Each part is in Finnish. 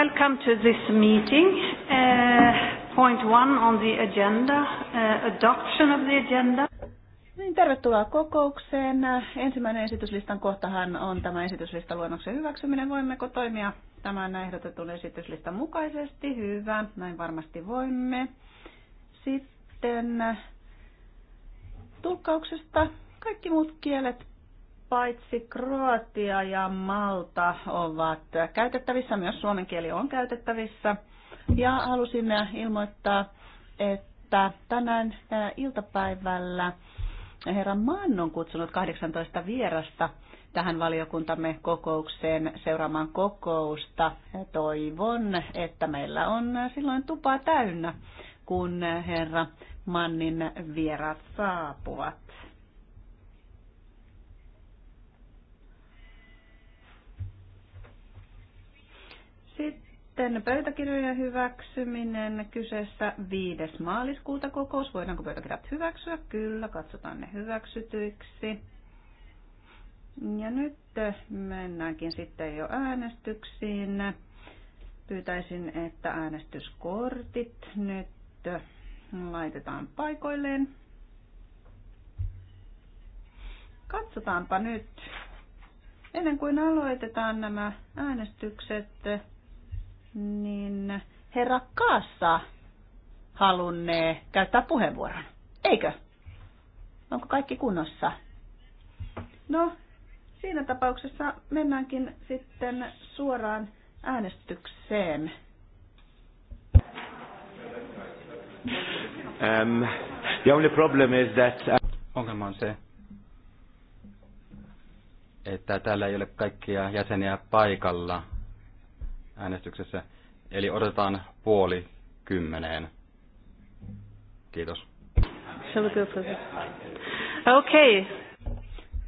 Welcome to this meeting. Uh, point one on the agenda, uh, adoption of the agenda. Niin, tervetuloa kokoukseen. Ensimmäinen esityslistan kohtahan on tämä esityslistaluonnoksen hyväksyminen. Voimmeko toimia tämän ehdotetun esityslistan mukaisesti? Hyvä, näin varmasti voimme. Sitten tulkkauksesta kaikki muut kielet paitsi Kroatia ja Malta ovat käytettävissä, myös suomen kieli on käytettävissä. Ja halusimme ilmoittaa, että tänään äh, iltapäivällä herra Mann on kutsunut 18 vierasta tähän valiokuntamme kokoukseen seuraamaan kokousta. Toivon, että meillä on äh, silloin tupaa täynnä, kun äh, herra Mannin vierat saapuvat. Sitten pöytäkirjojen hyväksyminen kyseessä 5. maaliskuuta kokous. Voidaanko pöytäkirjat hyväksyä? Kyllä, katsotaan ne hyväksytyiksi. Ja nyt mennäänkin sitten jo äänestyksiin. Pyytäisin, että äänestyskortit nyt laitetaan paikoilleen. Katsotaanpa nyt, ennen kuin aloitetaan nämä äänestykset, niin herra Kaassa halunnee käyttää puheenvuoron. Eikö? Onko kaikki kunnossa? No, siinä tapauksessa mennäänkin sitten suoraan äänestykseen. Um, the only problem is that... Äh, Ongelma on se, että täällä ei ole kaikkia jäseniä paikalla äänestyksessä. Eli odotetaan puoli kymmeneen. Kiitos. Okei. Okay.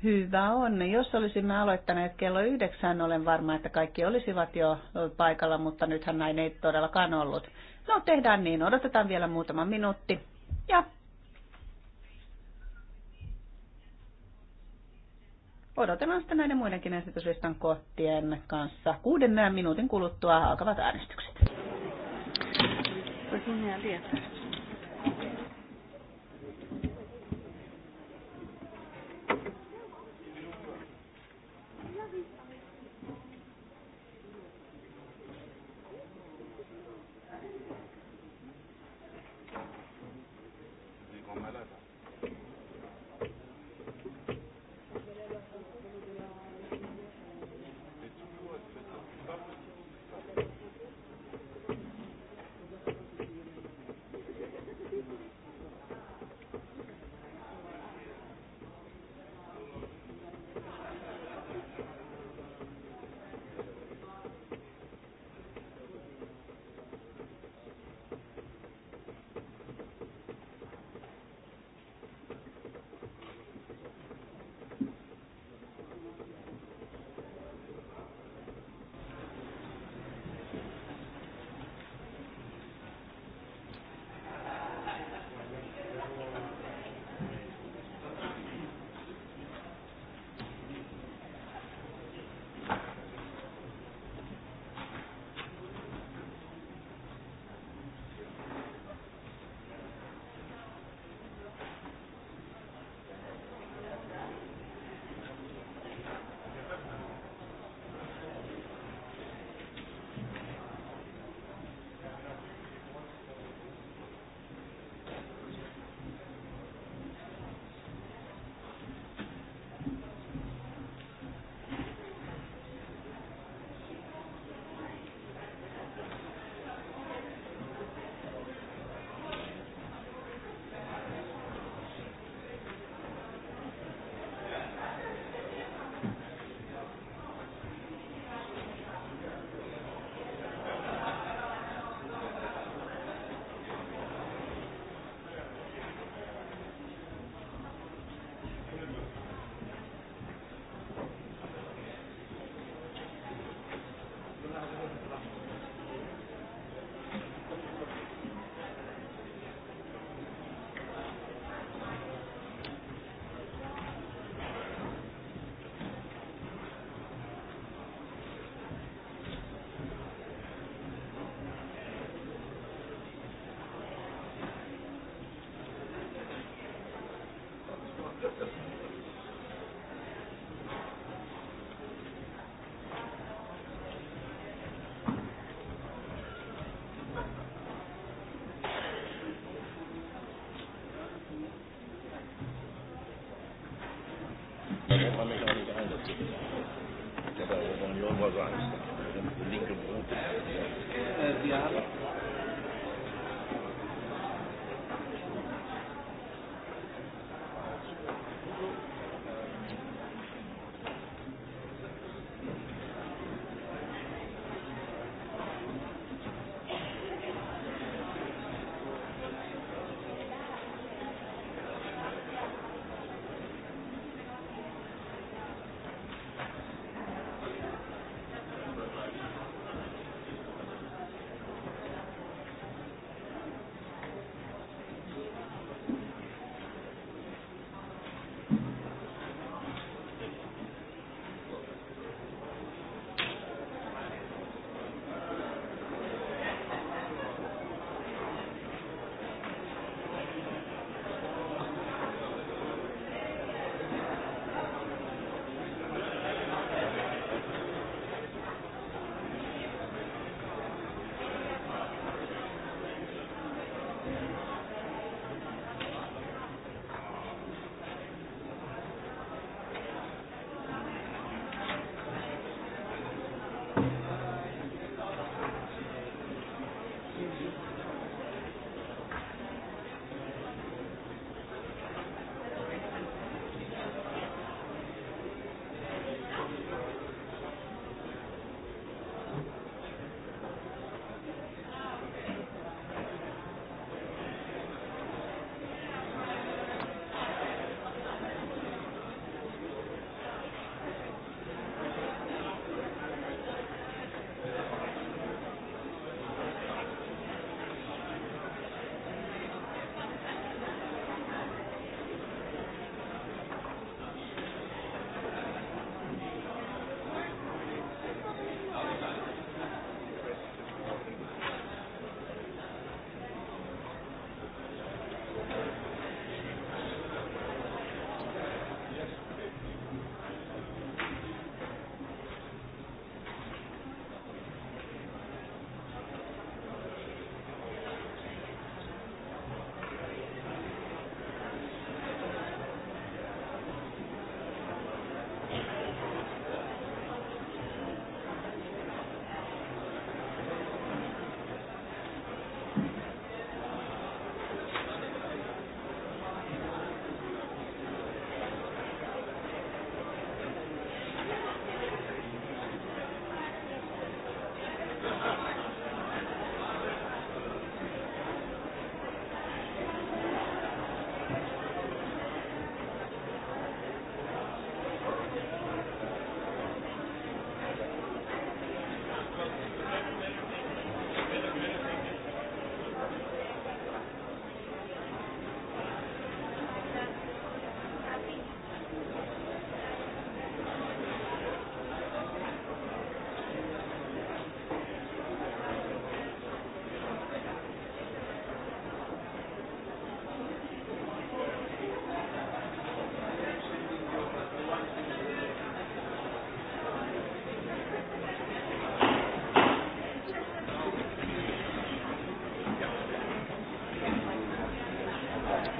Hyvä on. Jos olisimme aloittaneet kello yhdeksän, olen varma, että kaikki olisivat jo paikalla, mutta nythän näin ei todellakaan ollut. No tehdään niin, odotetaan vielä muutama minuutti ja odotellaan sitten näiden muidenkin esityslistan kohtien kanssa. Kuuden minuutin kuluttua alkavat äänestykset. Union war so Angst. Die linke Brut. Wir haben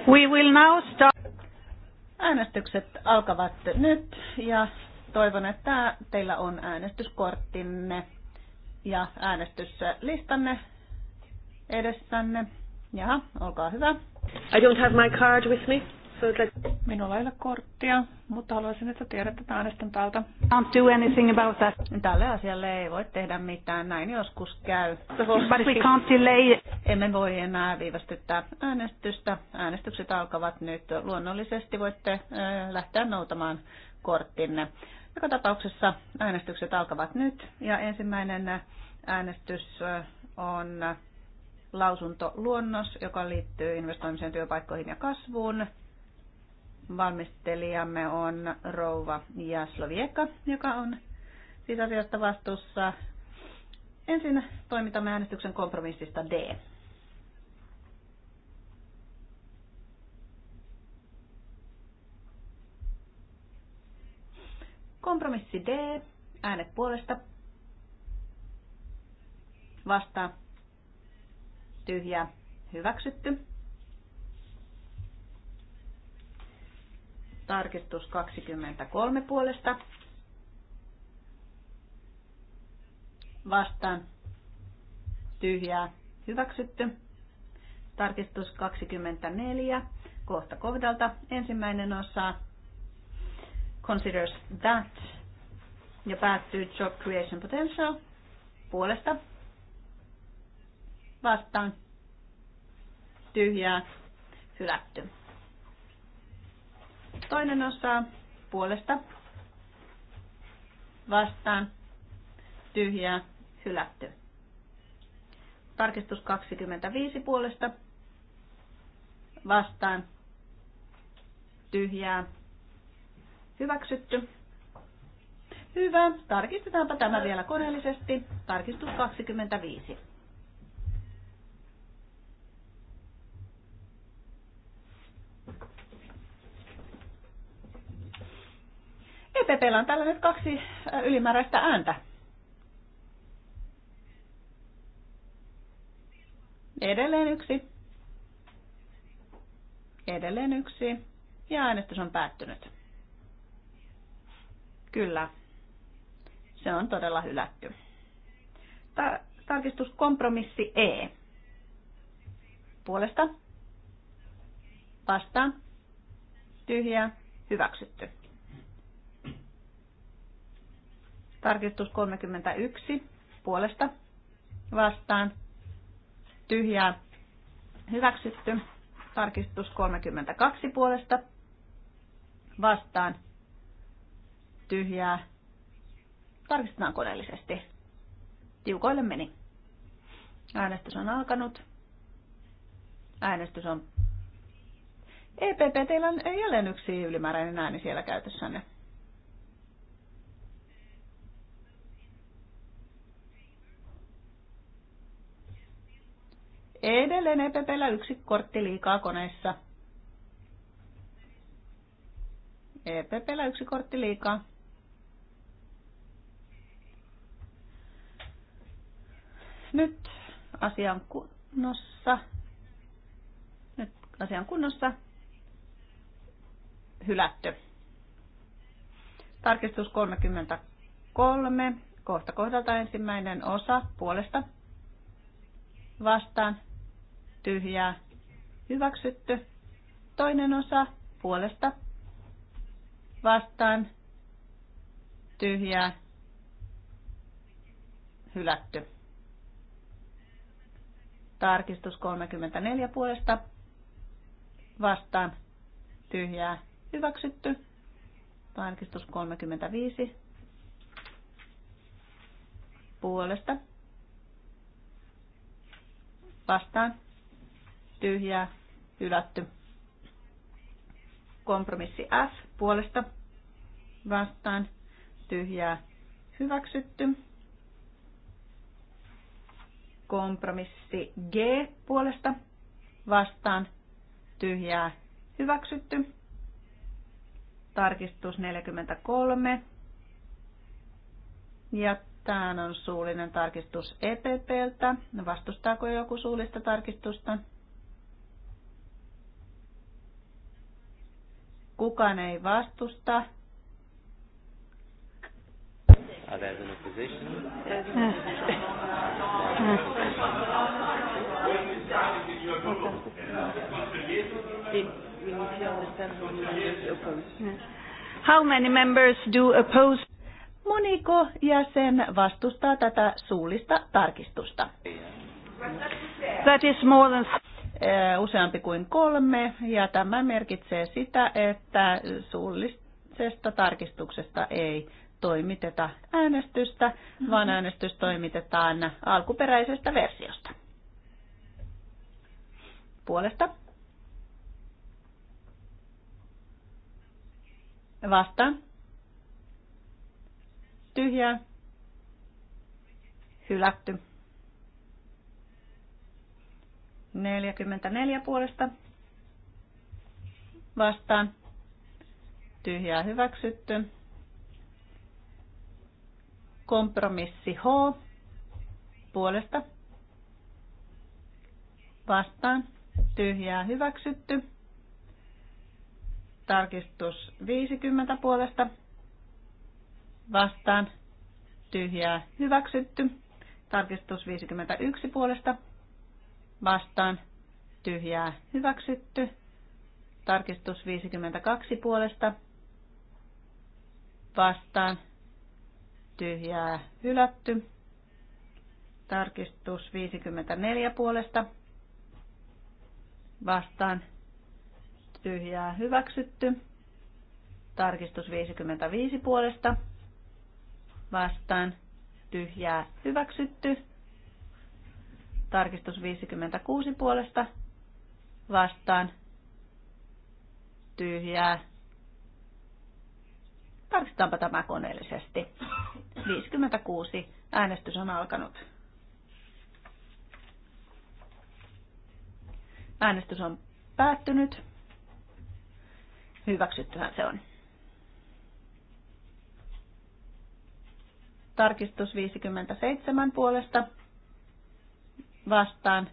We will now start. Äänestykset alkavat nyt ja toivon, että teillä on äänestyskorttinne ja äänestyslistanne edessänne. Jaha, olkaa hyvä. I don't have my card with me. So that... Minulla ei ole korttia, mutta haluaisin, että tiedät, että äänestän täältä. Can't do anything about that. Tälle asialle ei voi tehdä mitään, näin joskus käy. But we can't delay emme voi enää viivästyttää äänestystä. Äänestykset alkavat nyt. Luonnollisesti voitte lähteä noutamaan korttinne. Joka tapauksessa äänestykset alkavat nyt ja ensimmäinen äänestys on lausuntoluonnos, joka liittyy investoimiseen työpaikkoihin ja kasvuun. Valmistelijamme on Rouva Jaslovieka, joka on sisäasiasta vastuussa. Ensin toimitamme äänestyksen kompromissista D Kompromissi D, äänet puolesta. Vasta. Tyhjä. Hyväksytty. Tarkistus 23 puolesta. Vastaan. Tyhjää. Hyväksytty. Tarkistus 24. Kohta kohdalta. Ensimmäinen osa considers that ja päättyy job creation potential puolesta vastaan tyhjää hylätty. Toinen osa puolesta vastaan tyhjää hylätty. Tarkistus 25 puolesta vastaan tyhjää Hyväksytty. Hyvä. Tarkistetaanpa tämä vielä koneellisesti. Tarkistus 25. EPPllä on tällä nyt kaksi äh, ylimääräistä ääntä. Edelleen yksi. Edelleen yksi. Ja äänestys on päättynyt. Kyllä, se on todella hylätty. Ta- tarkistuskompromissi E. Puolesta. Vasta. Tyhjä. Hyväksytty. Tarkistus 31. Puolesta. Vastaan. Tyhjää. Hyväksytty. Tarkistus 32 puolesta. Vastaan tyhjää. Tarkistetaan koneellisesti. Tiukoille meni. Äänestys on alkanut. Äänestys on... EPP, teillä on jälleen yksi ylimääräinen ääni siellä käytössänne. Edelleen EPPllä yksi kortti liikaa koneessa. EPPllä yksi kortti liikaa. Nyt asian kunnossa. Nyt asian kunnossa. Hylätty. Tarkistus 33. Kohta kohdalta ensimmäinen osa puolesta. Vastaan. Tyhjää. Hyväksytty. Toinen osa puolesta. Vastaan. Tyhjää. Hylätty. Tarkistus 34 puolesta vastaan tyhjää hyväksytty. Tarkistus 35 puolesta vastaan tyhjää hylätty. Kompromissi F puolesta vastaan tyhjää hyväksytty. Kompromissi G puolesta vastaan tyhjää hyväksytty. Tarkistus 43. Ja tämä on suullinen tarkistus EPPltä. Vastustaako joku suullista tarkistusta? Kukaan ei vastusta. Are there an opposition? Ah. How many members do oppose? Moniko jäsen vastustaa tätä suullista tarkistusta? That is more than... Eh, useampi kuin kolme, ja tämä merkitsee sitä, että suullisesta tarkistuksesta ei toimiteta äänestystä, vaan mm-hmm. äänestys toimitetaan alkuperäisestä versiosta. Puolesta. Vastaan. Tyhjää. Hylätty. 44 puolesta. Vastaan. Tyhjää hyväksytty. Kompromissi H puolesta vastaan tyhjää hyväksytty. Tarkistus 50 puolesta vastaan tyhjää hyväksytty. Tarkistus 51 puolesta vastaan tyhjää hyväksytty. Tarkistus 52 puolesta vastaan tyhjää hylätty. Tarkistus 54 puolesta vastaan tyhjää hyväksytty. Tarkistus 55 puolesta vastaan tyhjää hyväksytty. Tarkistus 56 puolesta vastaan tyhjää. Tarkistetaanpa tämä koneellisesti. 56. Äänestys on alkanut. Äänestys on päättynyt. Hyväksyttyhän se on. Tarkistus 57 puolesta. Vastaan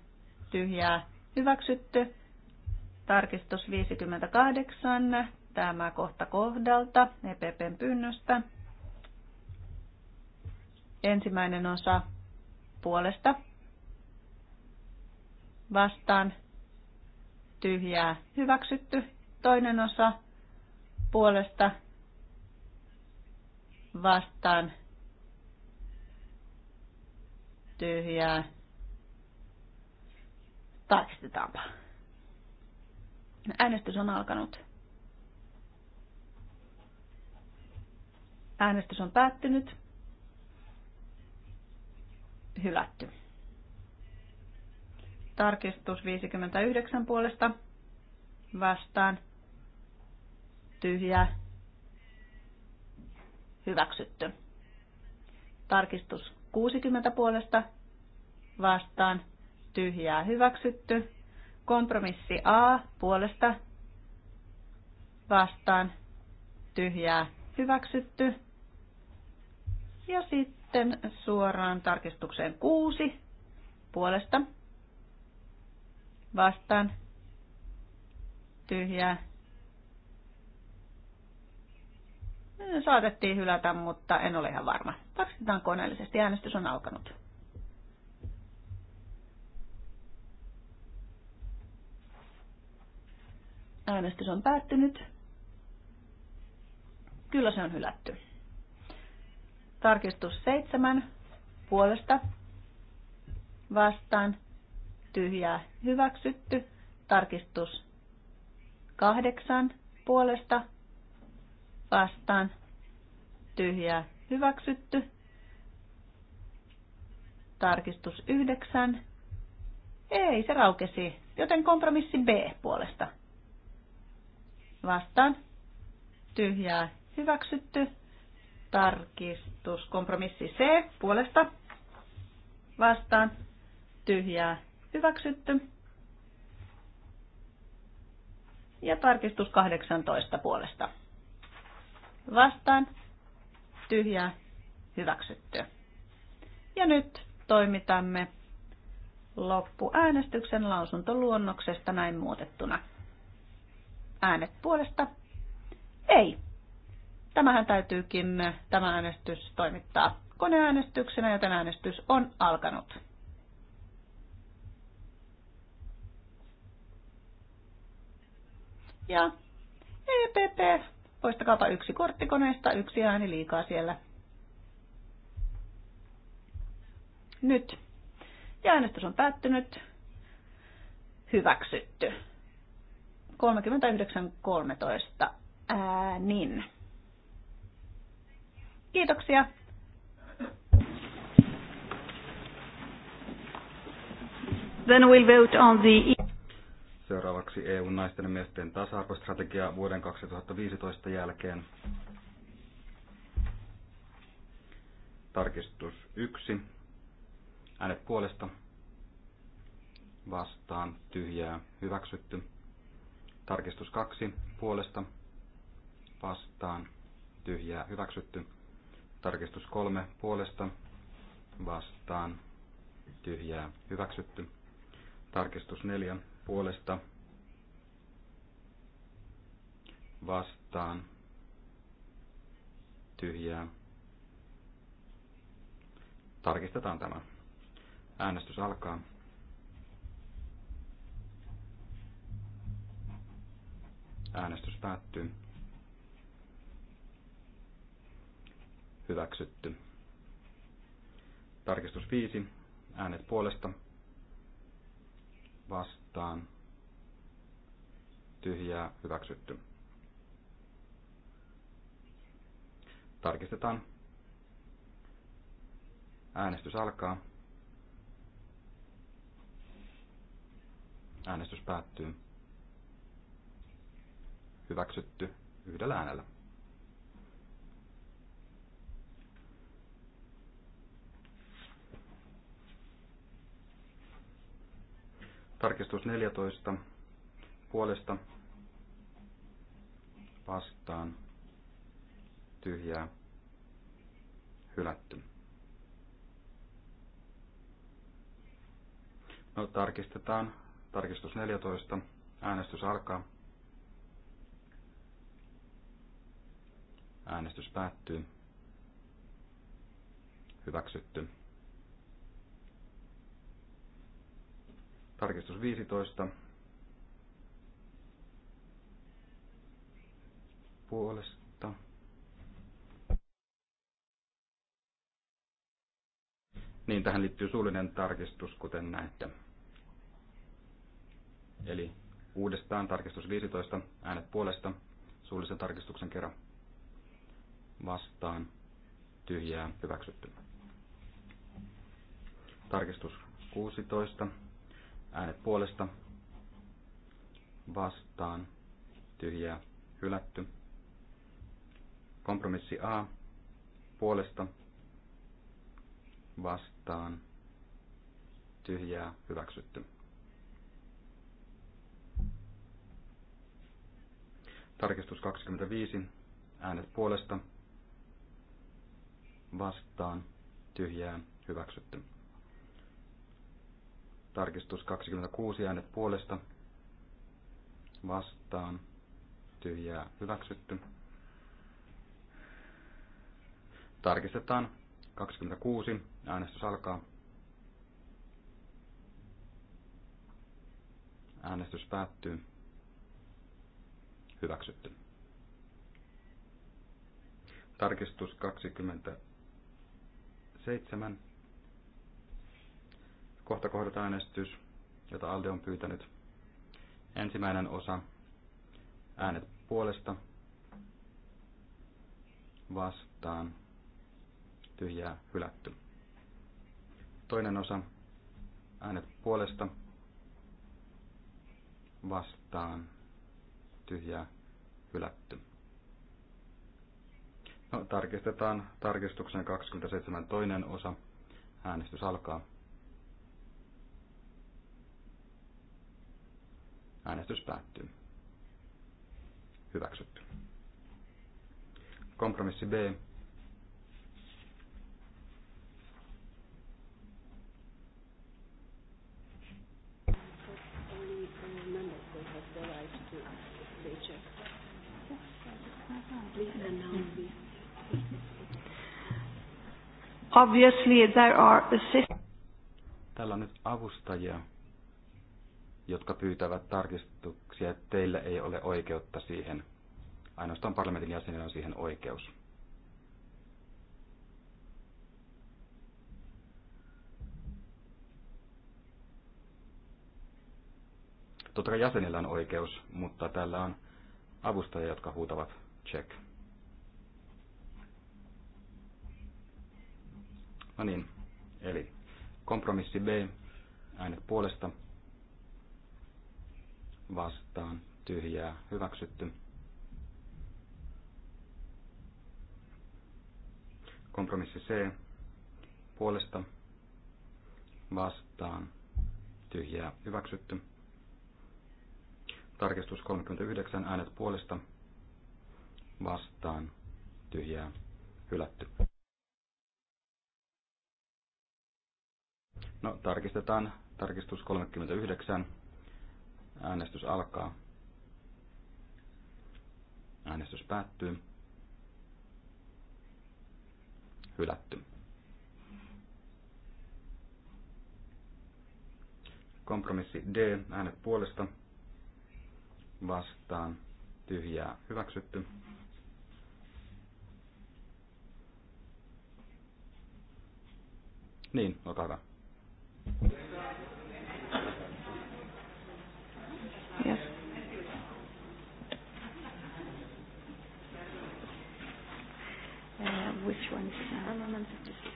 tyhjää hyväksytty. Tarkistus 58. Tämä kohta kohdalta EPPn pyynnöstä. Ensimmäinen osa puolesta vastaan tyhjää hyväksytty. Toinen osa puolesta vastaan tyhjää. Tarkistetaanpa. Äänestys on alkanut. Äänestys on päättynyt hylätty. Tarkistus 59 puolesta vastaan tyhjää hyväksytty. Tarkistus 60 puolesta vastaan tyhjää hyväksytty. Kompromissi A puolesta vastaan tyhjää hyväksytty. Ja sitten sitten suoraan tarkistukseen kuusi puolesta. Vastaan. Tyhjää. Saatettiin hylätä, mutta en ole ihan varma. Tarkistetaan koneellisesti. Äänestys on alkanut. Äänestys on päättynyt. Kyllä se on hylätty. Tarkistus seitsemän puolesta vastaan tyhjää hyväksytty. Tarkistus kahdeksan puolesta vastaan tyhjää hyväksytty. Tarkistus yhdeksän Ei, se raukesi. Joten kompromissi B puolesta. Vastaan. Tyhjää hyväksytty tarkistus. Kompromissi C puolesta vastaan tyhjää hyväksytty. Ja tarkistus 18 puolesta vastaan tyhjää hyväksytty. Ja nyt toimitamme loppuäänestyksen lausuntoluonnoksesta näin muutettuna. Äänet puolesta ei. Tämähän täytyykin tämä äänestys toimittaa koneäänestyksenä, joten äänestys on alkanut. Ja EPP, poistakaapa yksi korttikoneesta, yksi ääni liikaa siellä. Nyt. Ja äänestys on päättynyt. Hyväksytty. 39.13 niin. Kiitoksia. Then we'll vote on the... Seuraavaksi EUn naisten ja miesten tasa-arvostrategia vuoden 2015 jälkeen. Tarkistus 1. Äänet puolesta. Vastaan. Tyhjää. Hyväksytty. Tarkistus 2. Puolesta. Vastaan. Tyhjää. Hyväksytty. Tarkistus kolme puolesta vastaan tyhjää hyväksytty. Tarkistus neljä puolesta vastaan tyhjää. Tarkistetaan tämä. Äänestys alkaa. Äänestys päättyy. hyväksytty. Tarkistus 5. Äänet puolesta vastaan tyhjää hyväksytty. Tarkistetaan. Äänestys alkaa. Äänestys päättyy. Hyväksytty yhdellä äänellä. Tarkistus 14 puolesta vastaan tyhjää hylätty. No tarkistetaan. Tarkistus 14. Äänestys alkaa. Äänestys päättyy. Hyväksytty. Tarkistus 15. Puolesta. Niin, tähän liittyy suullinen tarkistus, kuten näette. Eli uudestaan tarkistus 15, äänet puolesta, suullisen tarkistuksen kerran vastaan, tyhjää, hyväksytty. Tarkistus 16, Äänet puolesta vastaan tyhjää hylätty. Kompromissi A puolesta vastaan tyhjää hyväksytty. Tarkistus 25. Äänet puolesta vastaan tyhjää hyväksytty. Tarkistus 26 äänet puolesta. Vastaan. Tyhjää hyväksytty. Tarkistetaan. 26. Äänestys alkaa. Äänestys päättyy. Hyväksytty. Tarkistus 27 kohta kohdata äänestys, jota Alde on pyytänyt. Ensimmäinen osa. Äänet puolesta. Vastaan. Tyhjää hylätty. Toinen osa. Äänet puolesta. Vastaan. Tyhjää hylätty. No, tarkistetaan tarkistuksen 27 toinen osa. Äänestys alkaa. Äänestys päättyy. Hyväksytty. Kompromissi B. Obviously there are assistants. Täällä on nyt avustajia jotka pyytävät tarkistuksia, että teillä ei ole oikeutta siihen. Ainoastaan parlamentin jäsenillä on siihen oikeus. Totta kai jäsenillä on oikeus, mutta täällä on avustajia, jotka huutavat check. No niin, eli kompromissi B, äänet puolesta, vastaan tyhjää hyväksytty. Kompromissi C puolesta vastaan tyhjää hyväksytty. Tarkistus 39 äänet puolesta vastaan tyhjää hylätty. No, tarkistetaan tarkistus 39. Äänestys alkaa. Äänestys päättyy. Hylätty. Kompromissi D, äänet puolesta, vastaan, tyhjää, hyväksytty. Niin, olkaa hyvä. Yes. Uh, which one is that? Amendment 56.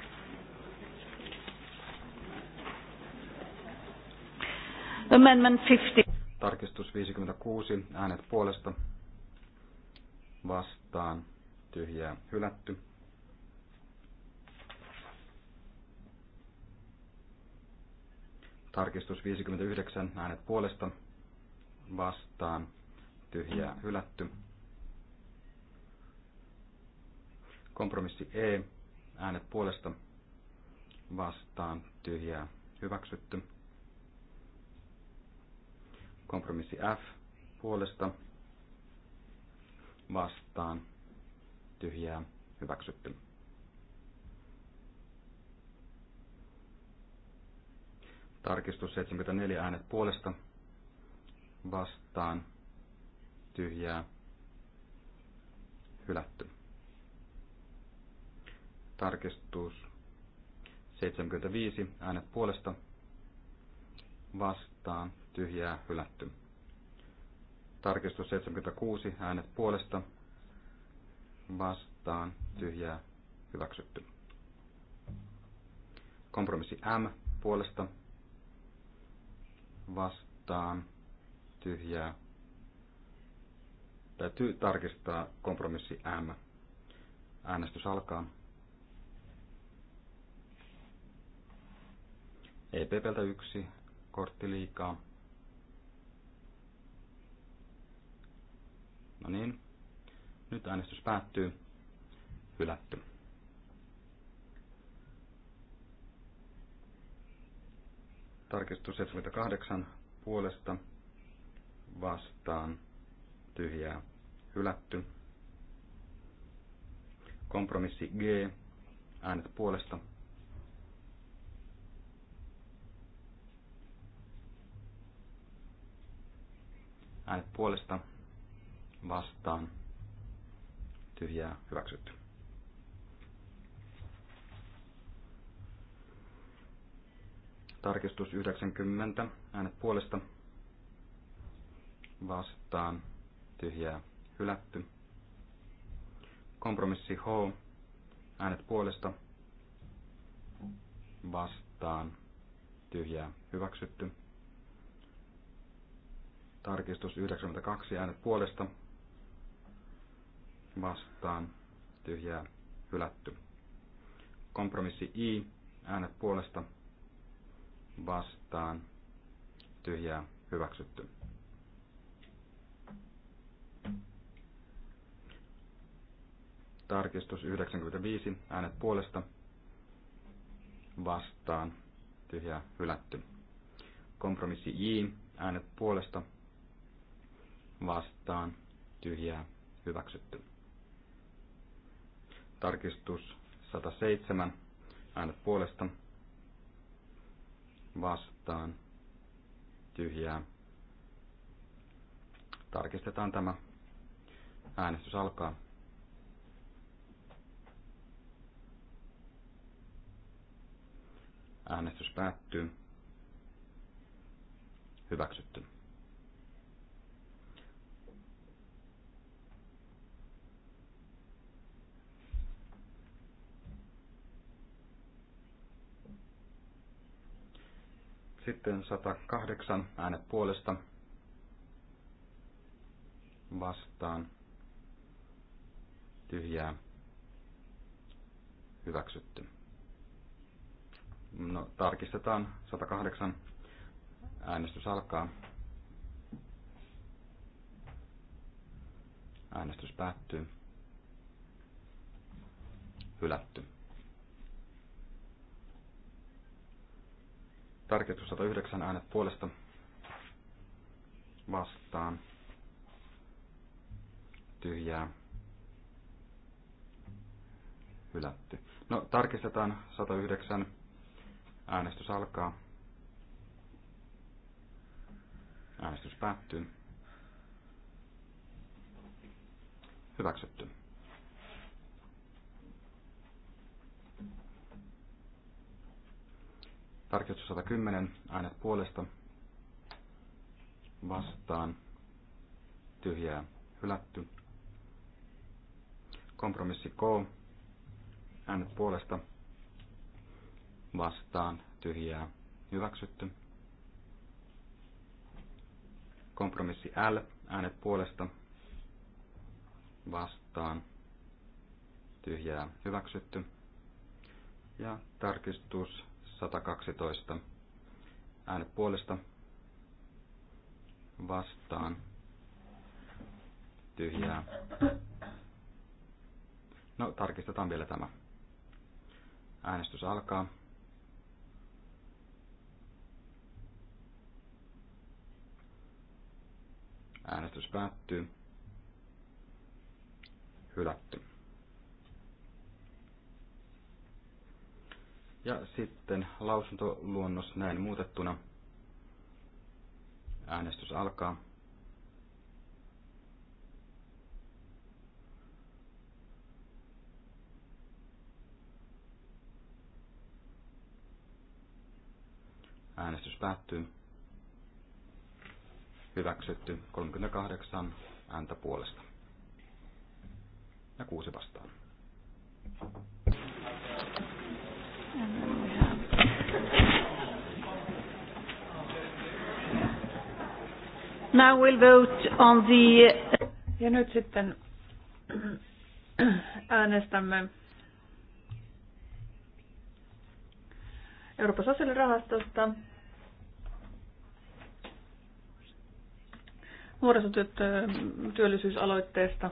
Amendment 50. Tarkistus 56. Äänet puolesta. Vastaan. Tyhjää. Hylätty. Tarkistus 59. Äänet puolesta vastaan tyhjää mm. hylätty. Kompromissi E, äänet puolesta vastaan tyhjää hyväksytty. Kompromissi F puolesta vastaan tyhjää hyväksytty. Tarkistus 74 äänet puolesta vastaan tyhjää hylätty. Tarkistus 75 äänet puolesta vastaan tyhjää hylätty. Tarkistus 76 äänet puolesta vastaan tyhjää hyväksytty. Kompromissi M puolesta vastaan tyhjää. Täytyy tarkistaa kompromissi M. Äänestys alkaa. EPPltä yksi kortti liikaa. No niin, nyt äänestys päättyy. Hylätty. Tarkistus 78 puolesta vastaan tyhjää hylätty. Kompromissi G, äänet puolesta. Äänet puolesta vastaan tyhjää hyväksytty. Tarkistus 90, äänet puolesta vastaan tyhjää hylätty. Kompromissi H, äänet puolesta vastaan tyhjää hyväksytty. Tarkistus 92, äänet puolesta vastaan tyhjää hylätty. Kompromissi I, äänet puolesta vastaan tyhjää hyväksytty. Tarkistus 95, äänet puolesta, vastaan, tyhjää, hylätty. Kompromissi J, äänet puolesta, vastaan, tyhjää, hyväksytty. Tarkistus 107, äänet puolesta, vastaan, tyhjää. Tarkistetaan tämä. Äänestys alkaa. Äänestys päättyy. Hyväksytty. Sitten 108 äänet puolesta vastaan tyhjää hyväksytty. No, tarkistetaan. 108. Äänestys alkaa. Äänestys päättyy. Hylätty. Tarkistus 109 äänet puolesta vastaan. Tyhjää. Hylätty. No, tarkistetaan 109 Äänestys alkaa. Äänestys päättyy. Hyväksytty. Tarkistus 110. Äänet puolesta. Vastaan. Tyhjää. Hylätty. Kompromissi K. Äänet puolesta vastaan tyhjää hyväksytty. Kompromissi L, äänet puolesta vastaan tyhjää hyväksytty. Ja tarkistus 112, äänet puolesta vastaan tyhjää. No, tarkistetaan vielä tämä. Äänestys alkaa. Äänestys päättyy. Hylätty. Ja sitten lausuntoluonnos näin muutettuna. Äänestys alkaa. Äänestys päättyy hyväksytty 38 ääntä puolesta. Ja kuusi vastaan. Now we'll vote on the... Ja nyt sitten äänestämme Euroopan sosiaalirahastosta nuorisotyöllisyysaloitteesta.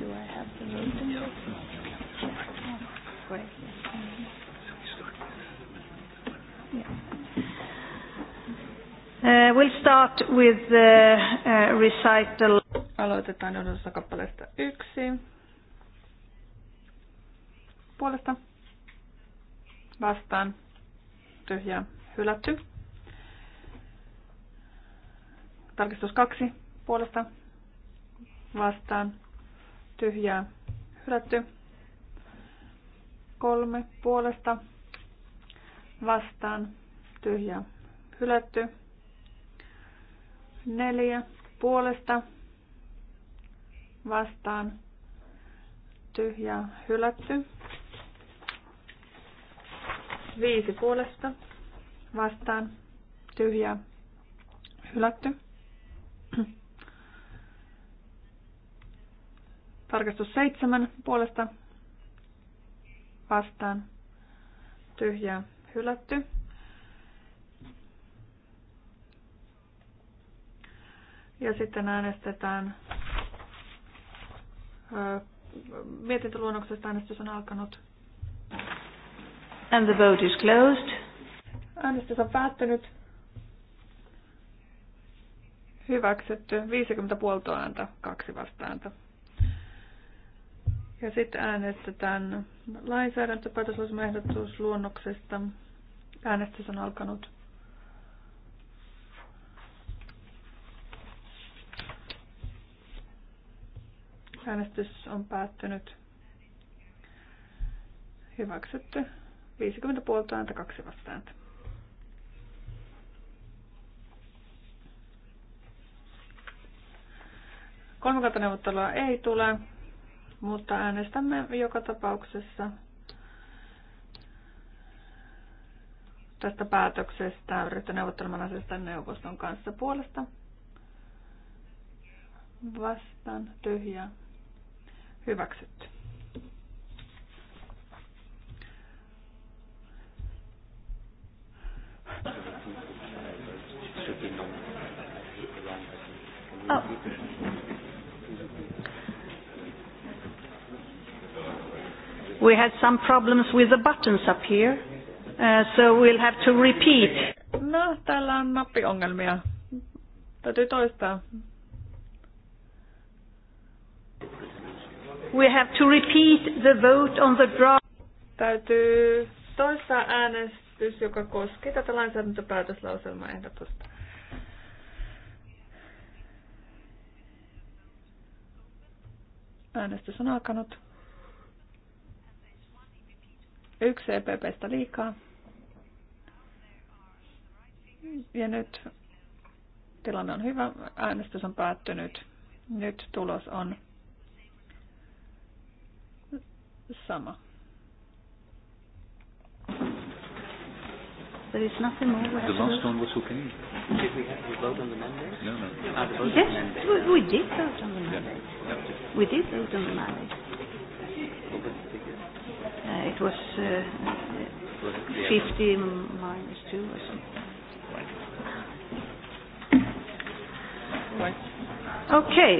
Do Uh, we'll start with the uh, recital. Aloitetaan osa kappaleesta yksi. Puolesta. Vastaan. Tyhjää Hylätty. Tarkistus kaksi puolesta vastaan tyhjää hylätty. Kolme puolesta vastaan tyhjää hylätty. Neljä puolesta vastaan tyhjää hylätty. Viisi puolesta vastaan tyhjä hylätty. Tarkastus seitsemän puolesta vastaan tyhjä hylätty. Ja sitten äänestetään mietintöluonnoksesta äänestys on alkanut. And the vote is closed. Äänestys on päättynyt. Hyväksytty. 50 puolta ääntä, kaksi vastaääntä. Ja sitten äänestetään lainsäädäntöpäätöslausumaehdotus luonnoksesta. Äänestys on alkanut. Äänestys on päättynyt. Hyväksytty. 50 puolta ääntä, kaksi vastaääntä. neuvottelua ei tule, mutta äänestämme joka tapauksessa tästä päätöksestä ryhtyä neuvottelemaan asiasta neuvoston kanssa puolesta. Vastaan tyhjä. Hyväksytty. Oh. We had some problems with the buttons up here, uh, so we'll have to repeat. No, täällä on nappiongelmia. Täytyy toistaa. We have to repeat the vote on the draft. Täytyy toistaa äänestys, joka koski tätä lainsäädäntöpäätöslauselmaehdotusta. Äänestys on alkanut. Yksi EPPstä liikaa. Ja nyt tilanne on hyvä. Äänestys on päättynyt. Nyt tulos on sama. There is nothing more. the last one was okay. Did we have vote on the No, no. Ah, yes, we, we did vote on the Yeah. We did vote on the Uh, it was uh, 50 minus 2 or something. Okay.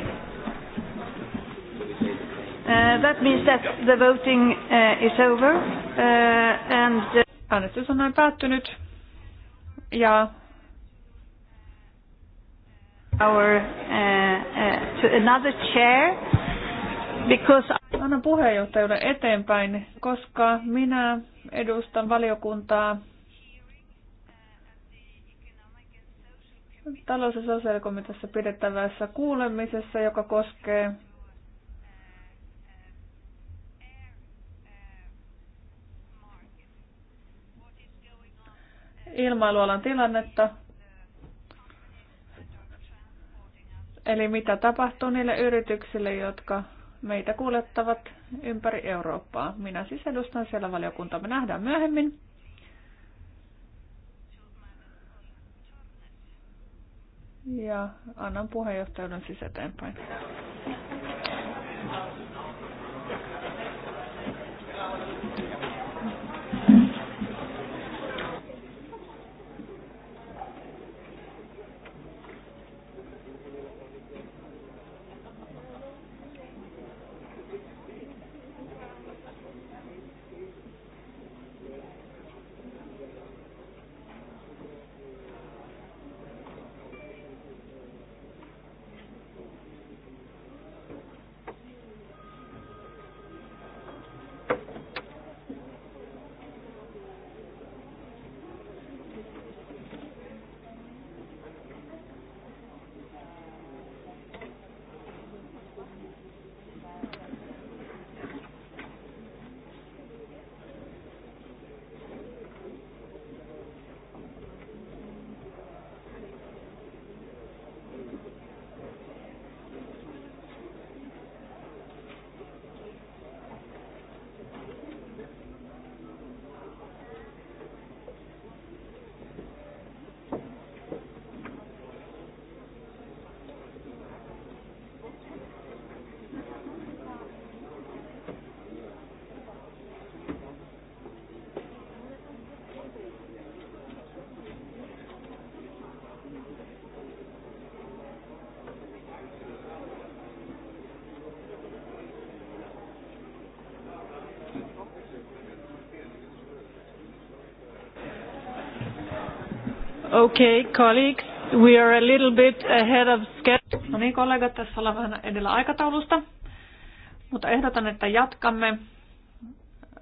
Uh, that means that the voting uh, is over. Uh, and uh, Äänestys on näin päättynyt. Ja our uh, uh, to another chair Because... Annan puheenjohtajuuden eteenpäin, koska minä edustan valiokuntaa talous- ja sosiaalikomiteassa pidettävässä kuulemisessa, joka koskee ilmailualan tilannetta. Eli mitä tapahtuu niille yrityksille, jotka meitä kuljettavat ympäri Eurooppaa. Minä siis edustan siellä valiokuntaa. Me nähdään myöhemmin. Ja annan puheenjohtajan siis eteenpäin. Okay, colleagues, we are a little bit ahead of schedule. No niin, kollegat, tässä ollaan vähän edellä aikataulusta, mutta ehdotan, että jatkamme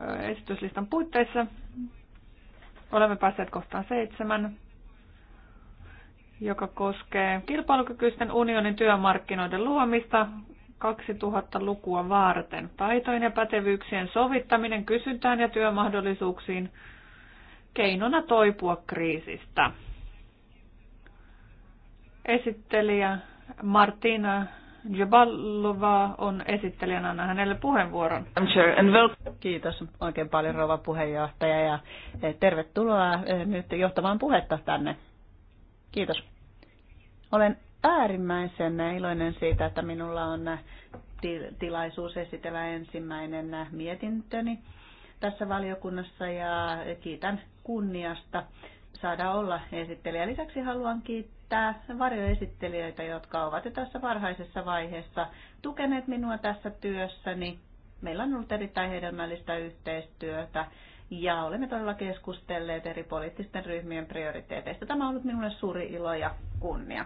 äh, esityslistan puitteissa. Olemme päässeet kohtaan seitsemän, joka koskee kilpailukykyisten unionin työmarkkinoiden luomista 2000-lukua varten. Taitojen ja pätevyyksien sovittaminen kysyntään ja työmahdollisuuksiin keinona toipua kriisistä. Esittelijä Martina Jaballova on esittelijänä. Anna hänelle puheenvuoron. Kiitos oikein paljon rouva puheenjohtaja ja e, tervetuloa e, nyt johtamaan puhetta tänne. Kiitos. Olen äärimmäisen iloinen siitä, että minulla on tilaisuus esitellä ensimmäinen mietintöni tässä valiokunnassa ja kiitän kunniasta saada olla esittelijä. Lisäksi haluan kiittää kiittää varjoesittelijöitä, jotka ovat jo tässä varhaisessa vaiheessa tukeneet minua tässä työssäni. Meillä on ollut erittäin hedelmällistä yhteistyötä ja olemme todella keskustelleet eri poliittisten ryhmien prioriteeteista. Tämä on ollut minulle suuri ilo ja kunnia.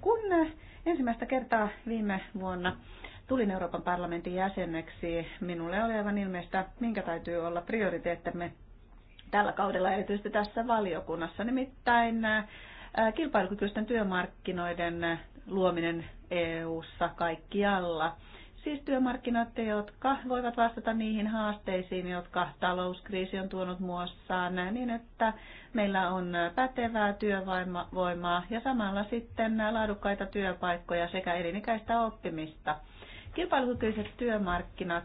Kun äh, ensimmäistä kertaa viime vuonna tulin Euroopan parlamentin jäseneksi, minulle oli aivan ilmeistä, minkä täytyy olla prioriteettemme tällä kaudella, erityisesti tässä valiokunnassa. Nimittäin äh, kilpailukykyisten työmarkkinoiden luominen EU-ssa kaikkialla. Siis työmarkkinat, jotka voivat vastata niihin haasteisiin, jotka talouskriisi on tuonut muassaan, niin että meillä on pätevää työvoimaa ja samalla sitten laadukkaita työpaikkoja sekä elinikäistä oppimista. Kilpailukykyiset työmarkkinat,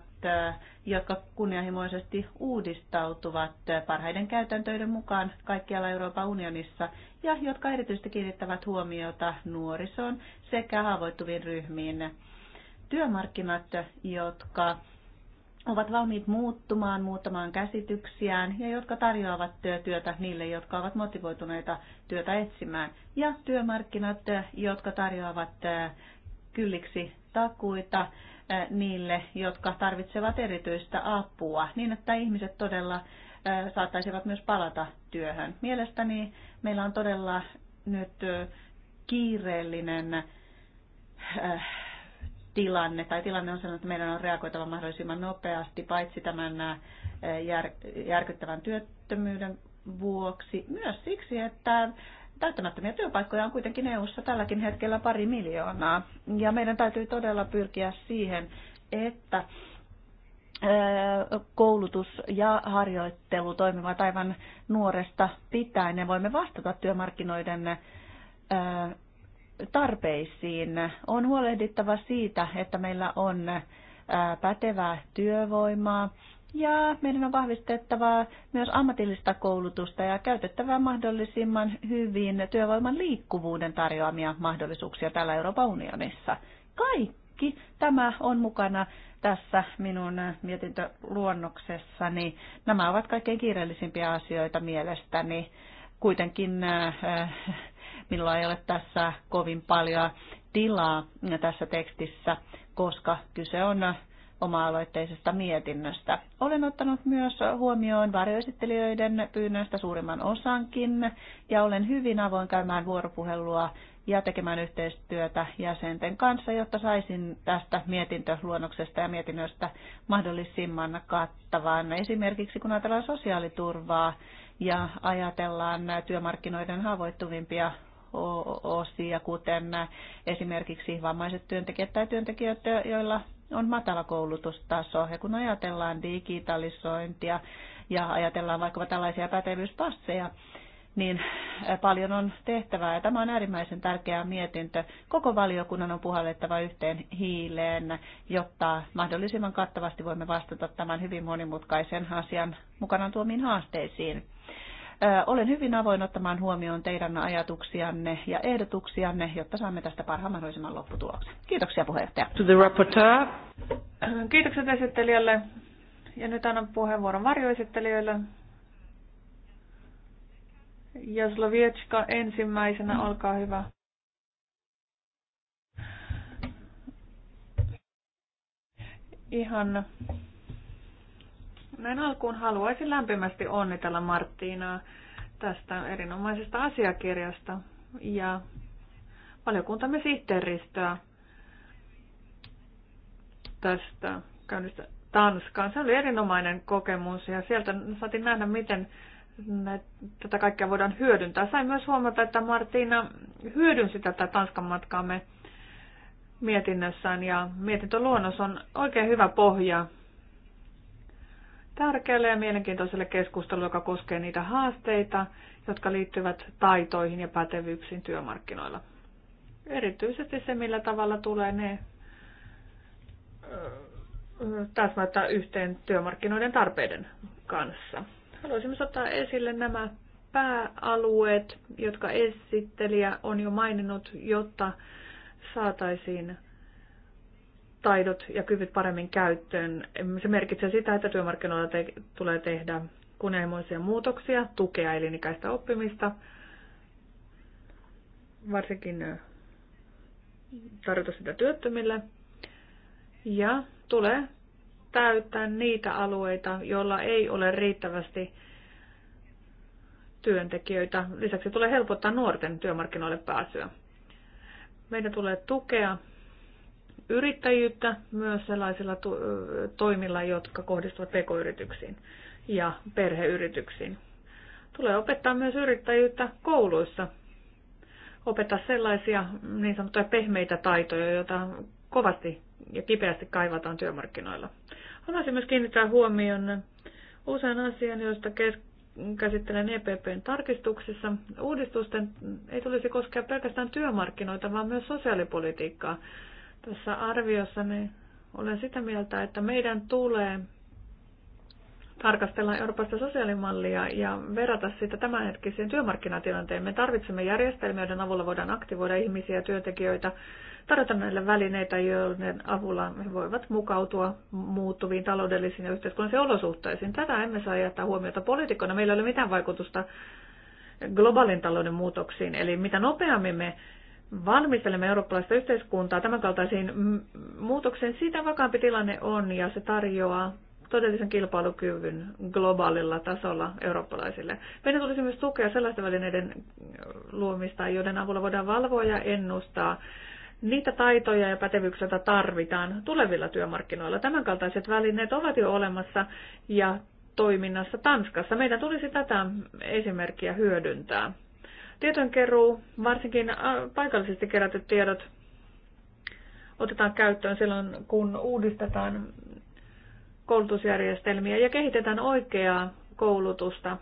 jotka kunnianhimoisesti uudistautuvat parhaiden käytäntöiden mukaan kaikkialla Euroopan unionissa ja jotka erityisesti kiinnittävät huomiota nuorisoon sekä haavoittuviin ryhmiin. Työmarkkinat, jotka ovat valmiit muuttumaan, muuttamaan käsityksiään ja jotka tarjoavat työtä niille, jotka ovat motivoituneita työtä etsimään. Ja työmarkkinat, jotka tarjoavat kylliksi takuita niille, jotka tarvitsevat erityistä apua, niin että ihmiset todella saattaisivat myös palata työhön. Mielestäni meillä on todella nyt kiireellinen tilanne, tai tilanne on sellainen, että meidän on reagoitava mahdollisimman nopeasti, paitsi tämän järkyttävän työttömyyden vuoksi, myös siksi, että täyttämättömiä työpaikkoja on kuitenkin EU:ssa tälläkin hetkellä pari miljoonaa. Ja meidän täytyy todella pyrkiä siihen, että koulutus ja harjoittelu toimivat aivan nuoresta pitäen ja voimme vastata työmarkkinoiden tarpeisiin. On huolehdittava siitä, että meillä on pätevää työvoimaa ja meidän on vahvistettava myös ammatillista koulutusta ja käytettävää mahdollisimman hyvin työvoiman liikkuvuuden tarjoamia mahdollisuuksia täällä Euroopan unionissa. Kaikki tämä on mukana tässä minun mietintöluonnoksessani. Nämä ovat kaikkein kiireellisimpiä asioita mielestäni. Kuitenkin äh, minulla ei ole tässä kovin paljon tilaa tässä tekstissä, koska kyse on oma-aloitteisesta mietinnöstä. Olen ottanut myös huomioon varjoesittelijöiden pyynnöistä suurimman osankin ja olen hyvin avoin käymään vuoropuhelua ja tekemään yhteistyötä jäsenten kanssa, jotta saisin tästä mietintöluonnoksesta ja mietinnöstä mahdollisimman kattavan. Esimerkiksi kun ajatellaan sosiaaliturvaa ja ajatellaan työmarkkinoiden haavoittuvimpia osia, kuten esimerkiksi vammaiset työntekijät tai työntekijät, joilla on matala koulutustaso. Ja kun ajatellaan digitalisointia ja ajatellaan vaikkapa tällaisia pätevyyspasseja, niin paljon on tehtävää. Ja tämä on äärimmäisen tärkeä mietintö. Koko valiokunnan on puhallettava yhteen hiileen, jotta mahdollisimman kattavasti voimme vastata tämän hyvin monimutkaisen asian mukanaan tuomiin haasteisiin. Olen hyvin avoin ottamaan huomioon teidän ajatuksianne ja ehdotuksianne, jotta saamme tästä parhaan mahdollisimman lopputuloksen. Kiitoksia puheenjohtaja. To the rapporteur. Kiitokset esittelijälle. Ja nyt annan puheenvuoron varjoesittelijöille. Jaslovietska ensimmäisenä, olkaa hyvä. Ihan näin alkuun haluaisin lämpimästi onnitella Marttiinaa tästä erinomaisesta asiakirjasta ja valiokuntamme sihteeristöä tästä käynnistä Tanskaan. Se oli erinomainen kokemus ja sieltä saatiin nähdä, miten tätä kaikkea voidaan hyödyntää. Sain myös huomata, että Martina hyödynsi tätä Tanskan matkaamme mietinnössään ja mietintöluonnos on oikein hyvä pohja tärkeälle ja mielenkiintoiselle keskustelulle, joka koskee niitä haasteita, jotka liittyvät taitoihin ja pätevyyksiin työmarkkinoilla. Erityisesti se, millä tavalla tulee ne täsmättää yhteen työmarkkinoiden tarpeiden kanssa. Haluaisimme ottaa esille nämä pääalueet, jotka esittelijä on jo maininnut, jotta saataisiin taidot ja kyvyt paremmin käyttöön. Se merkitsee sitä, että työmarkkinoilla te- tulee tehdä kunnianhimoisia muutoksia, tukea elinikäistä oppimista, varsinkin tarjota sitä työttömille. Ja tulee täyttää niitä alueita, joilla ei ole riittävästi työntekijöitä. Lisäksi tulee helpottaa nuorten työmarkkinoille pääsyä. Meidän tulee tukea yrittäjyyttä myös sellaisilla toimilla, jotka kohdistuvat pk-yrityksiin ja perheyrityksiin. Tulee opettaa myös yrittäjyyttä kouluissa. Opettaa sellaisia niin sanottuja pehmeitä taitoja, joita kovasti ja kipeästi kaivataan työmarkkinoilla. Haluaisin myös kiinnittää huomioon usean asian, joista käsittelen EPPn tarkistuksissa. Uudistusten ei tulisi koskea pelkästään työmarkkinoita, vaan myös sosiaalipolitiikkaa. Tässä arviossa niin olen sitä mieltä, että meidän tulee tarkastella Euroopasta sosiaalimallia ja verrata sitä tämänhetkiseen työmarkkinatilanteen. Me tarvitsemme järjestelmiä, joiden avulla voidaan aktivoida ihmisiä, työntekijöitä tarjota näille välineitä, joiden avulla he voivat mukautua muuttuviin taloudellisiin ja yhteiskunnallisiin olosuhteisiin. Tätä emme saa jättää huomiota poliitikkoina. Meillä ei ole mitään vaikutusta globaalin talouden muutoksiin. Eli mitä nopeammin me valmistelemme eurooppalaista yhteiskuntaa tämänkaltaisiin muutoksiin, sitä vakaampi tilanne on ja se tarjoaa todellisen kilpailukyvyn globaalilla tasolla eurooppalaisille. Meidän tulisi myös tukea sellaisten välineiden luomista, joiden avulla voidaan valvoa ja ennustaa niitä taitoja ja pätevyyksiä, joita tarvitaan tulevilla työmarkkinoilla. Tämänkaltaiset välineet ovat jo olemassa ja toiminnassa Tanskassa. Meidän tulisi tätä esimerkkiä hyödyntää. Tietojenkeruu, varsinkin äh, paikallisesti kerätyt tiedot, otetaan käyttöön silloin, kun uudistetaan koulutusjärjestelmiä ja kehitetään oikeaa koulutusta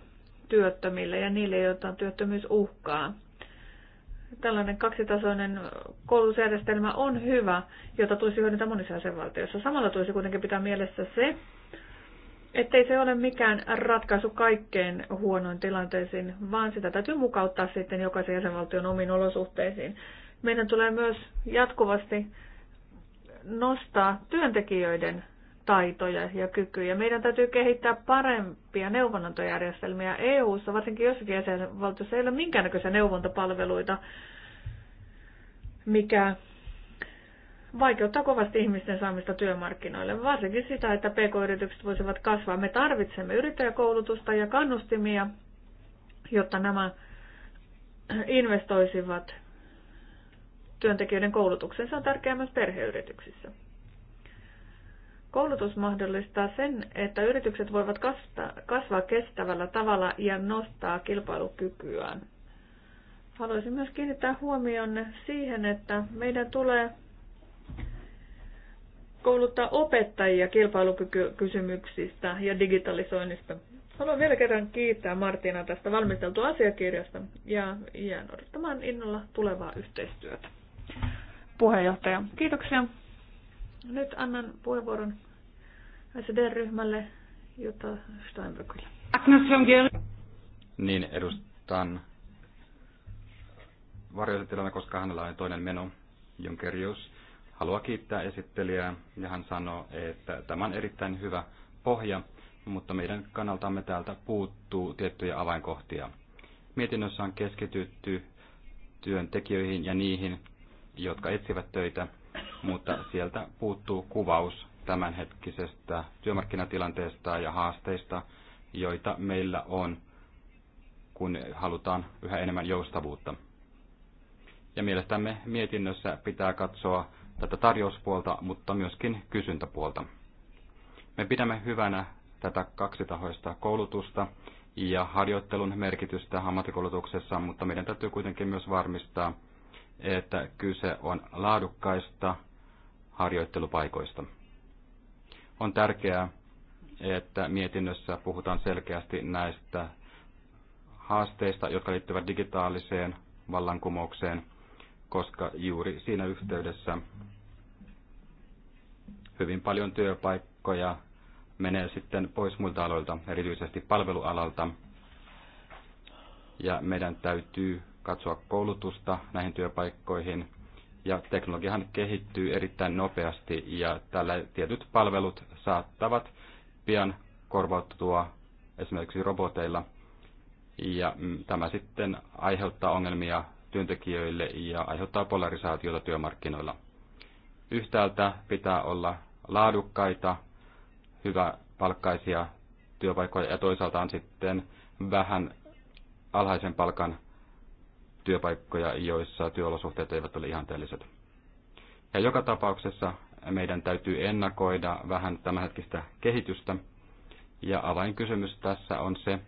työttömille ja niille, joita työttömyys uhkaa tällainen kaksitasoinen koulutusjärjestelmä on hyvä, jota tulisi hyödyntää monissa jäsenvaltioissa. Samalla tulisi kuitenkin pitää mielessä se, ettei se ole mikään ratkaisu kaikkein huonoin tilanteisiin, vaan sitä täytyy mukauttaa sitten jokaisen jäsenvaltion omiin olosuhteisiin. Meidän tulee myös jatkuvasti nostaa työntekijöiden taitoja ja kykyjä. Meidän täytyy kehittää parempia neuvonantojärjestelmiä EU-ssa, varsinkin jossakin jäsenvaltiossa ei ole minkäännäköisiä neuvontapalveluita, mikä vaikeuttaa kovasti ihmisten saamista työmarkkinoille, varsinkin sitä, että pk-yritykset voisivat kasvaa. Me tarvitsemme yrittäjäkoulutusta ja kannustimia, jotta nämä investoisivat työntekijöiden koulutukseen. Se on tärkeää myös perheyrityksissä. Koulutus mahdollistaa sen, että yritykset voivat kasvaa kestävällä tavalla ja nostaa kilpailukykyään. Haluaisin myös kiinnittää huomion siihen, että meidän tulee kouluttaa opettajia kilpailukykykysymyksistä ja digitalisoinnista. Haluan vielä kerran kiittää Martina tästä valmisteltua asiakirjasta ja jään odottamaan innolla tulevaa yhteistyötä. Puheenjohtaja, kiitoksia. Nyt annan puheenvuoron SD-ryhmälle Jutta Steinbrückille. Niin, edustan varjoesittelijänä, koska hänellä on toinen meno, Junkerius. Haluaa kiittää esittelijää ja hän sanoo, että tämä on erittäin hyvä pohja, mutta meidän kannaltamme täältä puuttuu tiettyjä avainkohtia. Mietinnössä on keskitytty työntekijöihin ja niihin, jotka etsivät töitä mutta sieltä puuttuu kuvaus tämänhetkisestä työmarkkinatilanteesta ja haasteista, joita meillä on, kun halutaan yhä enemmän joustavuutta. Ja mielestämme mietinnössä pitää katsoa tätä tarjouspuolta, mutta myöskin kysyntäpuolta. Me pidämme hyvänä tätä kaksitahoista koulutusta ja harjoittelun merkitystä ammattikoulutuksessa, mutta meidän täytyy kuitenkin myös varmistaa, että kyse on laadukkaista harjoittelupaikoista. On tärkeää, että mietinnössä puhutaan selkeästi näistä haasteista, jotka liittyvät digitaaliseen vallankumoukseen, koska juuri siinä yhteydessä hyvin paljon työpaikkoja menee sitten pois muilta aloilta, erityisesti palvelualalta. Ja meidän täytyy katsoa koulutusta näihin työpaikkoihin – ja teknologiahan kehittyy erittäin nopeasti ja tällä tietyt palvelut saattavat pian korvautua esimerkiksi roboteilla ja mm, tämä sitten aiheuttaa ongelmia työntekijöille ja aiheuttaa polarisaatiota työmarkkinoilla. Yhtäältä pitää olla laadukkaita, hyvä palkkaisia työpaikkoja ja toisaalta on sitten vähän alhaisen palkan työpaikkoja, joissa työolosuhteet eivät ole ihanteelliset. Ja joka tapauksessa meidän täytyy ennakoida vähän tämänhetkistä kehitystä. Ja avainkysymys tässä on se,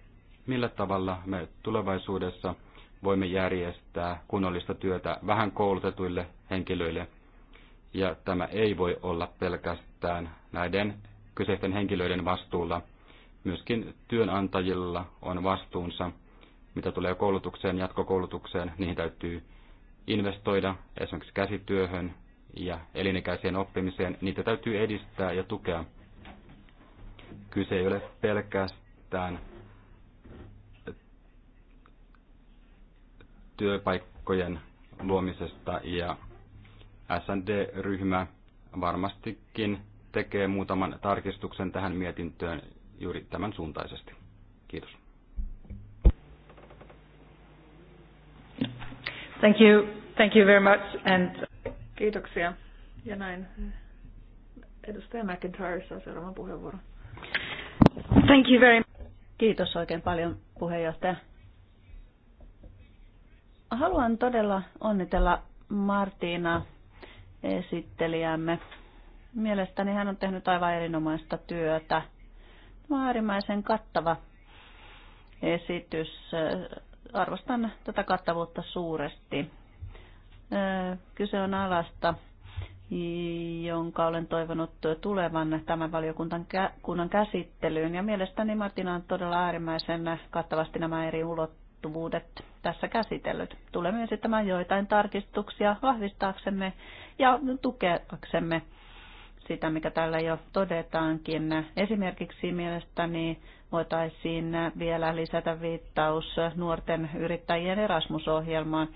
millä tavalla me tulevaisuudessa voimme järjestää kunnollista työtä vähän koulutetuille henkilöille. Ja tämä ei voi olla pelkästään näiden kyseisten henkilöiden vastuulla. Myöskin työnantajilla on vastuunsa – mitä tulee koulutukseen, jatkokoulutukseen, niihin täytyy investoida esimerkiksi käsityöhön ja elinikäiseen oppimiseen. Niitä täytyy edistää ja tukea. Kyse ei ole pelkästään työpaikkojen luomisesta ja SND-ryhmä varmastikin tekee muutaman tarkistuksen tähän mietintöön juuri tämän suuntaisesti. Kiitos. Thank you. Thank you very much. And... Kiitoksia. Ja näin. Edustaja McIntyre saa seuraavan puheenvuoron. Thank you very much. Kiitos oikein paljon puheenjohtaja. Haluan todella onnitella Martina esittelijämme. Mielestäni hän on tehnyt aivan erinomaista työtä. Tämä on äärimmäisen kattava esitys arvostan tätä kattavuutta suuresti. Kyse on alasta, jonka olen toivonut tulevan tämän valiokunnan käsittelyyn. Ja mielestäni Martina on todella äärimmäisen kattavasti nämä eri ulottuvuudet tässä käsitellyt. Tulemme esittämään joitain tarkistuksia vahvistaaksemme ja tukeaksemme sitä, mikä täällä jo todetaankin. Esimerkiksi mielestäni voitaisiin vielä lisätä viittaus nuorten yrittäjien Erasmus-ohjelmaan.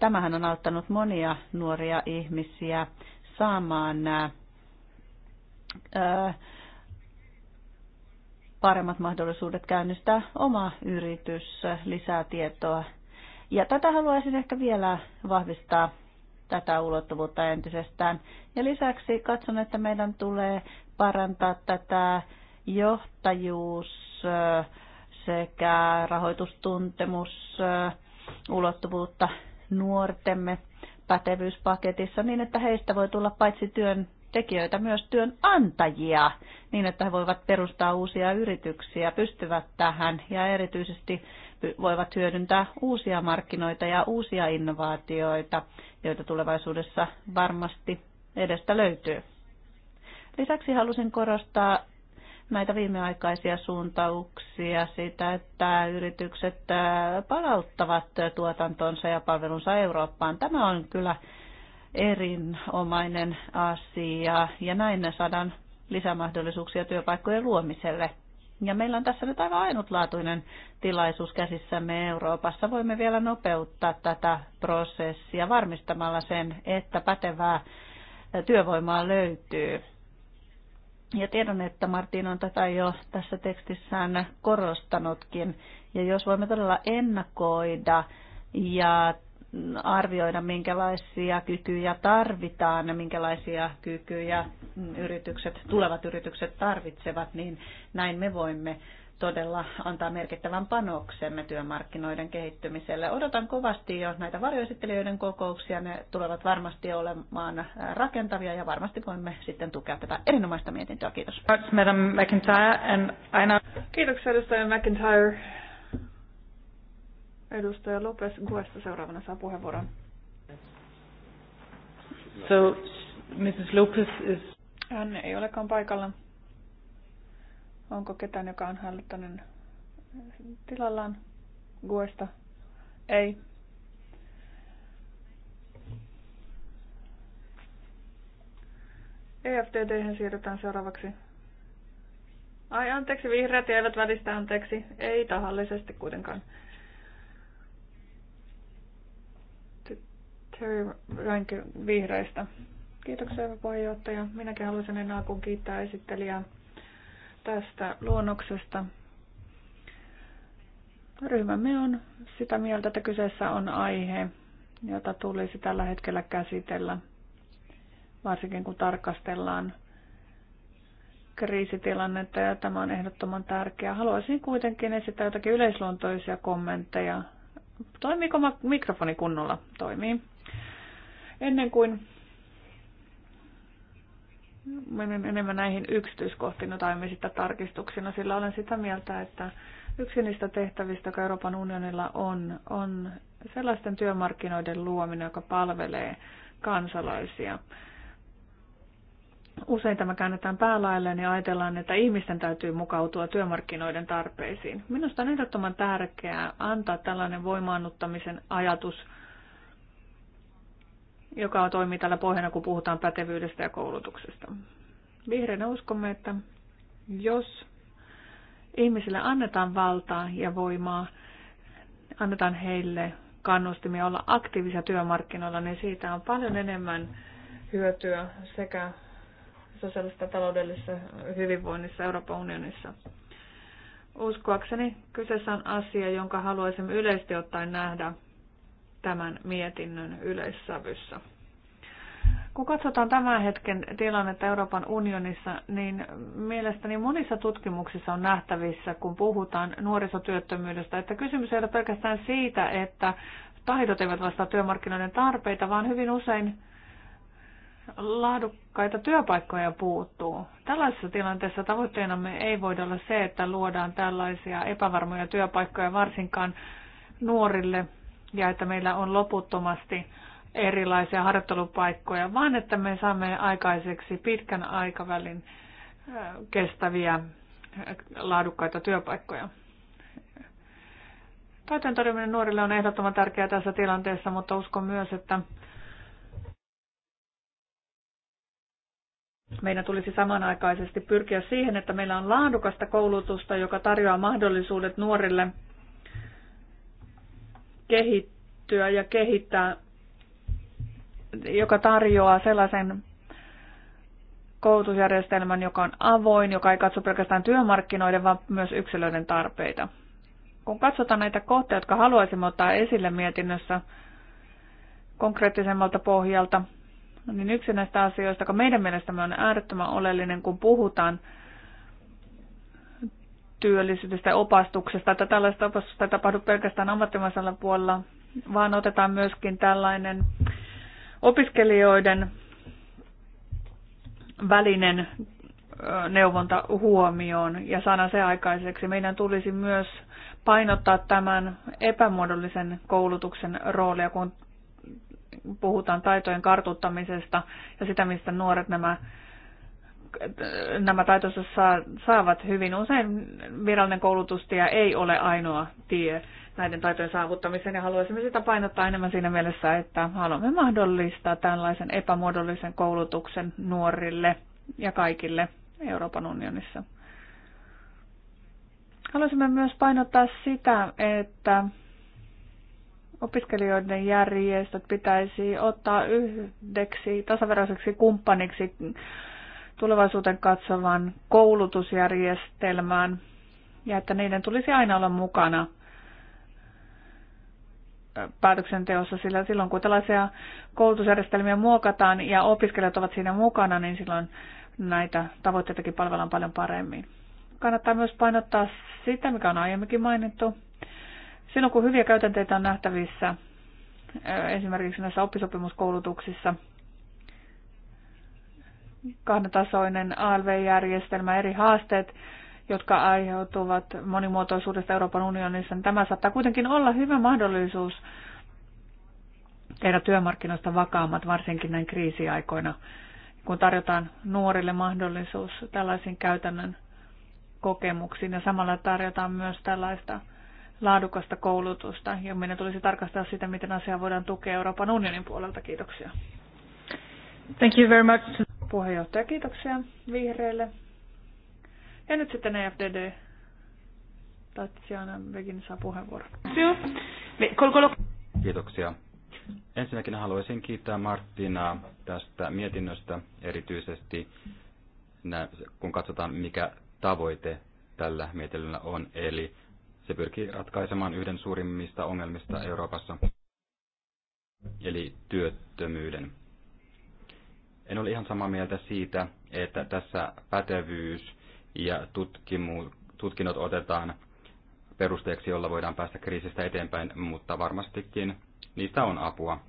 Tämähän on auttanut monia nuoria ihmisiä saamaan äh, paremmat mahdollisuudet käynnistää oma yritys, lisää tietoa. Ja tätä haluaisin ehkä vielä vahvistaa tätä ulottuvuutta entisestään. Ja lisäksi katson, että meidän tulee parantaa tätä johtajuus sekä rahoitustuntemus ulottuvuutta nuortemme pätevyyspaketissa niin, että heistä voi tulla paitsi työn tekijöitä myös työnantajia niin, että he voivat perustaa uusia yrityksiä, pystyvät tähän ja erityisesti voivat hyödyntää uusia markkinoita ja uusia innovaatioita, joita tulevaisuudessa varmasti edestä löytyy. Lisäksi halusin korostaa näitä viimeaikaisia suuntauksia sitä, että yritykset palauttavat tuotantonsa ja palvelunsa Eurooppaan. Tämä on kyllä erinomainen asia ja näin ne saadaan lisämahdollisuuksia työpaikkojen luomiselle. Ja meillä on tässä nyt aivan ainutlaatuinen tilaisuus käsissämme Euroopassa. Voimme vielä nopeuttaa tätä prosessia varmistamalla sen, että pätevää työvoimaa löytyy. Ja tiedon, että Martin on tätä jo tässä tekstissään korostanutkin. Ja jos voimme todella ennakoida ja arvioida, minkälaisia kykyjä tarvitaan ja minkälaisia kykyjä yritykset, tulevat yritykset tarvitsevat, niin näin me voimme todella antaa merkittävän panoksemme työmarkkinoiden kehittymiselle. Odotan kovasti jo näitä varjoesittelijöiden kokouksia. Ne tulevat varmasti olemaan rakentavia ja varmasti voimme sitten tukea tätä erinomaista mietintöä. Kiitos. McIntyre Aina. Kiitoksia edustaja McIntyre. Edustaja Lopes Guesta seuraavana saa puheenvuoron. So, Mrs. Lopez is... Hän ei olekaan paikalla. Onko ketään, joka on hallittanut tilallaan Guesta? Ei. EFTD siirrytään seuraavaksi. Ai anteeksi, vihreät eivät välistä anteeksi. Ei tahallisesti kuitenkaan. Terry Ränki vihreistä. Kiitoksia, puheenjohtaja. Minäkin haluaisin enää kun kiittää esittelijää tästä luonnoksesta. Ryhmämme on sitä mieltä, että kyseessä on aihe, jota tulisi tällä hetkellä käsitellä, varsinkin kun tarkastellaan kriisitilannetta ja tämä on ehdottoman tärkeää. Haluaisin kuitenkin esittää jotakin yleisluontoisia kommentteja. Toimiiko mikrofoni kunnolla? Toimii. Ennen kuin menen enemmän näihin yksityiskohtiin, tai aiemmin sitä tarkistuksina, sillä olen sitä mieltä, että yksi niistä tehtävistä, joka Euroopan unionilla on, on sellaisten työmarkkinoiden luominen, joka palvelee kansalaisia. Usein tämä käännetään päälailleen ja ajatellaan, että ihmisten täytyy mukautua työmarkkinoiden tarpeisiin. Minusta on ehdottoman tärkeää antaa tällainen voimaannuttamisen ajatus – joka toimii tällä pohjana, kun puhutaan pätevyydestä ja koulutuksesta. Vihreänä uskomme, että jos ihmisille annetaan valtaa ja voimaa, annetaan heille kannustimia olla aktiivisia työmarkkinoilla, niin siitä on paljon enemmän hyötyä sekä sosiaalisessa taloudellisessa hyvinvoinnissa Euroopan unionissa. Uskoakseni kyseessä on asia, jonka haluaisimme yleisesti ottaen nähdä tämän mietinnön yleissävyssä. Kun katsotaan tämän hetken tilannetta Euroopan unionissa, niin mielestäni monissa tutkimuksissa on nähtävissä, kun puhutaan nuorisotyöttömyydestä, että kysymys ei ole pelkästään siitä, että taidot eivät vastaa työmarkkinoiden tarpeita, vaan hyvin usein laadukkaita työpaikkoja puuttuu. Tällaisessa tilanteessa tavoitteenamme ei voida olla se, että luodaan tällaisia epävarmoja työpaikkoja varsinkaan nuorille ja että meillä on loputtomasti erilaisia harjoittelupaikkoja, vaan että me saamme aikaiseksi pitkän aikavälin kestäviä laadukkaita työpaikkoja. Taiteen torjuminen nuorille on ehdottoman tärkeää tässä tilanteessa, mutta uskon myös, että meidän tulisi samanaikaisesti pyrkiä siihen, että meillä on laadukasta koulutusta, joka tarjoaa mahdollisuudet nuorille kehittyä ja kehittää, joka tarjoaa sellaisen koulutusjärjestelmän, joka on avoin, joka ei katso pelkästään työmarkkinoiden, vaan myös yksilöiden tarpeita. Kun katsotaan näitä kohteita, jotka haluaisimme ottaa esille mietinnössä konkreettisemmalta pohjalta, niin yksi näistä asioista, joka meidän mielestämme on äärettömän oleellinen, kun puhutaan työllisyydestä ja opastuksesta, että tällaista opastusta ei tapahdu pelkästään ammattimaisella puolella, vaan otetaan myöskin tällainen opiskelijoiden välinen neuvonta huomioon ja saadaan se aikaiseksi. Meidän tulisi myös painottaa tämän epämuodollisen koulutuksen roolia, kun puhutaan taitojen kartuttamisesta ja sitä, mistä nuoret nämä nämä taitonsa saavat hyvin. Usein virallinen koulutustie ei ole ainoa tie näiden taitojen saavuttamiseen ja haluaisimme sitä painottaa enemmän siinä mielessä, että haluamme mahdollistaa tällaisen epämuodollisen koulutuksen nuorille ja kaikille Euroopan unionissa. Haluaisimme myös painottaa sitä, että opiskelijoiden järjestöt pitäisi ottaa yhdeksi tasaveroiseksi kumppaniksi tulevaisuuteen katsovan koulutusjärjestelmään ja että niiden tulisi aina olla mukana päätöksenteossa, sillä silloin kun tällaisia koulutusjärjestelmiä muokataan ja opiskelijat ovat siinä mukana, niin silloin näitä tavoitteitakin palvellaan paljon paremmin. Kannattaa myös painottaa sitä, mikä on aiemminkin mainittu. Silloin kun hyviä käytänteitä on nähtävissä, eh, esimerkiksi näissä oppisopimuskoulutuksissa – kahdentasoinen ALV-järjestelmä, eri haasteet, jotka aiheutuvat monimuotoisuudesta Euroopan unionissa, niin tämä saattaa kuitenkin olla hyvä mahdollisuus tehdä työmarkkinoista vakaammat, varsinkin näin kriisiaikoina, kun tarjotaan nuorille mahdollisuus tällaisiin käytännön kokemuksiin ja samalla tarjotaan myös tällaista laadukasta koulutusta ja meidän tulisi tarkastaa sitä, miten asiaa voidaan tukea Euroopan unionin puolelta. Kiitoksia. Thank you very much to Puheenjohtaja, kiitoksia vihreille. Ja nyt sitten EFDD. Tatsiana Vegin saa puheenvuoron. Kiitoksia. Ensinnäkin haluaisin kiittää Marttinaa tästä mietinnöstä erityisesti, kun katsotaan mikä tavoite tällä mietinnöllä on, eli se pyrkii ratkaisemaan yhden suurimmista ongelmista Euroopassa, eli työttömyyden en ole ihan samaa mieltä siitä, että tässä pätevyys ja tutkimu, tutkinnot otetaan perusteeksi, jolla voidaan päästä kriisistä eteenpäin, mutta varmastikin niistä on apua.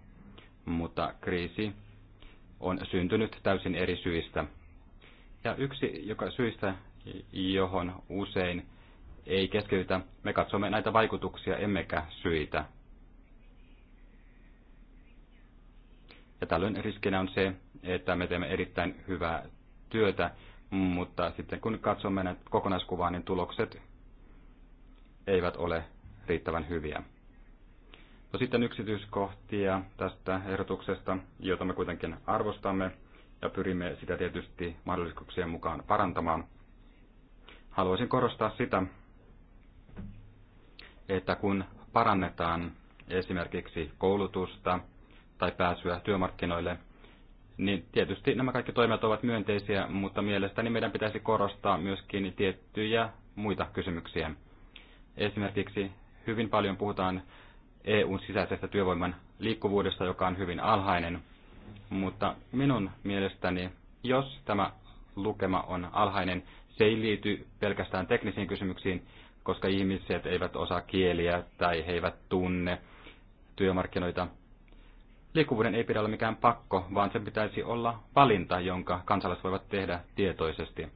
Mutta kriisi on syntynyt täysin eri syistä. Ja yksi joka syistä, johon usein ei keskitytä, me katsomme näitä vaikutuksia emmekä syitä. Ja tällöin riskinä on se, että me teemme erittäin hyvää työtä, mutta sitten kun katsomme näitä kokonaiskuvaa, niin tulokset eivät ole riittävän hyviä. No sitten yksityiskohtia tästä ehdotuksesta, jota me kuitenkin arvostamme ja pyrimme sitä tietysti mahdollisuuksien mukaan parantamaan. Haluaisin korostaa sitä, että kun parannetaan esimerkiksi koulutusta, tai pääsyä työmarkkinoille, niin tietysti nämä kaikki toimet ovat myönteisiä, mutta mielestäni meidän pitäisi korostaa myöskin tiettyjä muita kysymyksiä. Esimerkiksi hyvin paljon puhutaan EUn sisäisestä työvoiman liikkuvuudesta, joka on hyvin alhainen, mutta minun mielestäni, jos tämä lukema on alhainen, se ei liity pelkästään teknisiin kysymyksiin, koska ihmiset eivät osaa kieliä tai he eivät tunne työmarkkinoita, liikkuvuuden ei pidä olla mikään pakko, vaan sen pitäisi olla valinta, jonka kansalaiset voivat tehdä tietoisesti.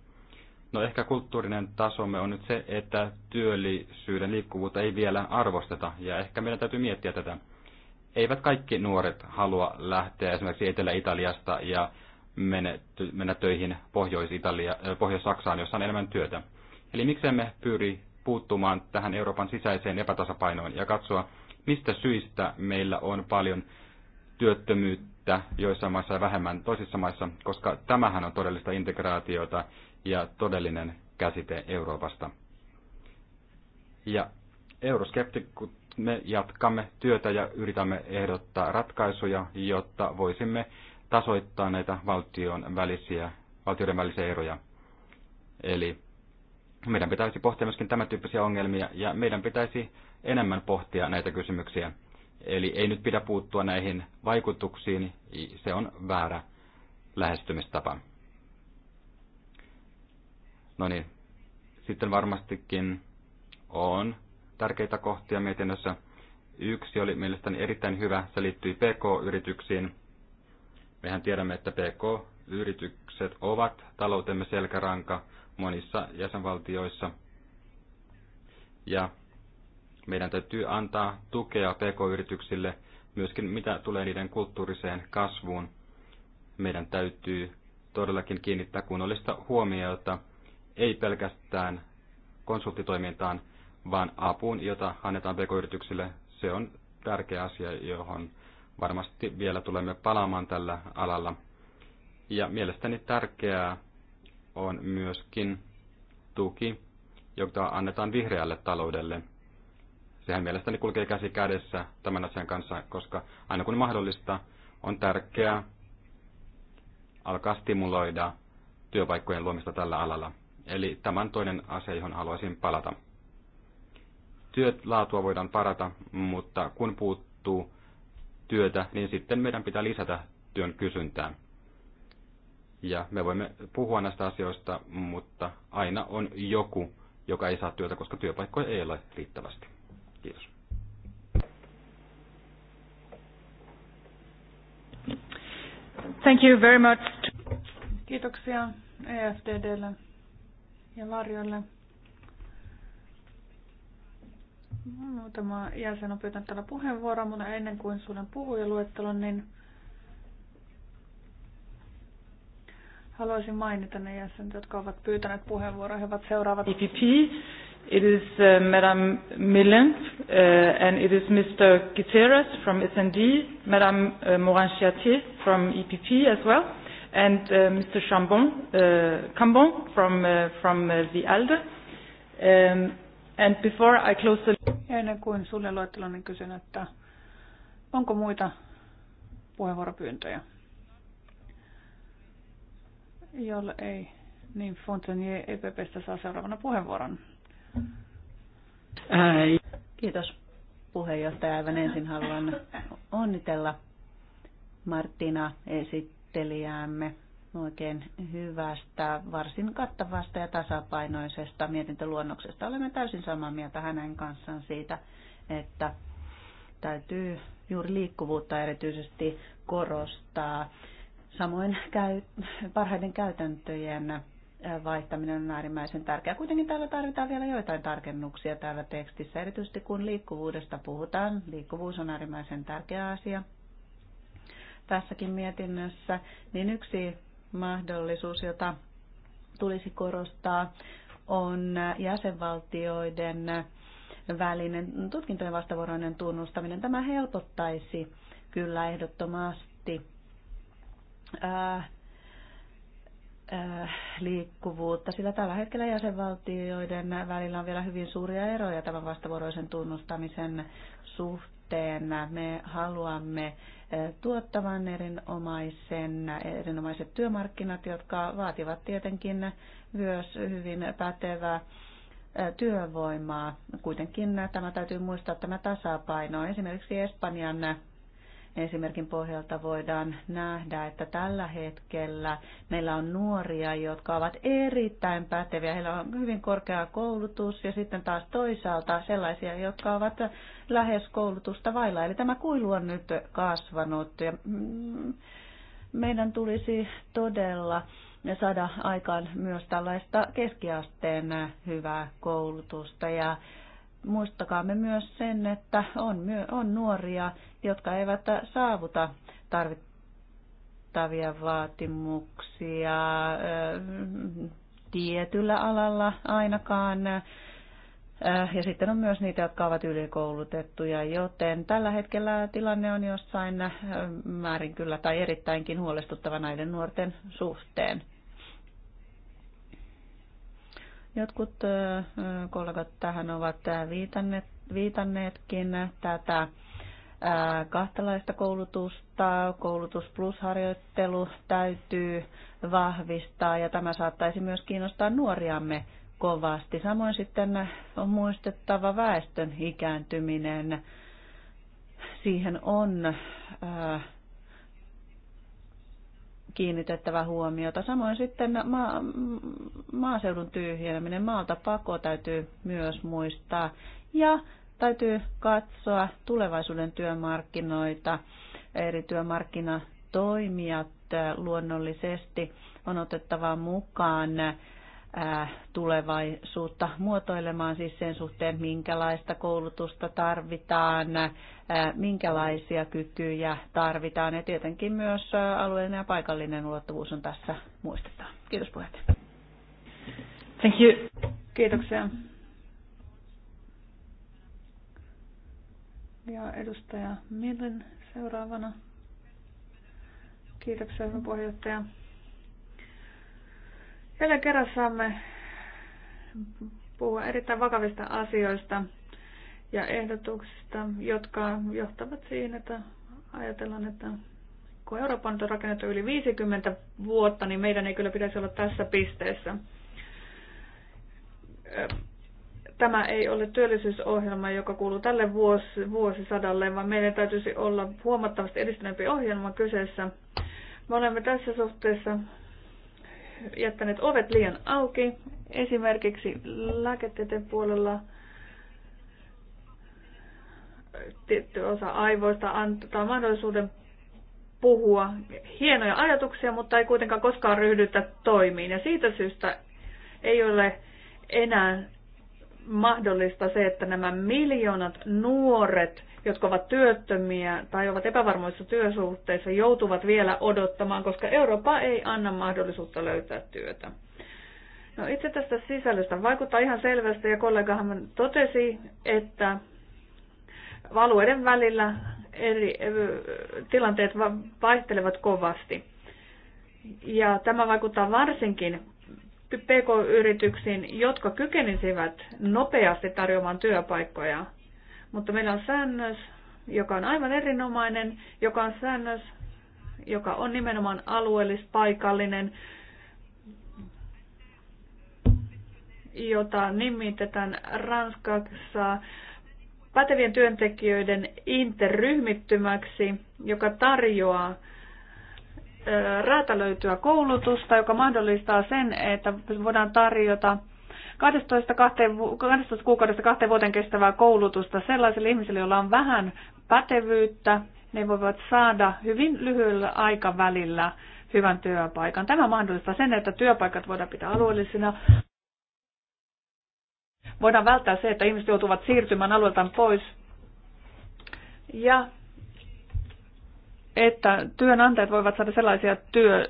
No ehkä kulttuurinen tasomme on nyt se, että työllisyyden liikkuvuutta ei vielä arvosteta, ja ehkä meidän täytyy miettiä tätä. Eivät kaikki nuoret halua lähteä esimerkiksi Etelä-Italiasta ja mennä töihin pohjois äh, Pohjois-Saksaan, jossa on enemmän työtä. Eli miksei me pyri puuttumaan tähän Euroopan sisäiseen epätasapainoon ja katsoa, mistä syistä meillä on paljon työttömyyttä joissain maissa ja vähemmän toisissa maissa, koska tämähän on todellista integraatiota ja todellinen käsite Euroopasta. Ja euroskeptikut me jatkamme työtä ja yritämme ehdottaa ratkaisuja, jotta voisimme tasoittaa näitä valtion välisiä, valtioiden välisiä eroja. Eli meidän pitäisi pohtia myöskin tämän tyyppisiä ongelmia ja meidän pitäisi enemmän pohtia näitä kysymyksiä. Eli ei nyt pidä puuttua näihin vaikutuksiin, se on väärä lähestymistapa. No niin, sitten varmastikin on tärkeitä kohtia mietinnössä. Yksi oli mielestäni erittäin hyvä, se liittyi PK-yrityksiin. Mehän tiedämme, että PK-yritykset ovat taloutemme selkäranka monissa jäsenvaltioissa. Ja meidän täytyy antaa tukea pk-yrityksille myöskin mitä tulee niiden kulttuuriseen kasvuun. Meidän täytyy todellakin kiinnittää kunnollista huomiota ei pelkästään konsulttitoimintaan, vaan apuun, jota annetaan pk-yrityksille. Se on tärkeä asia, johon varmasti vielä tulemme palaamaan tällä alalla. Ja mielestäni tärkeää on myöskin tuki, jota annetaan vihreälle taloudelle, Sehän mielestäni kulkee käsi kädessä tämän asian kanssa, koska aina kun mahdollista, on tärkeää alkaa stimuloida työpaikkojen luomista tällä alalla. Eli tämän toinen asia, johon haluaisin palata. Työlaatua voidaan parata, mutta kun puuttuu työtä, niin sitten meidän pitää lisätä työn kysyntää. Ja me voimme puhua näistä asioista, mutta aina on joku, joka ei saa työtä, koska työpaikkoja ei ole riittävästi. Kiitos. Thank you very much. Kiitoksia EFDDlle ja Larjolle. Muutama jäsen on pyytänyt tällä puheenvuoroa, mutta ennen kuin suljen puhujaluettelon, niin haluaisin mainita ne jäsenet, jotka ovat pyytäneet puheenvuoroa. He ovat seuraavat EPP, It is uh, Madam Millen, uh, and it is Mr. Gutierrez from SND, Madam uh, Morin-Chartier from EPP as well, and uh, Mr. Chambon, uh, Cambon from, uh, from uh, the ALDE. Um, and before I close the... ennen kuin suljen luettelon, niin kysyn, että onko muita puheenvuoropyyntöjä? Jolle ei, niin Fontanier EPPstä saa seuraavana puheenvuoron. Ei. Kiitos puheenjohtaja. Aivan ensin haluan onnitella Martina esittelijäämme oikein hyvästä, varsin kattavasta ja tasapainoisesta mietintöluonnoksesta. Olemme täysin samaa mieltä hänen kanssaan siitä, että täytyy juuri liikkuvuutta erityisesti korostaa. Samoin käy, parhaiden käytäntöjen vaihtaminen on äärimmäisen tärkeää. Kuitenkin täällä tarvitaan vielä joitain tarkennuksia täällä tekstissä, erityisesti kun liikkuvuudesta puhutaan. Liikkuvuus on äärimmäisen tärkeä asia tässäkin mietinnössä, niin yksi mahdollisuus, jota tulisi korostaa, on jäsenvaltioiden välinen tutkintojen vastavuoroinen tunnustaminen. Tämä helpottaisi kyllä ehdottomasti Äh, liikkuvuutta, sillä tällä hetkellä jäsenvaltioiden välillä on vielä hyvin suuria eroja tämän vastavuoroisen tunnustamisen suhteen. Me haluamme äh, tuottavan erinomaisen, erinomaiset työmarkkinat, jotka vaativat tietenkin myös hyvin pätevää äh, työvoimaa. Kuitenkin tämä täytyy muistaa tämä tasapaino. Esimerkiksi Espanjan esimerkin pohjalta voidaan nähdä, että tällä hetkellä meillä on nuoria, jotka ovat erittäin päteviä. Heillä on hyvin korkea koulutus ja sitten taas toisaalta sellaisia, jotka ovat lähes koulutusta vailla. Eli tämä kuilu on nyt kasvanut ja mm, meidän tulisi todella saada aikaan myös tällaista keskiasteen hyvää koulutusta ja muistakaamme myös sen, että on, on nuoria, jotka eivät saavuta tarvittavia vaatimuksia tietyllä alalla ainakaan. Ja sitten on myös niitä, jotka ovat ylikoulutettuja, joten tällä hetkellä tilanne on jossain määrin kyllä tai erittäinkin huolestuttava näiden nuorten suhteen. Jotkut kollegat tähän ovat viitanneet, viitanneetkin tätä kahtalaista koulutusta. Koulutus plus harjoittelu täytyy vahvistaa ja tämä saattaisi myös kiinnostaa nuoriamme kovasti. Samoin sitten on muistettava väestön ikääntyminen. Siihen on kiinnitettävä huomiota. Samoin sitten ma- maaseudun tyhjeneminen, maalta pako täytyy myös muistaa. Ja täytyy katsoa tulevaisuuden työmarkkinoita, eri työmarkkinatoimijat eh, luonnollisesti on otettava mukaan tulevaisuutta muotoilemaan siis sen suhteen, minkälaista koulutusta tarvitaan, minkälaisia kykyjä tarvitaan ja tietenkin myös alueellinen ja paikallinen ulottuvuus on tässä muistetaan. Kiitos puheenjohtaja. Thank you. Kiitoksia. Ja edustaja Millen seuraavana. Kiitoksia, puheenjohtaja. Tällä kerran saamme puhua erittäin vakavista asioista ja ehdotuksista, jotka johtavat siihen, että ajatellaan, että kun Eurooppa on rakennettu yli 50 vuotta, niin meidän ei kyllä pitäisi olla tässä pisteessä. Tämä ei ole työllisyysohjelma, joka kuuluu tälle vuosi, vuosisadalle, vaan meidän täytyisi olla huomattavasti edistyneempi ohjelma kyseessä. Me olemme tässä suhteessa jättäneet ovet liian auki. Esimerkiksi lääketieteen puolella tietty osa aivoista antaa mahdollisuuden puhua hienoja ajatuksia, mutta ei kuitenkaan koskaan ryhdytä toimiin. Ja siitä syystä ei ole enää mahdollista se, että nämä miljoonat nuoret jotka ovat työttömiä tai ovat epävarmoissa työsuhteissa, joutuvat vielä odottamaan, koska Eurooppa ei anna mahdollisuutta löytää työtä. No itse tästä sisällöstä vaikuttaa ihan selvästi ja kollegahan totesi, että alueiden välillä eri tilanteet vaihtelevat kovasti. Ja tämä vaikuttaa varsinkin PK-yrityksiin, jotka kykenisivät nopeasti tarjoamaan työpaikkoja mutta meillä on säännös, joka on aivan erinomainen, joka on säännös, joka on nimenomaan alueellis, paikallinen, jota nimitetään Ranskassa pätevien työntekijöiden interryhmittymäksi, joka tarjoaa räätälöityä koulutusta, joka mahdollistaa sen, että voidaan tarjota 12, 12 kuukaudesta kahteen vuoteen kestävää koulutusta sellaisille ihmisille, joilla on vähän pätevyyttä, ne voivat saada hyvin lyhyellä aikavälillä hyvän työpaikan. Tämä mahdollistaa sen, että työpaikat voidaan pitää alueellisina. Voidaan välttää se, että ihmiset joutuvat siirtymään alueeltaan pois. Ja että työnantajat voivat saada sellaisia työ,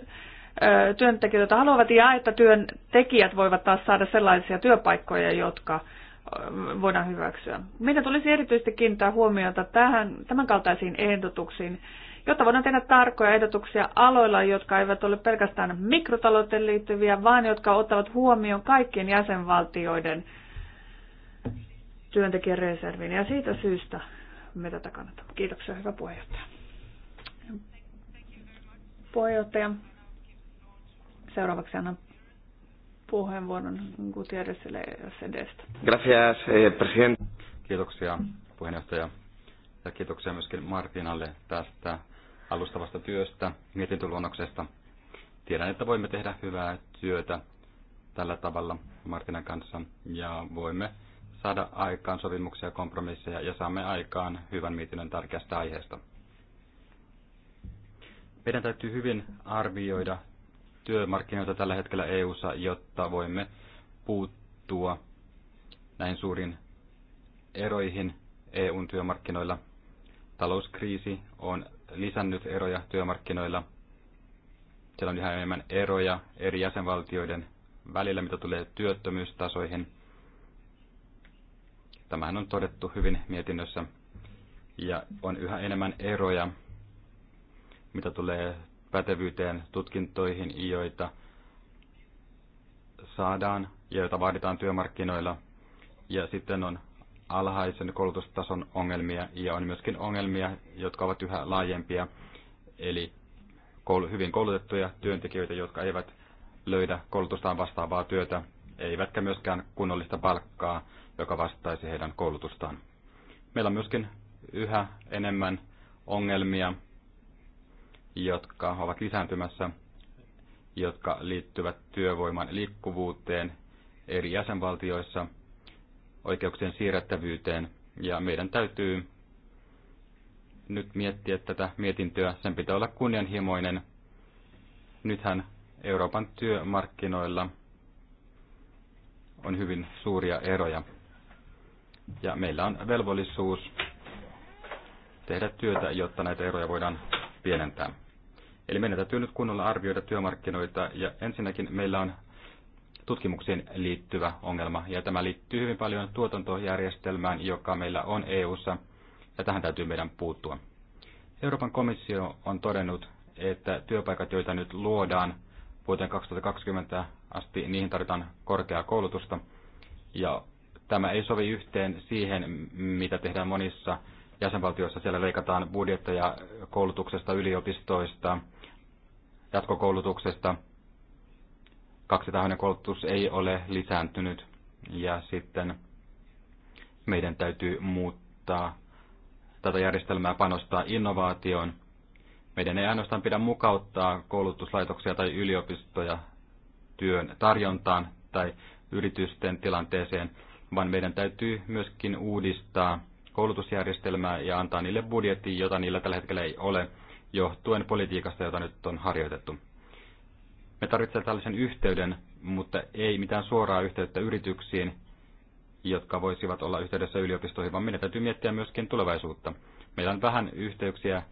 työntekijöitä, haluavat, ja että työntekijät voivat taas saada sellaisia työpaikkoja, jotka voidaan hyväksyä. Meidän tulisi erityisesti kiinnittää huomiota tähän, kaltaisiin ehdotuksiin, jotta voidaan tehdä tarkkoja ehdotuksia aloilla, jotka eivät ole pelkästään mikrotalouteen liittyviä, vaan jotka ottavat huomioon kaikkien jäsenvaltioiden työntekijäreservin. Ja siitä syystä me tätä kannattaa. Kiitoksia, hyvä puheenjohtaja. Puheenjohtaja, Seuraavaksi annan puheenvuoron Gutierrezille Sedestä. Gracias, eh, presidente. Kiitoksia puheenjohtaja ja kiitoksia myöskin Martinalle tästä alustavasta työstä, mietintöluonnoksesta. Tiedän, että voimme tehdä hyvää työtä tällä tavalla Martinan kanssa ja voimme saada aikaan sopimuksia, kompromisseja ja saamme aikaan hyvän mietinnön tärkeästä aiheesta. Meidän täytyy hyvin arvioida työmarkkinoita tällä hetkellä EU:ssa, jotta voimme puuttua näihin suuriin eroihin EUn työmarkkinoilla. Talouskriisi on lisännyt eroja työmarkkinoilla. Siellä on yhä enemmän eroja eri jäsenvaltioiden välillä, mitä tulee työttömyystasoihin. Tämähän on todettu hyvin mietinnössä. Ja on yhä enemmän eroja, mitä tulee pätevyyteen, tutkintoihin, joita saadaan ja joita vaaditaan työmarkkinoilla. Ja sitten on alhaisen koulutustason ongelmia ja on myöskin ongelmia, jotka ovat yhä laajempia, eli hyvin koulutettuja työntekijöitä, jotka eivät löydä koulutustaan vastaavaa työtä, eivätkä myöskään kunnollista palkkaa, joka vastaisi heidän koulutustaan. Meillä on myöskin yhä enemmän ongelmia jotka ovat lisääntymässä, jotka liittyvät työvoiman liikkuvuuteen eri jäsenvaltioissa, oikeuksien siirrettävyyteen, ja meidän täytyy nyt miettiä tätä mietintöä. Sen pitää olla kunnianhimoinen. Nythän Euroopan työmarkkinoilla on hyvin suuria eroja. Ja meillä on velvollisuus tehdä työtä, jotta näitä eroja voidaan pienentää. Eli meidän täytyy nyt kunnolla arvioida työmarkkinoita ja ensinnäkin meillä on tutkimuksiin liittyvä ongelma ja tämä liittyy hyvin paljon tuotantojärjestelmään, joka meillä on EU:ssa ja tähän täytyy meidän puuttua. Euroopan komissio on todennut, että työpaikat, joita nyt luodaan vuoteen 2020 asti, niihin tarvitaan korkeaa koulutusta ja tämä ei sovi yhteen siihen, mitä tehdään monissa jäsenvaltioissa. Siellä leikataan budjetteja koulutuksesta, yliopistoista, jatkokoulutuksesta. Kaksitahoinen koulutus ei ole lisääntynyt ja sitten meidän täytyy muuttaa tätä järjestelmää panostaa innovaatioon. Meidän ei ainoastaan pidä mukauttaa koulutuslaitoksia tai yliopistoja työn tarjontaan tai yritysten tilanteeseen, vaan meidän täytyy myöskin uudistaa koulutusjärjestelmää ja antaa niille budjetti, jota niillä tällä hetkellä ei ole, johtuen politiikasta, jota nyt on harjoitettu. Me tarvitsemme tällaisen yhteyden, mutta ei mitään suoraa yhteyttä yrityksiin, jotka voisivat olla yhteydessä yliopistoihin, vaan meidän täytyy miettiä myöskin tulevaisuutta. Meillä on vähän yhteyksiä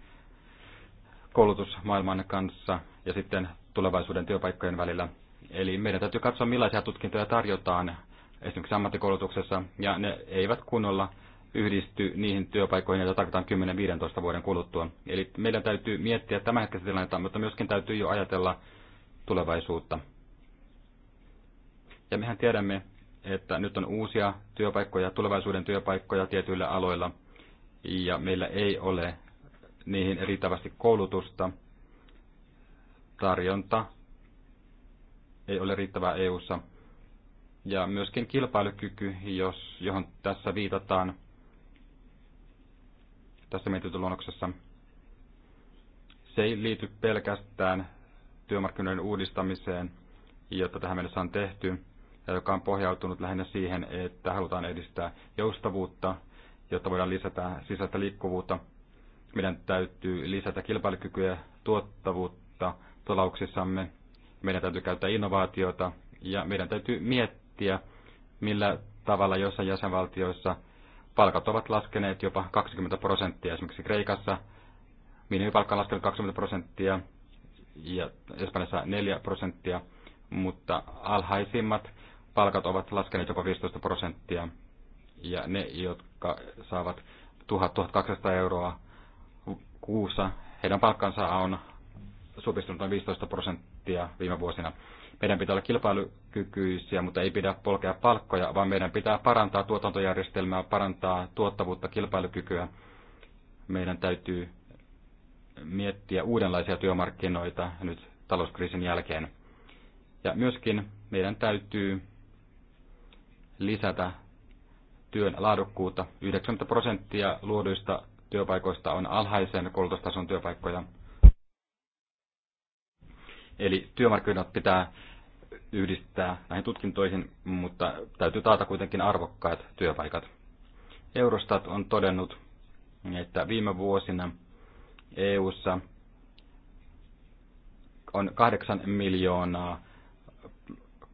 koulutusmaailman kanssa ja sitten tulevaisuuden työpaikkojen välillä. Eli meidän täytyy katsoa, millaisia tutkintoja tarjotaan esimerkiksi ammattikoulutuksessa, ja ne eivät kunnolla yhdisty niihin työpaikkoihin, joita tarvitaan 10-15 vuoden kuluttua. Eli meidän täytyy miettiä tämänhetkistä tilannetta, mutta myöskin täytyy jo ajatella tulevaisuutta. Ja mehän tiedämme, että nyt on uusia työpaikkoja, tulevaisuuden työpaikkoja tietyillä aloilla, ja meillä ei ole niihin riittävästi koulutusta. Tarjonta ei ole riittävää EU-ssa. ja myöskin kilpailukyky, jos, johon tässä viitataan, tässä mietintöluonnoksessa. Se ei liity pelkästään työmarkkinoiden uudistamiseen, jota tähän mennessä on tehty, ja joka on pohjautunut lähinnä siihen, että halutaan edistää joustavuutta, jotta voidaan lisätä sisäistä liikkuvuutta. Meidän täytyy lisätä kilpailukykyä ja tuottavuutta talouksissamme. Meidän täytyy käyttää innovaatiota ja meidän täytyy miettiä, millä tavalla jossain jäsenvaltioissa – palkat ovat laskeneet jopa 20 prosenttia. Esimerkiksi Kreikassa minimipalkka on laskenut 20 prosenttia ja Espanjassa 4 prosenttia, mutta alhaisimmat palkat ovat laskeneet jopa 15 prosenttia. Ja ne, jotka saavat 1000-1200 euroa kuussa, heidän palkkansa on supistunut noin 15 prosenttia viime vuosina. Meidän pitää olla kilpailukykyisiä, mutta ei pidä polkea palkkoja, vaan meidän pitää parantaa tuotantojärjestelmää, parantaa tuottavuutta, kilpailukykyä. Meidän täytyy miettiä uudenlaisia työmarkkinoita nyt talouskriisin jälkeen. Ja myöskin meidän täytyy lisätä työn laadukkuutta. 90 prosenttia luoduista työpaikoista on alhaisen koulutustason työpaikkoja. Eli työmarkkinat pitää yhdistää näihin tutkintoihin, mutta täytyy taata kuitenkin arvokkaat työpaikat. Eurostat on todennut, että viime vuosina EU:ssa on kahdeksan miljoonaa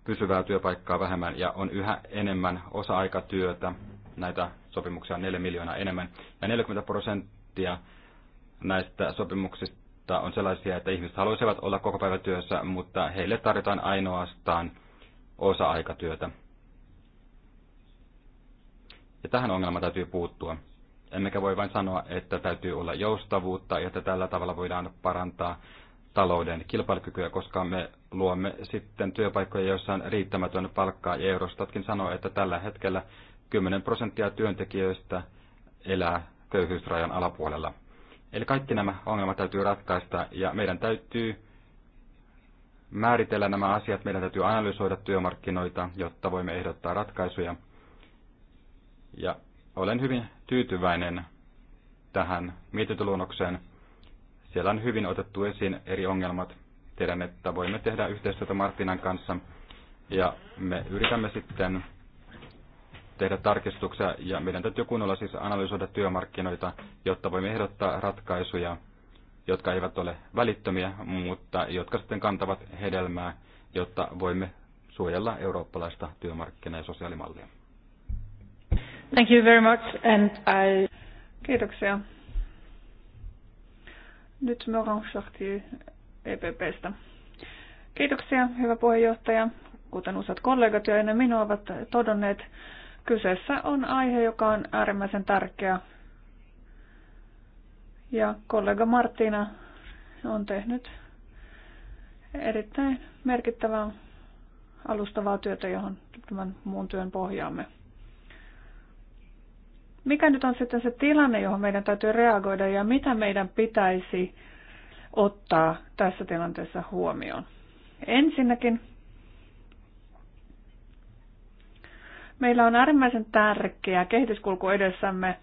pysyvää työpaikkaa vähemmän ja on yhä enemmän osa-aikatyötä, näitä sopimuksia on 4 miljoonaa enemmän, ja 40 prosenttia näistä sopimuksista mutta on sellaisia, että ihmiset haluaisivat olla koko päivä työssä, mutta heille tarjotaan ainoastaan osa-aikatyötä. Ja tähän ongelmaan täytyy puuttua. Emmekä voi vain sanoa, että täytyy olla joustavuutta ja että tällä tavalla voidaan parantaa talouden kilpailukykyä, koska me luomme sitten työpaikkoja, joissa on riittämätön palkkaa. Ja Eurostatkin sanoo, että tällä hetkellä 10 prosenttia työntekijöistä elää köyhyysrajan alapuolella. Eli kaikki nämä ongelmat täytyy ratkaista ja meidän täytyy määritellä nämä asiat, meidän täytyy analysoida työmarkkinoita, jotta voimme ehdottaa ratkaisuja. Ja olen hyvin tyytyväinen tähän mietintöluonnokseen. Siellä on hyvin otettu esiin eri ongelmat. Tiedän, että voimme tehdä yhteistyötä Martinan kanssa ja me yritämme sitten tehdä tarkistuksia ja meidän täytyy kunnolla siis analysoida työmarkkinoita, jotta voimme ehdottaa ratkaisuja, jotka eivät ole välittömiä, mutta jotka sitten kantavat hedelmää, jotta voimme suojella eurooppalaista työmarkkina- ja sosiaalimallia. Thank you very much and I... Kiitoksia. Nyt Moran Chartier EPPstä. Kiitoksia, hyvä puheenjohtaja. Kuten useat kollegat jo ennen minua ovat todonneet, Kyseessä on aihe, joka on äärimmäisen tärkeä. Ja kollega Martina on tehnyt erittäin merkittävää alustavaa työtä, johon tämän muun työn pohjaamme. Mikä nyt on sitten se tilanne, johon meidän täytyy reagoida ja mitä meidän pitäisi ottaa tässä tilanteessa huomioon? Ensinnäkin Meillä on äärimmäisen tärkeä kehityskulku edessämme,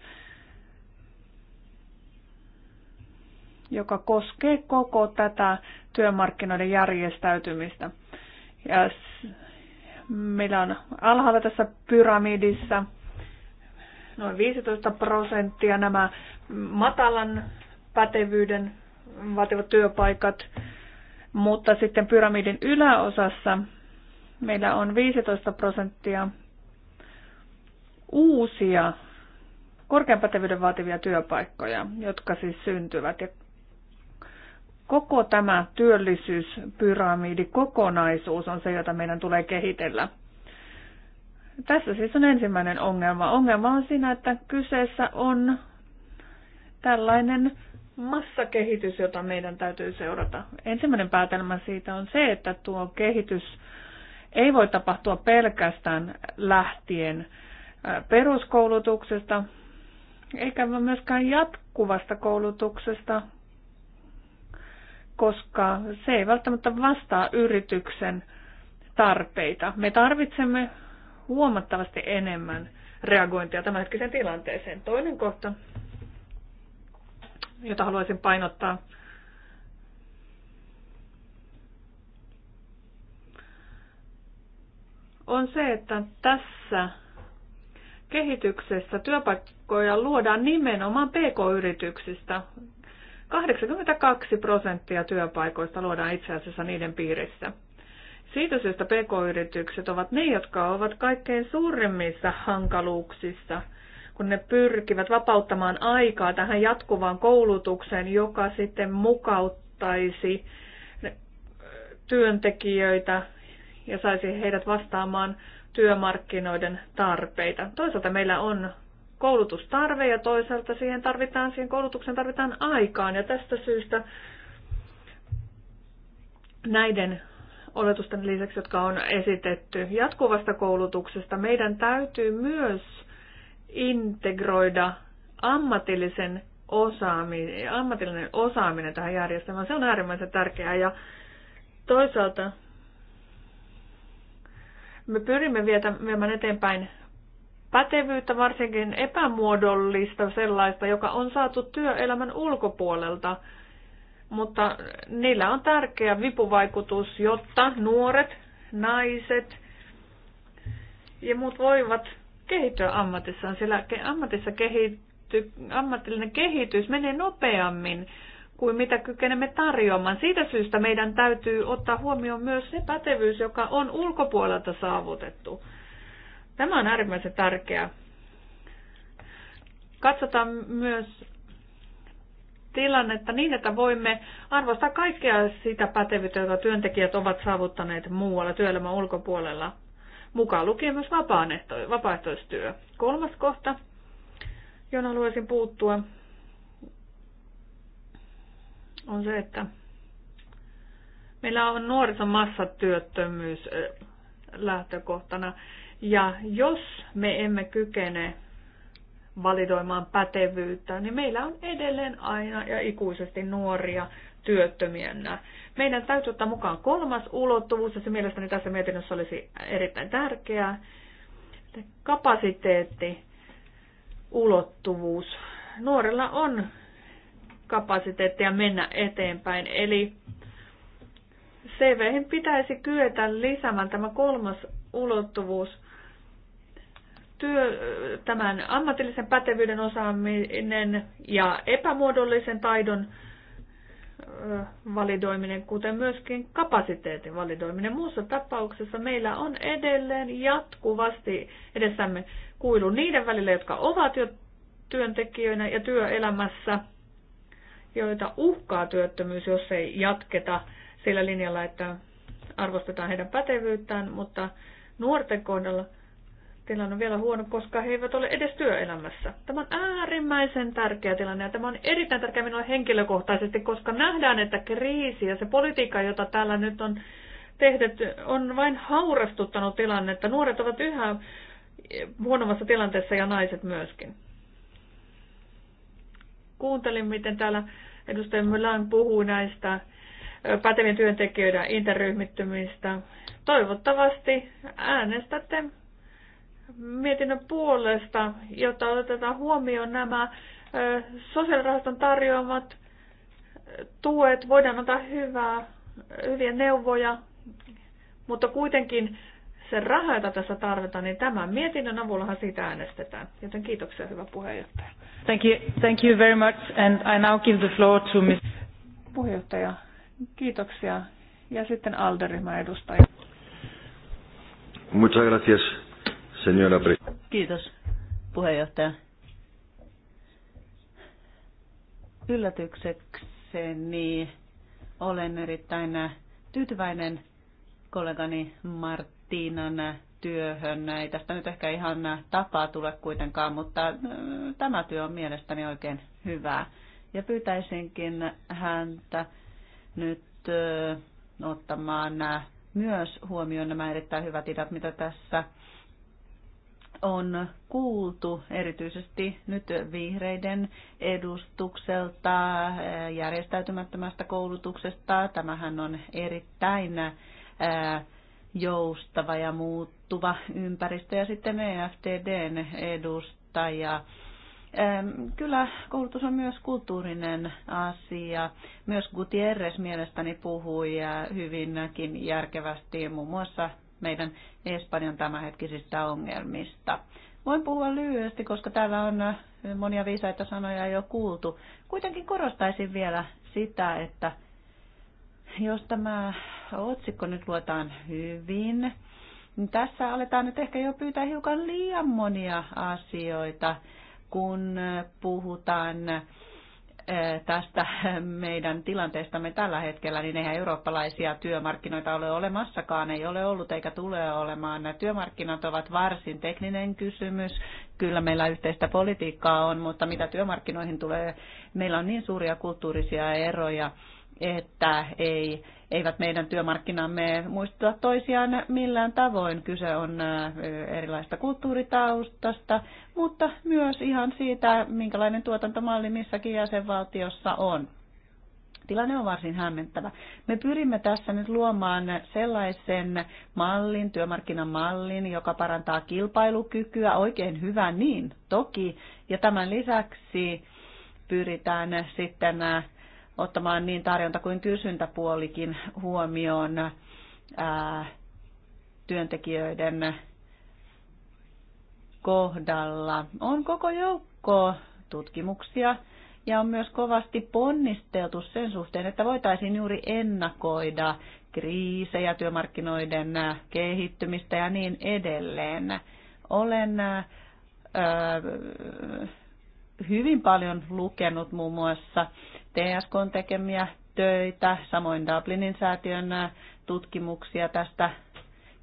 joka koskee koko tätä työmarkkinoiden järjestäytymistä. Ja meillä on alhaalla tässä pyramidissa noin 15 prosenttia nämä matalan pätevyyden vaativat työpaikat, mutta sitten pyramidin yläosassa meillä on 15 prosenttia uusia korkean pätevyyden vaativia työpaikkoja, jotka siis syntyvät. Ja koko tämä työllisyyspyramidi, kokonaisuus on se, jota meidän tulee kehitellä. Tässä siis on ensimmäinen ongelma. Ongelma on siinä, että kyseessä on tällainen massakehitys, jota meidän täytyy seurata. Ensimmäinen päätelmä siitä on se, että tuo kehitys ei voi tapahtua pelkästään lähtien peruskoulutuksesta, eikä myöskään jatkuvasta koulutuksesta, koska se ei välttämättä vastaa yrityksen tarpeita. Me tarvitsemme huomattavasti enemmän reagointia tämänhetkiseen tilanteeseen. Toinen kohta, jota haluaisin painottaa, on se, että tässä kehityksessä työpaikkoja luodaan nimenomaan PK-yrityksistä. 82 prosenttia työpaikoista luodaan itse asiassa niiden piirissä. Siitä syystä PK-yritykset ovat ne, jotka ovat kaikkein suurimmissa hankaluuksissa, kun ne pyrkivät vapauttamaan aikaa tähän jatkuvaan koulutukseen, joka sitten mukauttaisi työntekijöitä ja saisi heidät vastaamaan työmarkkinoiden tarpeita. Toisaalta meillä on koulutustarve ja toisaalta siihen tarvitaan, siihen koulutukseen tarvitaan aikaan ja tästä syystä näiden oletusten lisäksi, jotka on esitetty jatkuvasta koulutuksesta, meidän täytyy myös integroida ammatillisen osaaminen, ammatillinen osaaminen tähän järjestelmään. Se on äärimmäisen tärkeää ja toisaalta me pyrimme viemään eteenpäin pätevyyttä, varsinkin epämuodollista sellaista, joka on saatu työelämän ulkopuolelta. Mutta niillä on tärkeä vipuvaikutus, jotta nuoret, naiset ja muut voivat kehittyä ammatissaan, sillä ammatissa kehitty, ammatillinen kehitys menee nopeammin kuin mitä kykenemme tarjoamaan. Siitä syystä meidän täytyy ottaa huomioon myös se pätevyys, joka on ulkopuolelta saavutettu. Tämä on äärimmäisen tärkeää. Katsotaan myös tilannetta niin, että voimme arvostaa kaikkea sitä pätevyyttä, jota työntekijät ovat saavuttaneet muualla työelämän ulkopuolella, mukaan lukien myös vapaaehtoistyö. Kolmas kohta, jona haluaisin puuttua, on se, että meillä on nuorisomassatyöttömyys lähtökohtana. Ja jos me emme kykene validoimaan pätevyyttä, niin meillä on edelleen aina ja ikuisesti nuoria työttömiä. Meidän täytyy ottaa mukaan kolmas ulottuvuus, ja se mielestäni tässä mietinnössä olisi erittäin tärkeää. Kapasiteetti, ulottuvuus. Nuorella on kapasiteettia mennä eteenpäin. Eli CVhin pitäisi kyetä lisäämään tämä kolmas ulottuvuus, työ, tämän ammatillisen pätevyyden osaaminen ja epämuodollisen taidon validoiminen, kuten myöskin kapasiteetin validoiminen. Muussa tapauksessa meillä on edelleen jatkuvasti edessämme kuilu niiden välillä, jotka ovat jo työntekijöinä ja työelämässä – joita uhkaa työttömyys, jos ei jatketa sillä linjalla, että arvostetaan heidän pätevyyttään, mutta nuorten kohdalla tilanne on vielä huono, koska he eivät ole edes työelämässä. Tämä on äärimmäisen tärkeä tilanne ja tämä on erittäin tärkeä minulle henkilökohtaisesti, koska nähdään, että kriisi ja se politiikka, jota täällä nyt on tehty, on vain haurastuttanut tilannetta. Nuoret ovat yhä huonommassa tilanteessa ja naiset myöskin kuuntelin, miten täällä edustaja Mylän puhuu näistä pätevien työntekijöiden interryhmittymistä. Toivottavasti äänestätte mietinnön puolesta, jotta otetaan huomioon nämä sosiaalirahaston tarjoamat tuet. Voidaan antaa hyvää, hyviä neuvoja, mutta kuitenkin se raha, jota tässä tarvitaan, niin tämän mietinnön avullahan siitä äänestetään. Joten kiitoksia, hyvä puheenjohtaja. Thank you, thank you very much, and I now give the floor to Ms. Puheenjohtaja, kiitoksia. Ja sitten Alderyhmän edustaja. Muchas gracias, señora Kiitos, puheenjohtaja. Yllätyksekseni olen erittäin tyytyväinen kollegani Mart rutiinan työhön. Ei tästä nyt ehkä ihan tapaa tule kuitenkaan, mutta tämä työ on mielestäni oikein hyvää. Ja pyytäisinkin häntä nyt ottamaan myös huomioon nämä erittäin hyvät ideat, mitä tässä on kuultu erityisesti nyt vihreiden edustukselta, järjestäytymättömästä koulutuksesta. Tämähän on erittäin joustava ja muuttuva ympäristö ja sitten EFTDn edustaja. Kyllä koulutus on myös kulttuurinen asia. Myös Gutierrez mielestäni puhui äh, hyvinkin järkevästi muun muassa meidän Espanjan tämänhetkisistä ongelmista. Voin puhua lyhyesti, koska täällä on äh, monia viisaita sanoja jo kuultu. Kuitenkin korostaisin vielä sitä, että jos tämä otsikko nyt luetaan hyvin, niin tässä aletaan nyt ehkä jo pyytää hiukan liian monia asioita, kun puhutaan eh, tästä meidän tilanteestamme tällä hetkellä, niin eihän eurooppalaisia työmarkkinoita ole olemassakaan, ei ole ollut eikä tule olemaan. Nämä työmarkkinat ovat varsin tekninen kysymys. Kyllä meillä yhteistä politiikkaa on, mutta mitä työmarkkinoihin tulee, meillä on niin suuria kulttuurisia eroja, että ei, eivät meidän työmarkkinamme muistuta toisiaan millään tavoin. Kyse on erilaista kulttuuritaustasta, mutta myös ihan siitä, minkälainen tuotantomalli missäkin jäsenvaltiossa on. Tilanne on varsin hämmentävä. Me pyrimme tässä nyt luomaan sellaisen mallin, työmarkkinamallin, joka parantaa kilpailukykyä oikein hyvä niin, toki. Ja tämän lisäksi pyritään sitten ottamaan niin tarjonta kuin kysyntäpuolikin huomioon ää, työntekijöiden kohdalla. On koko joukko tutkimuksia ja on myös kovasti ponnisteltu sen suhteen, että voitaisiin juuri ennakoida kriisejä, työmarkkinoiden kehittymistä ja niin edelleen. Olen ää, hyvin paljon lukenut muun muassa TSKn tekemiä töitä, samoin Dublinin säätiön tutkimuksia tästä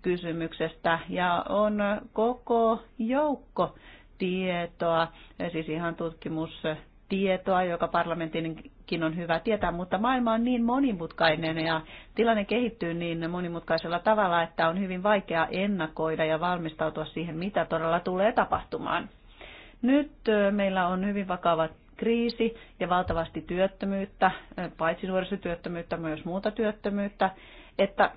kysymyksestä ja on koko joukko tietoa, siis ihan tutkimustietoa, joka parlamentinkin on hyvä tietää, mutta maailma on niin monimutkainen ja tilanne kehittyy niin monimutkaisella tavalla, että on hyvin vaikea ennakoida ja valmistautua siihen, mitä todella tulee tapahtumaan. Nyt meillä on hyvin vakava kriisi ja valtavasti työttömyyttä, paitsi nuorisotyöttömyyttä, myös muuta työttömyyttä, että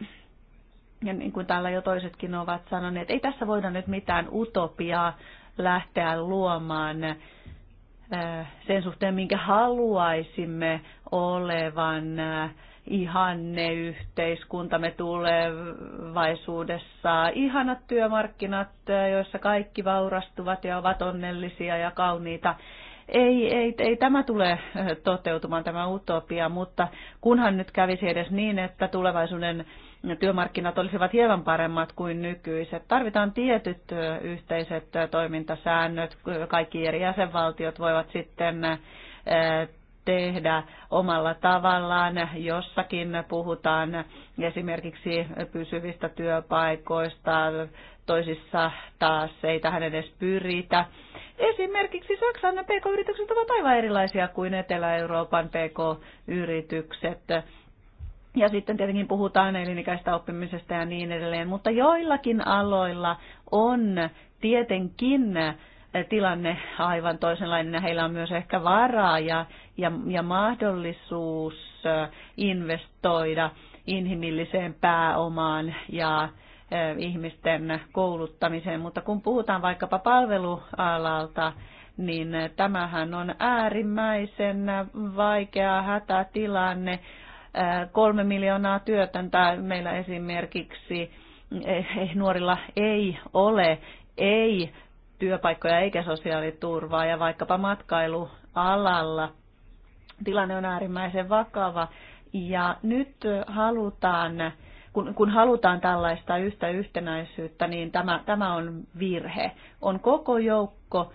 ja niin kuin täällä jo toisetkin ovat sanoneet, ei tässä voida nyt mitään utopiaa lähteä luomaan sen suhteen, minkä haluaisimme olevan ihanne yhteiskuntamme tulevaisuudessa. Ihanat työmarkkinat, joissa kaikki vaurastuvat ja ovat onnellisia ja kauniita ei, ei, ei tämä tule äh, toteutumaan, tämä utopia, mutta kunhan nyt kävisi edes niin, että tulevaisuuden työmarkkinat olisivat hieman paremmat kuin nykyiset. Tarvitaan tietyt äh, yhteiset äh, toimintasäännöt, kaikki eri jäsenvaltiot voivat sitten tehdä omalla tavallaan. Jossakin puhutaan esimerkiksi pysyvistä työpaikoista, toisissa taas ei tähän edes pyritä. Esimerkiksi Saksan PK-yritykset ovat aivan erilaisia kuin Etelä-Euroopan PK-yritykset. Ja sitten tietenkin puhutaan elinikäistä oppimisesta ja niin edelleen, mutta joillakin aloilla on tietenkin tilanne aivan toisenlainen ja heillä on myös ehkä varaa ja, ja, ja mahdollisuus investoida inhimilliseen pääomaan ja ihmisten kouluttamiseen, mutta kun puhutaan vaikkapa palvelualalta, niin tämähän on äärimmäisen vaikea hätätilanne. Kolme miljoonaa työtöntä meillä esimerkiksi e, e, nuorilla ei ole, ei työpaikkoja eikä sosiaaliturvaa ja vaikkapa matkailualalla tilanne on äärimmäisen vakava. Ja nyt halutaan kun, kun halutaan tällaista yhtä yhtenäisyyttä, niin tämä, tämä on virhe. On koko joukko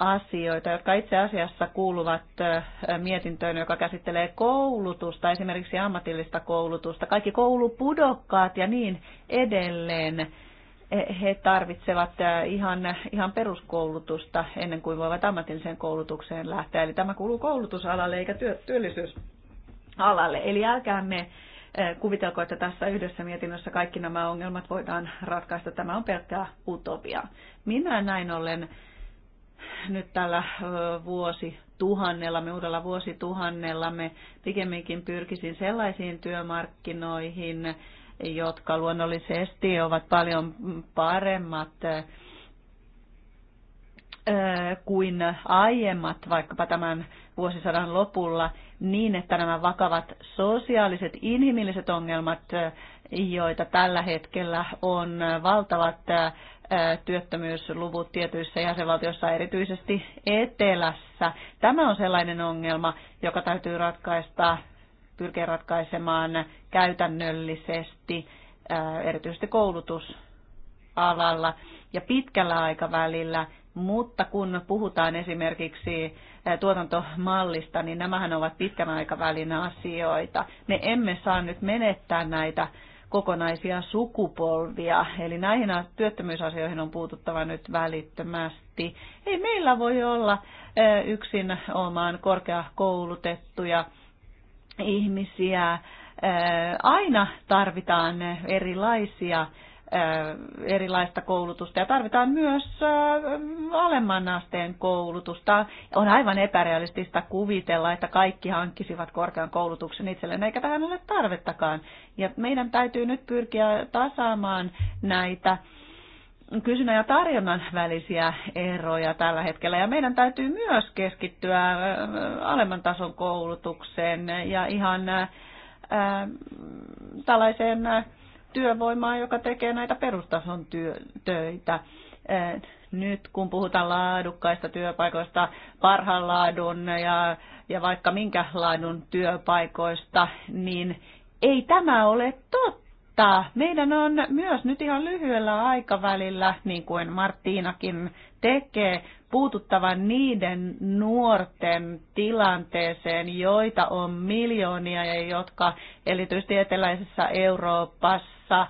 asioita, jotka itse asiassa kuuluvat mietintöön, joka käsittelee koulutusta, esimerkiksi ammatillista koulutusta, kaikki koulupudokkaat ja niin edelleen. E, he tarvitsevat ihan, ihan peruskoulutusta ennen kuin voivat ammatilliseen koulutukseen lähteä. Eli tämä kuuluu koulutusalalle eikä työ, työllisyysalalle. Eli älkäämme Eh, kuvitelko, että tässä yhdessä mietinnössä kaikki nämä ongelmat voidaan ratkaista. Tämä on pelkkää utopia. Minä näin ollen nyt tällä vuosi tuhannella, me uudella vuosi tuhannella me pikemminkin pyrkisin sellaisiin työmarkkinoihin, jotka luonnollisesti ovat paljon paremmat kuin aiemmat, vaikkapa tämän vuosisadan lopulla niin, että nämä vakavat sosiaaliset, inhimilliset ongelmat, joita tällä hetkellä on valtavat työttömyysluvut tietyissä jäsenvaltioissa, erityisesti etelässä. Tämä on sellainen ongelma, joka täytyy ratkaista, pyrkiä ratkaisemaan käytännöllisesti, erityisesti koulutusalalla ja pitkällä aikavälillä, mutta kun puhutaan esimerkiksi tuotantomallista, niin nämähän ovat pitkän aikavälin asioita. Me emme saa nyt menettää näitä kokonaisia sukupolvia. Eli näihin työttömyysasioihin on puututtava nyt välittömästi. Ei meillä voi olla yksin omaan korkeakoulutettuja ihmisiä. Aina tarvitaan erilaisia Äh, erilaista koulutusta ja tarvitaan myös äh, alemman asteen koulutusta. On aivan epärealistista kuvitella, että kaikki hankkisivat korkean koulutuksen itselleen, eikä tähän ole tarvettakaan. Ja meidän täytyy nyt pyrkiä tasaamaan näitä kysynnän ja tarjonnan välisiä eroja tällä hetkellä. Ja meidän täytyy myös keskittyä äh, alemman tason koulutukseen ja ihan tällaiseen työvoimaa, joka tekee näitä perustason työ, töitä. Nyt kun puhutaan laadukkaista työpaikoista, parhaan laadun ja, ja vaikka minkä laadun työpaikoista, niin ei tämä ole totta. Meidän on myös nyt ihan lyhyellä aikavälillä, niin kuin Marttiinakin tekee, puututtava niiden nuorten tilanteeseen, joita on miljoonia ja jotka erityisesti eteläisessä Euroopassa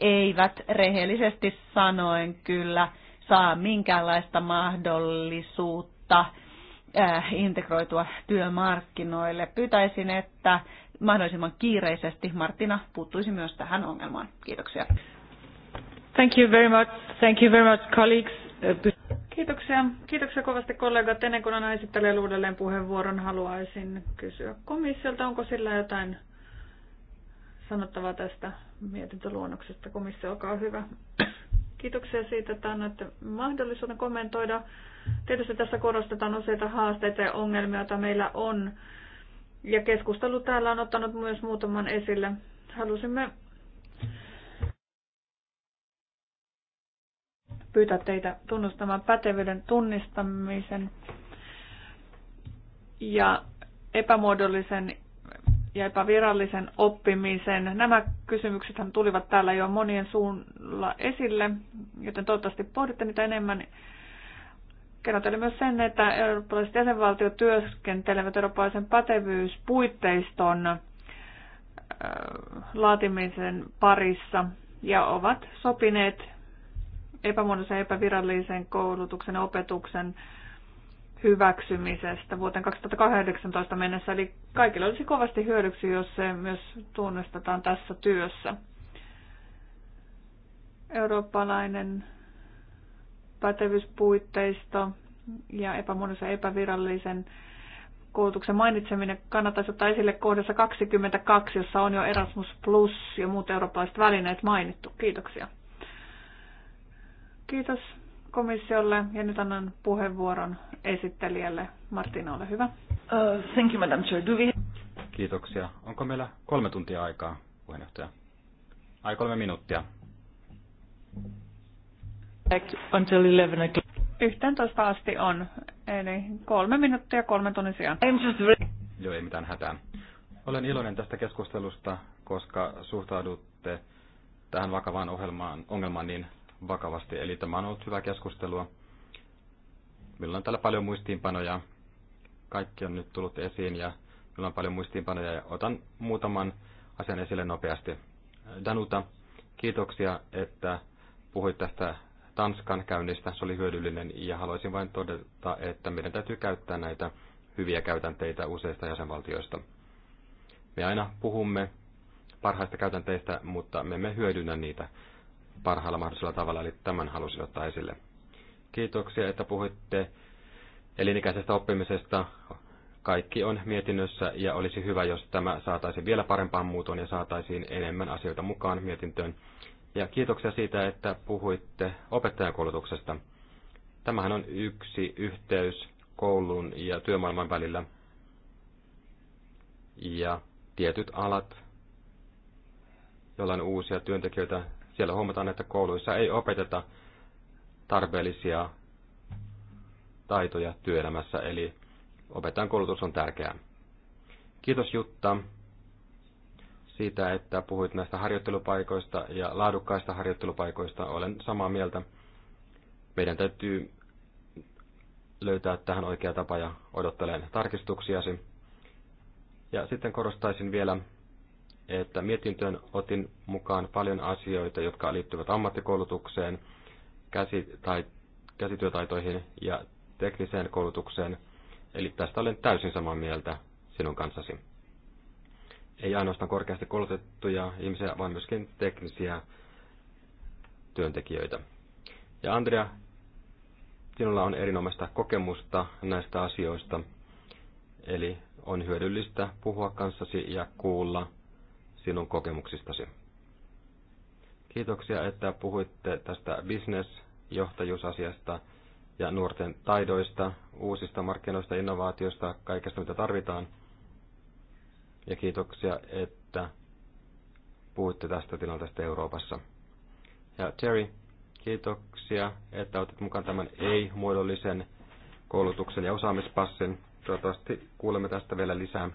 eivät rehellisesti sanoen kyllä saa minkäänlaista mahdollisuutta äh, integroitua työmarkkinoille. Pyytäisin, että mahdollisimman kiireisesti Martina puuttuisi myös tähän ongelmaan. Kiitoksia. Thank you very much. Thank you very much, colleagues. Kiitoksia. Kiitoksia kovasti kollegat. Ennen kuin aina esittelijälle uudelleen puheenvuoron, haluaisin kysyä komissiolta, onko sillä jotain sanottavaa tästä mietintöluonnoksesta. Komissio, olkaa hyvä. Kiitoksia siitä, että annoitte mahdollisuuden kommentoida. Tietysti tässä korostetaan useita haasteita ja ongelmia, joita meillä on. Ja keskustelu täällä on ottanut myös muutaman esille. Halusimme pyytää teitä tunnustamaan pätevyyden tunnistamisen ja epämuodollisen ja epävirallisen oppimisen. Nämä kysymykset tulivat täällä jo monien suulla esille, joten toivottavasti pohditte niitä enemmän. Kerrotaan myös sen, että eurooppalaiset jäsenvaltiot työskentelevät eurooppalaisen pätevyyspuitteiston laatimisen parissa ja ovat sopineet epämuodollisen epävirallisen koulutuksen ja opetuksen hyväksymisestä vuoteen 2018 mennessä. Eli kaikille olisi kovasti hyödyksi, jos se myös tunnistetaan tässä työssä. Eurooppalainen pätevyyspuitteisto ja epämuodollisen epävirallisen koulutuksen mainitseminen kannattaisi ottaa esille kohdassa 22, jossa on jo Erasmus Plus ja muut eurooppalaiset välineet mainittu. Kiitoksia. Kiitos komissiolle ja nyt annan puheenvuoron esittelijälle. Martina, ole hyvä. Uh, thank you, Madam Chair. Do we... Kiitoksia. Onko meillä kolme tuntia aikaa, puheenjohtaja? Ai kolme minuuttia. Until 11 o'clock. 11 asti on, eli kolme minuuttia kolme tunnin sijaan. Just... Joo, ei mitään hätää. Olen iloinen tästä keskustelusta, koska suhtaudutte tähän vakavaan ohjelmaan, ongelmaan niin vakavasti. Eli tämä on ollut hyvä keskustelua. Meillä on täällä paljon muistiinpanoja. Kaikki on nyt tullut esiin ja meillä on paljon muistiinpanoja. Ja otan muutaman asian esille nopeasti. Danuta, kiitoksia, että puhuit tästä Tanskan käynnistä. Se oli hyödyllinen ja haluaisin vain todeta, että meidän täytyy käyttää näitä hyviä käytänteitä useista jäsenvaltioista. Me aina puhumme parhaista käytänteistä, mutta me emme hyödynnä niitä parhaalla mahdollisella tavalla, eli tämän halusin ottaa esille. Kiitoksia, että puhuitte elinikäisestä oppimisesta. Kaikki on mietinnössä ja olisi hyvä, jos tämä saataisiin vielä parempaan muutoon ja saataisiin enemmän asioita mukaan mietintöön. Ja kiitoksia siitä, että puhuitte opettajakoulutuksesta. Tämähän on yksi yhteys koulun ja työmaailman välillä. Ja tietyt alat, joilla on uusia työntekijöitä, siellä huomataan, että kouluissa ei opeteta tarpeellisia taitoja työelämässä, eli opettajan koulutus on tärkeää. Kiitos Jutta siitä, että puhuit näistä harjoittelupaikoista ja laadukkaista harjoittelupaikoista. Olen samaa mieltä. Meidän täytyy löytää tähän oikea tapa ja odottelen tarkistuksiasi. Ja sitten korostaisin vielä että mietintöön otin mukaan paljon asioita, jotka liittyvät ammattikoulutukseen, käsi- tai käsityötaitoihin ja tekniseen koulutukseen. Eli tästä olen täysin samaa mieltä sinun kanssasi. Ei ainoastaan korkeasti koulutettuja ihmisiä, vaan myöskin teknisiä työntekijöitä. Ja Andrea, sinulla on erinomaista kokemusta näistä asioista, eli on hyödyllistä puhua kanssasi ja kuulla sinun kokemuksistasi. Kiitoksia, että puhuitte tästä bisnesjohtajuusasiasta ja nuorten taidoista, uusista markkinoista, innovaatioista, kaikesta mitä tarvitaan. Ja kiitoksia, että puhuitte tästä tilanteesta Euroopassa. Ja Terry, kiitoksia, että otit mukaan tämän ei-muodollisen koulutuksen ja osaamispassin. Toivottavasti kuulemme tästä vielä lisää.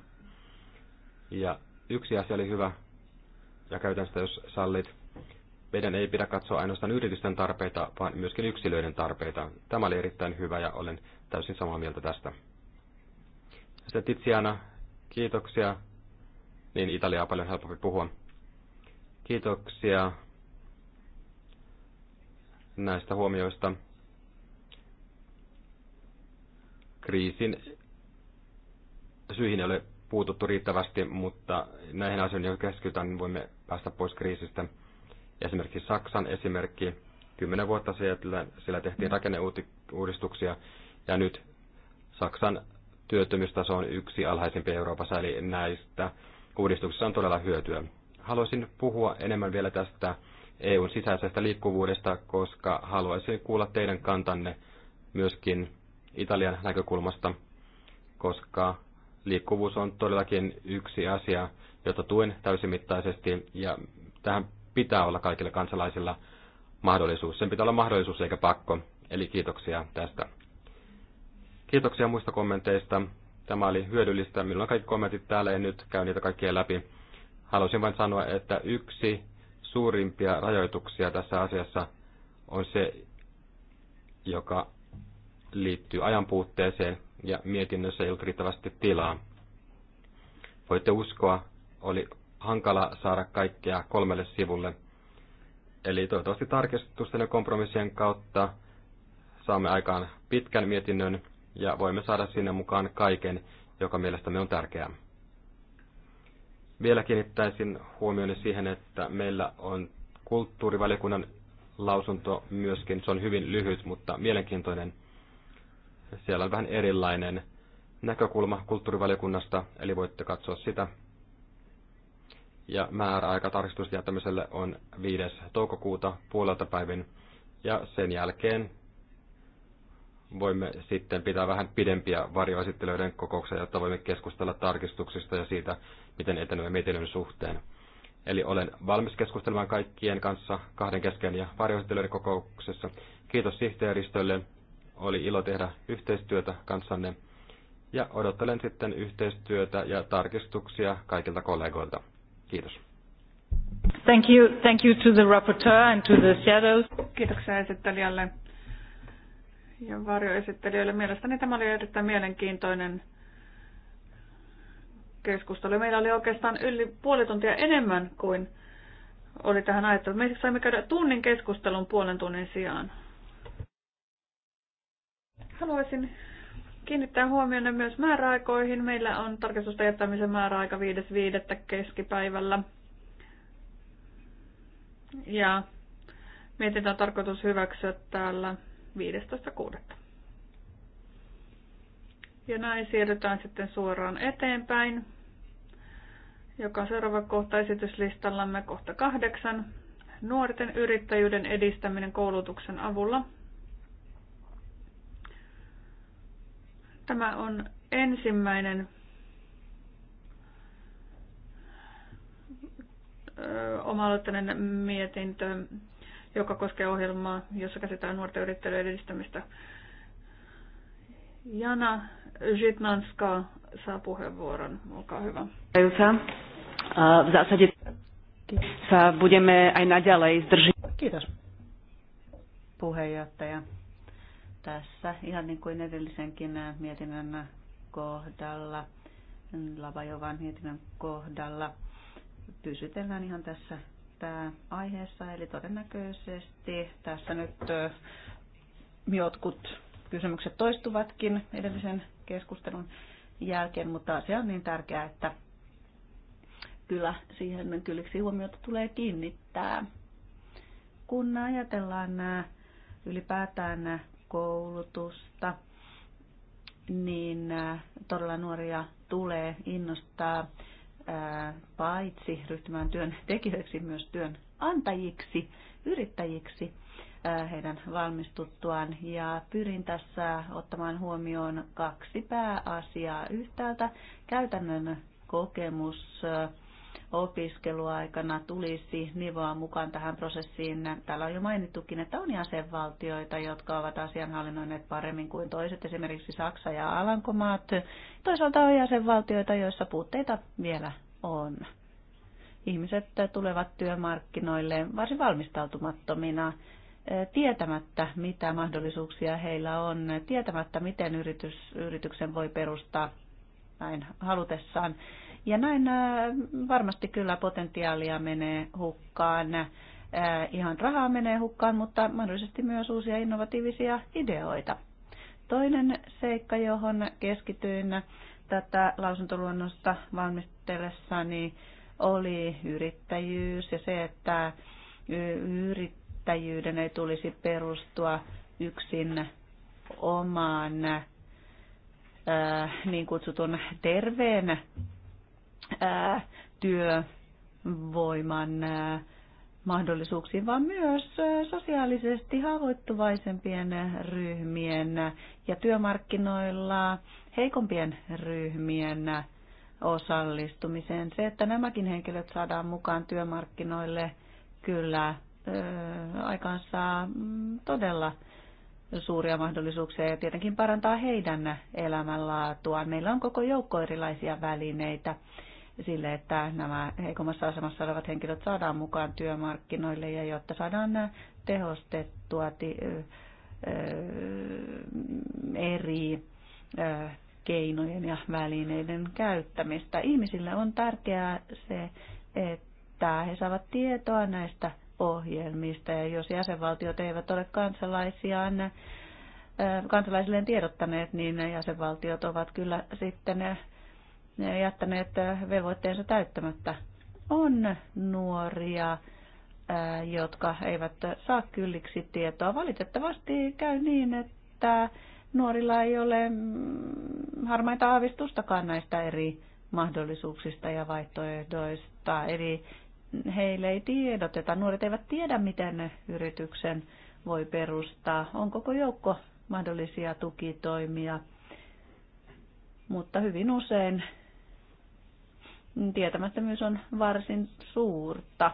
Ja yksi asia oli hyvä, ja käytän sitä, jos sallit. Meidän ei pidä katsoa ainoastaan yritysten tarpeita, vaan myöskin yksilöiden tarpeita. Tämä oli erittäin hyvä ja olen täysin samaa mieltä tästä. Sitten Tiziana, kiitoksia. Niin, Italiaa paljon helpompi puhua. Kiitoksia näistä huomioista. Kriisin syihin ei ole puututtu riittävästi, mutta näihin asioihin, jo keskitytään, niin voimme päästä pois kriisistä. Esimerkiksi Saksan esimerkki. Kymmenen vuotta sillä, sillä tehtiin rakenneuudistuksia ja nyt Saksan työttömyystaso on yksi alhaisempi Euroopassa, eli näistä uudistuksista on todella hyötyä. Haluaisin puhua enemmän vielä tästä EUn sisäisestä liikkuvuudesta, koska haluaisin kuulla teidän kantanne myöskin Italian näkökulmasta, koska liikkuvuus on todellakin yksi asia, jota tuen täysimittaisesti ja tähän pitää olla kaikilla kansalaisilla mahdollisuus. Sen pitää olla mahdollisuus eikä pakko. Eli kiitoksia tästä. Kiitoksia muista kommenteista. Tämä oli hyödyllistä. Minulla on kaikki kommentit täällä ja nyt käyn niitä kaikkia läpi. Haluaisin vain sanoa, että yksi suurimpia rajoituksia tässä asiassa on se, joka liittyy ajanpuutteeseen ja mietinnössä ei ollut riittävästi tilaa. Voitte uskoa, oli hankala saada kaikkea kolmelle sivulle. Eli toivottavasti tarkistusten ja kompromissien kautta saamme aikaan pitkän mietinnön ja voimme saada sinne mukaan kaiken, joka mielestämme on tärkeää. Vielä kiinnittäisin huomioni siihen, että meillä on kulttuurivaliokunnan lausunto myöskin. Se on hyvin lyhyt, mutta mielenkiintoinen. Siellä on vähän erilainen näkökulma kulttuurivaliokunnasta, eli voitte katsoa sitä. Ja määräaika tarkistusjättämiselle on 5. toukokuuta puolelta päivin. Ja sen jälkeen voimme sitten pitää vähän pidempiä varjoesittelyiden kokouksia, jotta voimme keskustella tarkistuksista ja siitä, miten etenemme mietinnön suhteen. Eli olen valmis keskustelemaan kaikkien kanssa kahden kesken ja varjoesittelyiden kokouksessa. Kiitos sihteeristölle oli ilo tehdä yhteistyötä kanssanne ja odottelen sitten yhteistyötä ja tarkistuksia kaikilta kollegoilta. Kiitos. Thank you, thank you to the rapporteur and to the shadows. Kiitoksia esittelijälle ja varjoesittelijöille. Mielestäni tämä oli erittäin mielenkiintoinen keskustelu. Meillä oli oikeastaan yli puoli tuntia enemmän kuin oli tähän ajattelu. Me saimme käydä tunnin keskustelun puolen tunnin sijaan. Haluaisin kiinnittää huomiota myös määräaikoihin. Meillä on tarkistusta jättämisen määräaika 5.5. keskipäivällä. Ja mietitään tarkoitus hyväksyä täällä 15.6. Ja näin siirrytään sitten suoraan eteenpäin, joka on seuraava kohta esityslistallamme kohta kahdeksan. Nuorten yrittäjyyden edistäminen koulutuksen avulla Tämä on ensimmäinen oma mietintö, joka koskee ohjelmaa, jossa käsitään nuorten yrittäjyyden edistämistä. Jana Zitnanska saa puheenvuoron. Olkaa hyvä. V Kiitos, puheenjohtaja tässä, ihan niin kuin edellisenkin mietinnän kohdalla, Lavajovan mietinnän kohdalla, pysytellään ihan tässä tämä aiheessa, eli todennäköisesti tässä nyt jotkut kysymykset toistuvatkin edellisen keskustelun jälkeen, mutta se on niin tärkeää, että kyllä siihen kylliksi huomiota tulee kiinnittää. Kun ajatellaan nämä ylipäätään koulutusta, niin äh, todella nuoria tulee innostaa äh, paitsi ryhtymään työn tekijöiksi, myös työn antajiksi, yrittäjiksi äh, heidän valmistuttuaan. Ja pyrin tässä ottamaan huomioon kaksi pääasiaa. Yhtäältä käytännön kokemus opiskeluaikana tulisi nivoa mukaan tähän prosessiin. Täällä on jo mainittukin, että on jäsenvaltioita, jotka ovat asian hallinnoineet paremmin kuin toiset, esimerkiksi Saksa ja Alankomaat. Toisaalta on jäsenvaltioita, joissa puutteita vielä on. Ihmiset tulevat työmarkkinoille varsin valmistautumattomina, tietämättä mitä mahdollisuuksia heillä on, tietämättä miten yritys, yrityksen voi perustaa näin halutessaan. Ja näin äh, varmasti kyllä potentiaalia menee hukkaan. Äh, ihan rahaa menee hukkaan, mutta mahdollisesti myös uusia innovatiivisia ideoita. Toinen seikka, johon keskityin tätä lausuntoluonnosta valmistellessani, oli yrittäjyys ja se, että yrittäjyyden ei tulisi perustua yksin omaan äh, niin kutsutun terveen työvoiman mahdollisuuksiin, vaan myös sosiaalisesti haavoittuvaisempien ryhmien ja työmarkkinoilla heikompien ryhmien osallistumiseen. Se, että nämäkin henkilöt saadaan mukaan työmarkkinoille, kyllä aikaansaa mm, todella suuria mahdollisuuksia ja tietenkin parantaa heidän elämänlaatuaan. Meillä on koko joukko erilaisia välineitä sille, että nämä heikommassa asemassa olevat henkilöt saadaan mukaan työmarkkinoille ja jotta saadaan tehostettua eri keinojen ja välineiden käyttämistä. Ihmisille on tärkeää se, että he saavat tietoa näistä ohjelmista ja jos jäsenvaltiot eivät ole kansalaisiaan kansalaisilleen tiedottaneet, niin jäsenvaltiot ovat kyllä sitten jättäneet velvoitteensa täyttämättä. On nuoria, jotka eivät saa kylliksi tietoa. Valitettavasti käy niin, että nuorilla ei ole mm, harmaita aavistustakaan näistä eri mahdollisuuksista ja vaihtoehdoista. Eli heille ei tiedoteta. Nuoret eivät tiedä, miten yrityksen voi perustaa. On koko joukko mahdollisia tukitoimia, mutta hyvin usein tietämättömyys on varsin suurta.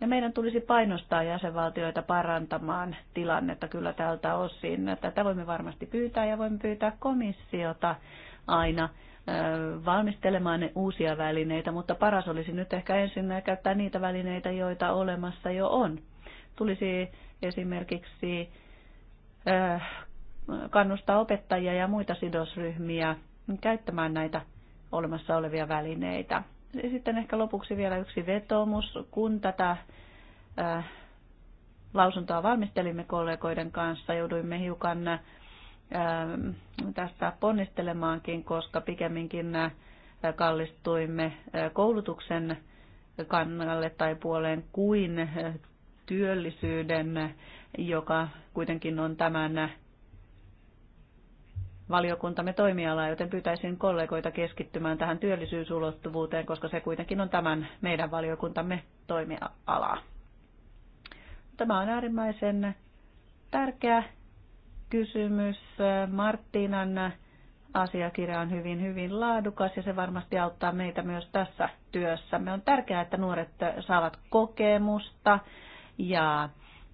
Ja meidän tulisi painostaa jäsenvaltioita parantamaan tilannetta kyllä tältä osin. Tätä voimme varmasti pyytää ja voimme pyytää komissiota aina valmistelemaan ne uusia välineitä, mutta paras olisi nyt ehkä ensin käyttää niitä välineitä, joita olemassa jo on. Tulisi esimerkiksi kannustaa opettajia ja muita sidosryhmiä käyttämään näitä olemassa olevia välineitä. Sitten ehkä lopuksi vielä yksi vetoomus. Kun tätä äh, lausuntoa valmistelimme kollegoiden kanssa, jouduimme hiukan äh, tästä ponnistelemaankin, koska pikemminkin äh, kallistuimme äh, koulutuksen kannalle tai puoleen kuin äh, työllisyyden, joka kuitenkin on tämän valiokuntamme toimialaa, joten pyytäisin kollegoita keskittymään tähän työllisyysulottuvuuteen, koska se kuitenkin on tämän meidän valiokuntamme toimialaa. Tämä on äärimmäisen tärkeä kysymys. Martinan asiakirja on hyvin, hyvin laadukas ja se varmasti auttaa meitä myös tässä työssä. Me on tärkeää, että nuoret saavat kokemusta ja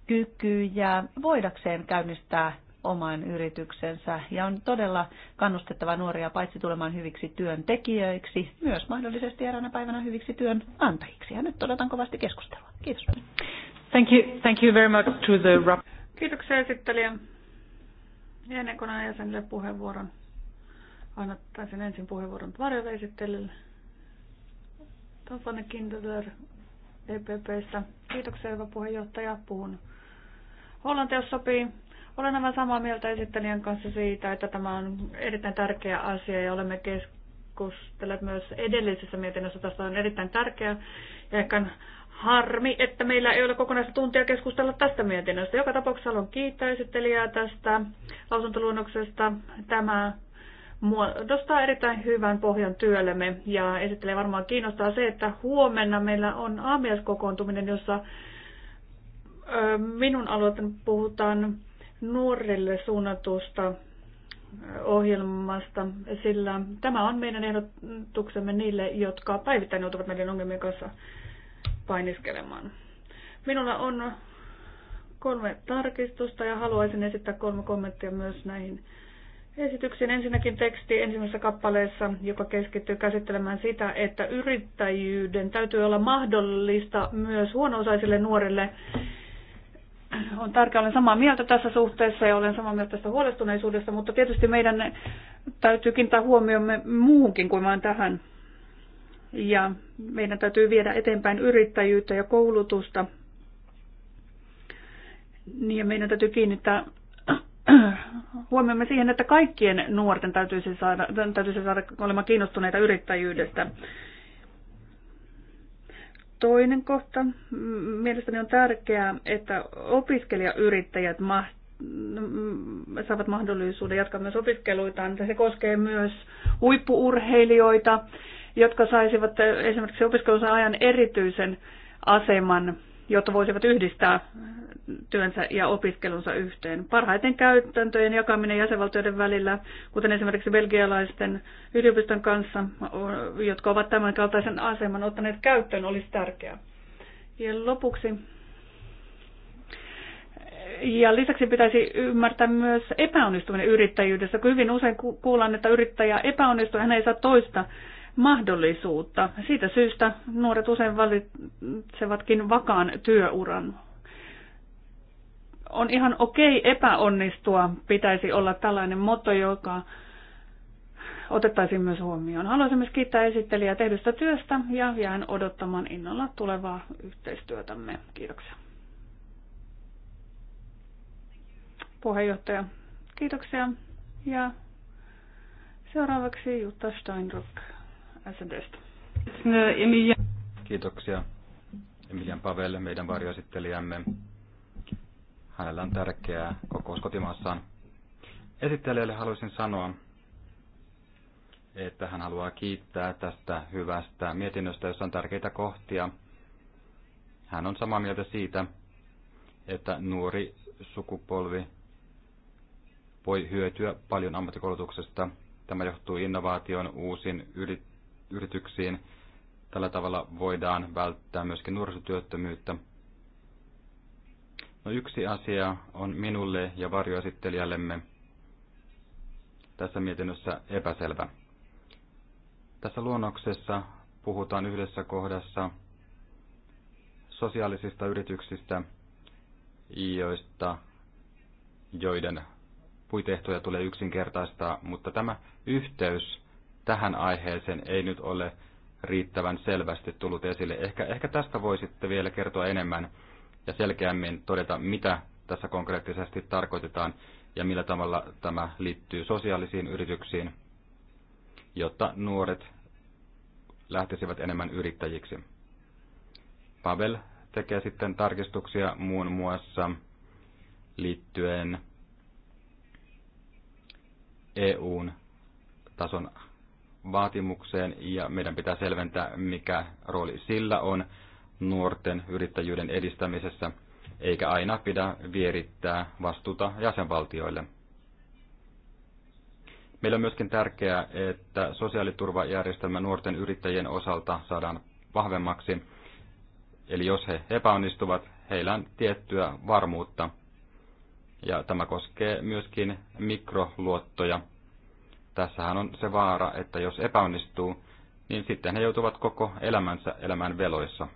kykyjä voidakseen käynnistää oman yrityksensä ja on todella kannustettava nuoria paitsi tulemaan hyviksi työntekijöiksi, myös mahdollisesti eräänä päivänä hyviksi työnantajiksi. Ja nyt todetaan kovasti keskustelua. Kiitos. Thank you, thank you very much to the... Kiitoksia esittelijä. Ja ennen kuin ajan sen puheenvuoron, annettaisiin ensin puheenvuoron varjolle esittelijälle. Tofane Kindeler EPPstä. Kiitoksia hyvä puheenjohtaja. Puhun Hollanti, jos sopii. Olen aivan samaa mieltä esittelijän kanssa siitä, että tämä on erittäin tärkeä asia ja olemme keskustelleet myös edellisessä mietinnössä. Tästä on erittäin tärkeä ja ehkä harmi, että meillä ei ole kokonaista tuntia keskustella tästä mietinnöstä. Joka tapauksessa haluan kiittää esittelijää tästä lausuntoluonnoksesta. Tämä muodostaa erittäin hyvän pohjan työllemme ja esittelee varmaan kiinnostaa se, että huomenna meillä on aamieskokoontuminen, jossa minun aloitan puhutaan nuorille suunnatusta ohjelmasta, sillä tämä on meidän ehdotuksemme niille, jotka päivittäin joutuvat näiden ongelmien kanssa painiskelemaan. Minulla on kolme tarkistusta ja haluaisin esittää kolme kommenttia myös näihin esityksiin. Ensinnäkin teksti ensimmäisessä kappaleessa, joka keskittyy käsittelemään sitä, että yrittäjyyden täytyy olla mahdollista myös huono nuorille on tärkeää, olen samaa mieltä tässä suhteessa ja olen samaa mieltä tästä huolestuneisuudesta, mutta tietysti meidän täytyy kiinnittää huomiomme muuhunkin kuin vain tähän. Ja meidän täytyy viedä eteenpäin yrittäjyyttä ja koulutusta. Niin ja meidän täytyy kiinnittää huomiomme siihen, että kaikkien nuorten täytyisi saada, täytyisi saada olemaan kiinnostuneita yrittäjyydestä. Toinen kohta. Mielestäni on tärkeää, että opiskelijayrittäjät saavat mahdollisuuden jatkaa myös opiskeluitaan. Se koskee myös huippuurheilijoita, jotka saisivat esimerkiksi opiskelunsa ajan erityisen aseman, jotta voisivat yhdistää työnsä ja opiskelunsa yhteen. Parhaiten käytäntöjen jakaminen jäsenvaltioiden välillä, kuten esimerkiksi belgialaisten yliopiston kanssa, jotka ovat tämän kaltaisen aseman ottaneet käyttöön, olisi tärkeää. Ja lopuksi ja lisäksi pitäisi ymmärtää myös epäonnistuminen yrittäjyydessä, kun hyvin usein kuullaan, että yrittäjä epäonnistuu, hän ei saa toista mahdollisuutta. Siitä syystä nuoret usein valitsevatkin vakaan työuran on ihan okei epäonnistua, pitäisi olla tällainen motto, joka otettaisiin myös huomioon. Haluaisin myös kiittää esittelijää tehdystä työstä ja jään odottamaan innolla tulevaa yhteistyötämme. Kiitoksia. Puheenjohtaja, kiitoksia. Ja seuraavaksi Jutta Steinrock SNDstä. Kiitoksia Emilian Pavelle, meidän varjoesittelijämme Hänellä on tärkeää kokous kotimaassaan. Esittelijälle haluaisin sanoa, että hän haluaa kiittää tästä hyvästä mietinnöstä, jossa on tärkeitä kohtia. Hän on samaa mieltä siitä, että nuori sukupolvi voi hyötyä paljon ammattikoulutuksesta. Tämä johtuu innovaation uusiin yrityksiin. Tällä tavalla voidaan välttää myöskin nuorisotyöttömyyttä. No yksi asia on minulle ja varjoesittelijällemme tässä mietinnössä epäselvä. Tässä luonnoksessa puhutaan yhdessä kohdassa sosiaalisista yrityksistä, joista, joiden puitehtoja tulee yksinkertaistaa, mutta tämä yhteys tähän aiheeseen ei nyt ole riittävän selvästi tullut esille. Ehkä, ehkä tästä voisitte vielä kertoa enemmän, ja selkeämmin todeta, mitä tässä konkreettisesti tarkoitetaan ja millä tavalla tämä liittyy sosiaalisiin yrityksiin, jotta nuoret lähtisivät enemmän yrittäjiksi. Pavel tekee sitten tarkistuksia muun muassa liittyen EUn tason vaatimukseen ja meidän pitää selventää, mikä rooli sillä on nuorten yrittäjyyden edistämisessä, eikä aina pidä vierittää vastuuta jäsenvaltioille. Meillä on myöskin tärkeää, että sosiaaliturvajärjestelmä nuorten yrittäjien osalta saadaan vahvemmaksi. Eli jos he epäonnistuvat, heillä on tiettyä varmuutta. Ja tämä koskee myöskin mikroluottoja. Tässähän on se vaara, että jos epäonnistuu, niin sitten he joutuvat koko elämänsä elämään veloissa.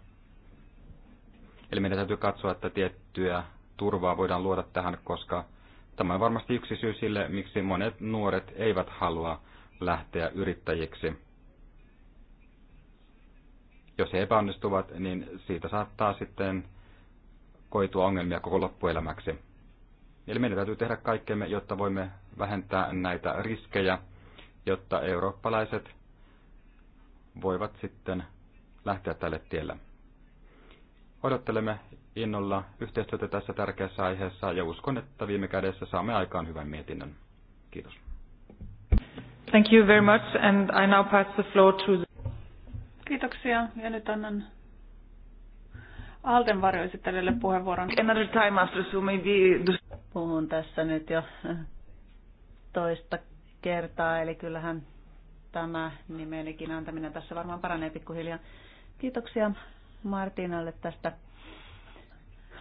Eli meidän täytyy katsoa, että tiettyä turvaa voidaan luoda tähän, koska tämä on varmasti yksi syy sille, miksi monet nuoret eivät halua lähteä yrittäjiksi. Jos he epäonnistuvat, niin siitä saattaa sitten koitua ongelmia koko loppuelämäksi. Eli meidän täytyy tehdä kaikkemme, jotta voimme vähentää näitä riskejä, jotta eurooppalaiset voivat sitten lähteä tälle tielle. Odottelemme innolla yhteistyötä tässä tärkeässä aiheessa ja uskon, että viime kädessä saamme aikaan hyvän mietinnön. Kiitos. Thank you very much and I now pass the floor to the... Kiitoksia ja nyt annan Alten varjoesittelijälle puheenvuoron. Another time after so maybe... Puhun tässä nyt jo toista kertaa, eli kyllähän tämä nimelikin antaminen tässä varmaan paranee pikkuhiljaa. Kiitoksia Martinalle tästä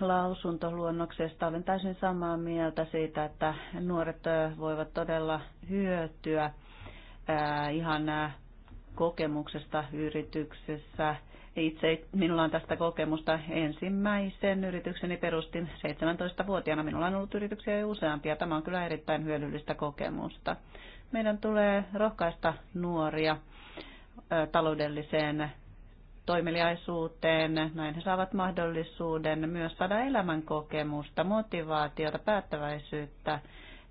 lausuntoluonnoksesta. Olen täysin samaa mieltä siitä, että nuoret voivat todella hyötyä ihan kokemuksesta yrityksessä. Itse minulla on tästä kokemusta. Ensimmäisen yritykseni perustin 17-vuotiaana. Minulla on ollut yrityksiä jo useampia. Tämä on kyllä erittäin hyödyllistä kokemusta. Meidän tulee rohkaista nuoria taloudelliseen toimeliaisuuteen. Näin no, he saavat mahdollisuuden myös saada elämän kokemusta, motivaatiota, päättäväisyyttä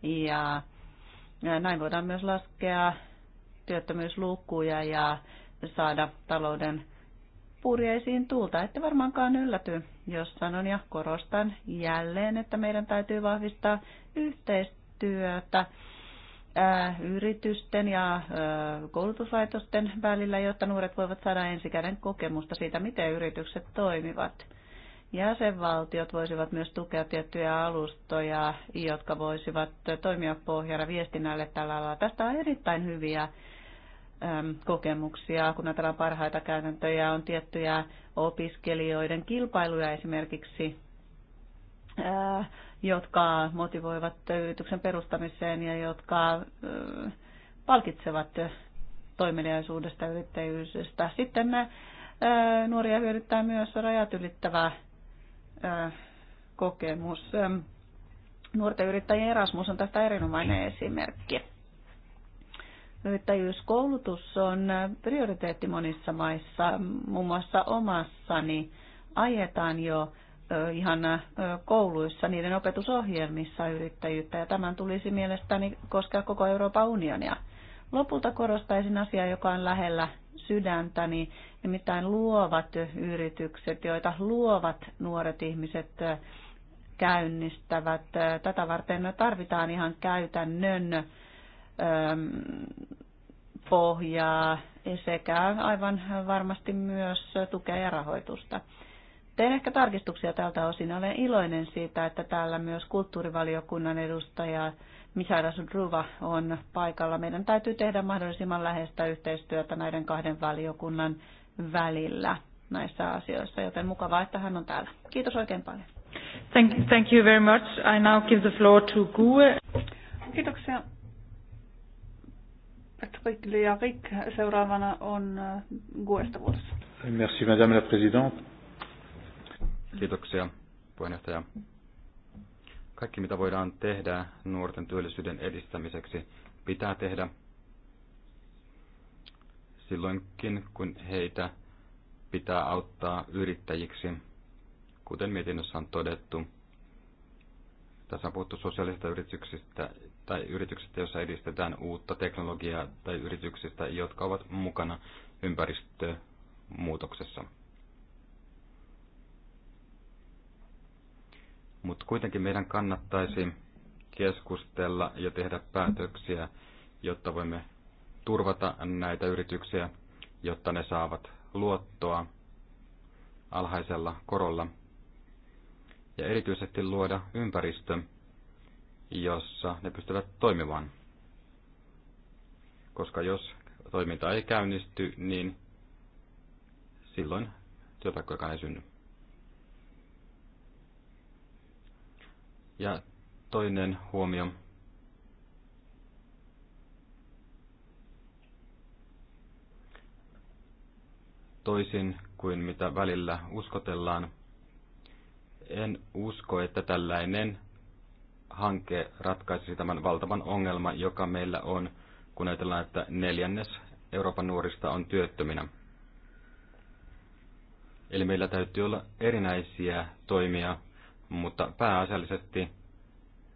ja näin voidaan myös laskea työttömyyslukuja ja saada talouden purjeisiin tuulta. Ette varmaankaan ylläty, jos sanon ja korostan jälleen, että meidän täytyy vahvistaa yhteistyötä Äh, yritysten ja äh, koulutuslaitosten välillä, jotta nuoret voivat saada ensikäden kokemusta siitä, miten yritykset toimivat. Jäsenvaltiot voisivat myös tukea tiettyjä alustoja, jotka voisivat toimia pohjana viestinnälle tällä alalla. Tästä on erittäin hyviä kokemuksia, kun ajatellaan parhaita käytäntöjä, on tiettyjä opiskelijoiden kilpailuja esimerkiksi äh, jotka motivoivat yrityksen perustamiseen ja jotka palkitsevat toimeliaisuudesta, yrittäjyydestä. Sitten me nuoria hyödyttää myös rajat ylittävä kokemus. Nuorten yrittäjien Erasmus on tästä erinomainen esimerkki. Yrittäjyyskoulutus on prioriteetti monissa maissa, muun muassa omassani ajetaan jo ihan kouluissa, niiden opetusohjelmissa yrittäjyyttä, ja tämän tulisi mielestäni koskea koko Euroopan unionia. Lopulta korostaisin asiaa, joka on lähellä sydäntäni, nimittäin luovat yritykset, joita luovat nuoret ihmiset käynnistävät. Tätä varten tarvitaan ihan käytännön pohjaa sekä aivan varmasti myös tukea ja rahoitusta tein ehkä tarkistuksia tältä osin. Olen iloinen siitä, että täällä myös kulttuurivaliokunnan edustaja Misaira Sudruva on paikalla. Meidän täytyy tehdä mahdollisimman läheistä yhteistyötä näiden kahden valiokunnan välillä näissä asioissa, joten mukavaa, että hän on täällä. Kiitos oikein paljon. Thank, thank you very much. I now give the floor to Gue. Kiitoksia. Patrick ja seuraavana on äh, Guesta vuorossa. Merci madame la présidente. Kiitoksia, puheenjohtaja. Kaikki, mitä voidaan tehdä nuorten työllisyyden edistämiseksi, pitää tehdä silloinkin, kun heitä pitää auttaa yrittäjiksi, kuten mietinnössä on todettu. Tässä on puhuttu sosiaalisista yrityksistä tai yrityksistä, joissa edistetään uutta teknologiaa tai yrityksistä, jotka ovat mukana ympäristömuutoksessa. Mutta kuitenkin meidän kannattaisi keskustella ja tehdä päätöksiä, jotta voimme turvata näitä yrityksiä, jotta ne saavat luottoa alhaisella korolla. Ja erityisesti luoda ympäristö, jossa ne pystyvät toimimaan. Koska jos toiminta ei käynnisty, niin silloin työpaikkoja ei synny. Ja toinen huomio. Toisin kuin mitä välillä uskotellaan, en usko, että tällainen hanke ratkaisisi tämän valtavan ongelman, joka meillä on, kun ajatellaan, että neljännes Euroopan nuorista on työttöminä. Eli meillä täytyy olla erinäisiä toimia mutta pääasiallisesti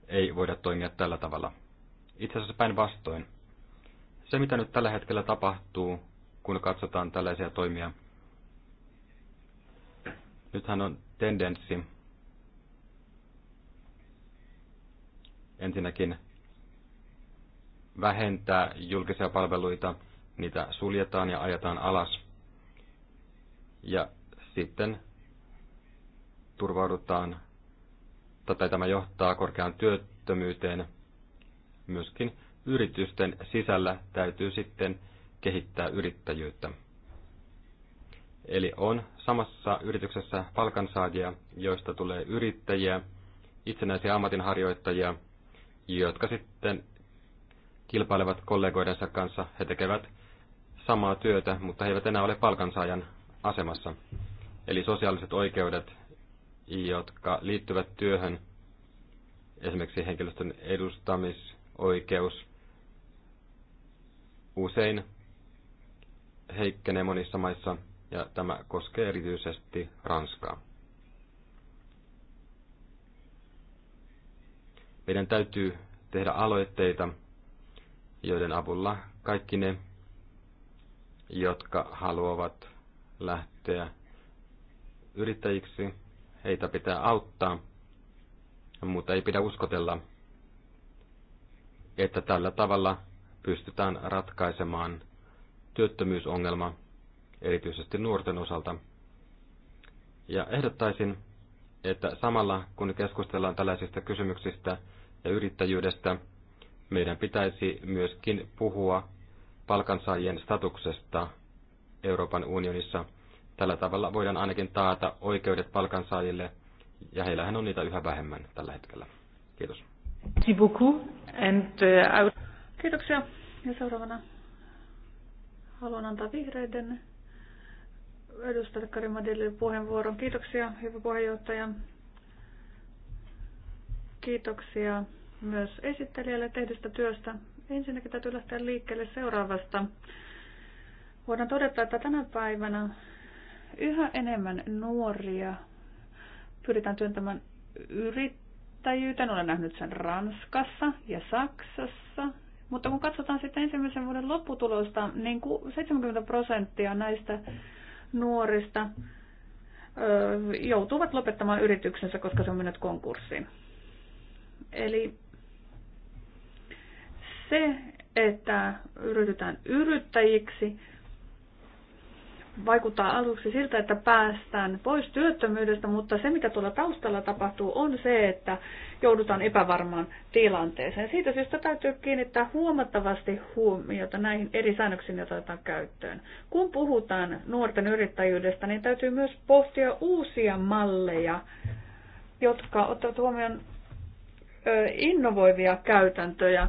ei voida toimia tällä tavalla. Itse asiassa päinvastoin. Se, mitä nyt tällä hetkellä tapahtuu, kun katsotaan tällaisia toimia, nythän on tendenssi ensinnäkin vähentää julkisia palveluita, niitä suljetaan ja ajetaan alas. Ja sitten turvaudutaan tai tämä johtaa korkeaan työttömyyteen. Myöskin yritysten sisällä täytyy sitten kehittää yrittäjyyttä. Eli on samassa yrityksessä palkansaajia, joista tulee yrittäjiä, itsenäisiä ammatinharjoittajia, jotka sitten kilpailevat kollegoidensa kanssa. He tekevät samaa työtä, mutta he eivät enää ole palkansaajan asemassa. Eli sosiaaliset oikeudet jotka liittyvät työhön, esimerkiksi henkilöstön edustamisoikeus, usein heikkenee monissa maissa ja tämä koskee erityisesti Ranskaa. Meidän täytyy tehdä aloitteita, joiden avulla kaikki ne, jotka haluavat lähteä yrittäjiksi, heitä pitää auttaa, mutta ei pidä uskotella, että tällä tavalla pystytään ratkaisemaan työttömyysongelma, erityisesti nuorten osalta. Ja ehdottaisin, että samalla kun keskustellaan tällaisista kysymyksistä ja yrittäjyydestä, meidän pitäisi myöskin puhua palkansaajien statuksesta Euroopan unionissa Tällä tavalla voidaan ainakin taata oikeudet palkansaajille, ja heillähän on niitä yhä vähemmän tällä hetkellä. Kiitos. Uh, Kiitoksia. Ja seuraavana haluan antaa vihreiden edustajalle Kari Madille puheenvuoron. Kiitoksia, hyvä puheenjohtaja. Kiitoksia myös esittelijälle tehdystä työstä. Ensinnäkin täytyy lähteä liikkeelle seuraavasta. Voidaan todeta, että tänä päivänä yhä enemmän nuoria pyritään työntämään yrittäjyyteen. Olen nähnyt sen Ranskassa ja Saksassa. Mutta kun katsotaan sitten ensimmäisen vuoden lopputulosta, niin 70 prosenttia näistä nuorista joutuvat lopettamaan yrityksensä, koska se on mennyt konkurssiin. Eli se, että yritetään yrittäjiksi, vaikuttaa aluksi siltä, että päästään pois työttömyydestä, mutta se mitä tuolla taustalla tapahtuu on se, että joudutaan epävarmaan tilanteeseen. Siitä syystä täytyy kiinnittää huomattavasti huomiota näihin eri säännöksiin, joita otetaan käyttöön. Kun puhutaan nuorten yrittäjyydestä, niin täytyy myös pohtia uusia malleja, jotka ottavat huomioon innovoivia käytäntöjä.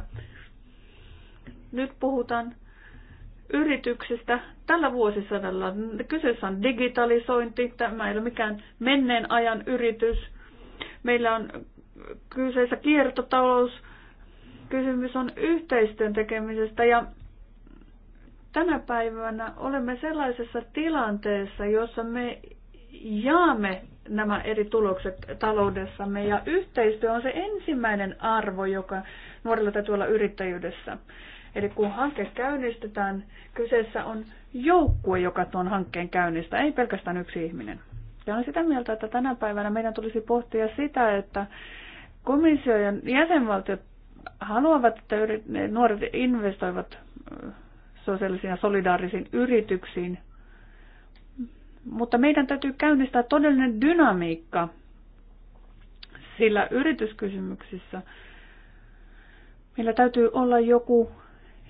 Nyt puhutaan yrityksistä tällä vuosisadalla. Kyseessä on digitalisointi, tämä ei ole mikään menneen ajan yritys. Meillä on kyseessä kiertotalous, kysymys on yhteistyön tekemisestä ja tänä päivänä olemme sellaisessa tilanteessa, jossa me jaamme nämä eri tulokset taloudessamme ja yhteistyö on se ensimmäinen arvo, joka nuorilla täytyy olla yrittäjyydessä. Eli kun hanke käynnistetään, kyseessä on joukkue, joka tuon hankkeen käynnistää, ei pelkästään yksi ihminen. Ja olen sitä mieltä, että tänä päivänä meidän tulisi pohtia sitä, että komissio ja jäsenvaltiot haluavat, että nuoret investoivat sosiaalisiin ja solidaarisiin yrityksiin, mutta meidän täytyy käynnistää todellinen dynamiikka, sillä yrityskysymyksissä meillä täytyy olla joku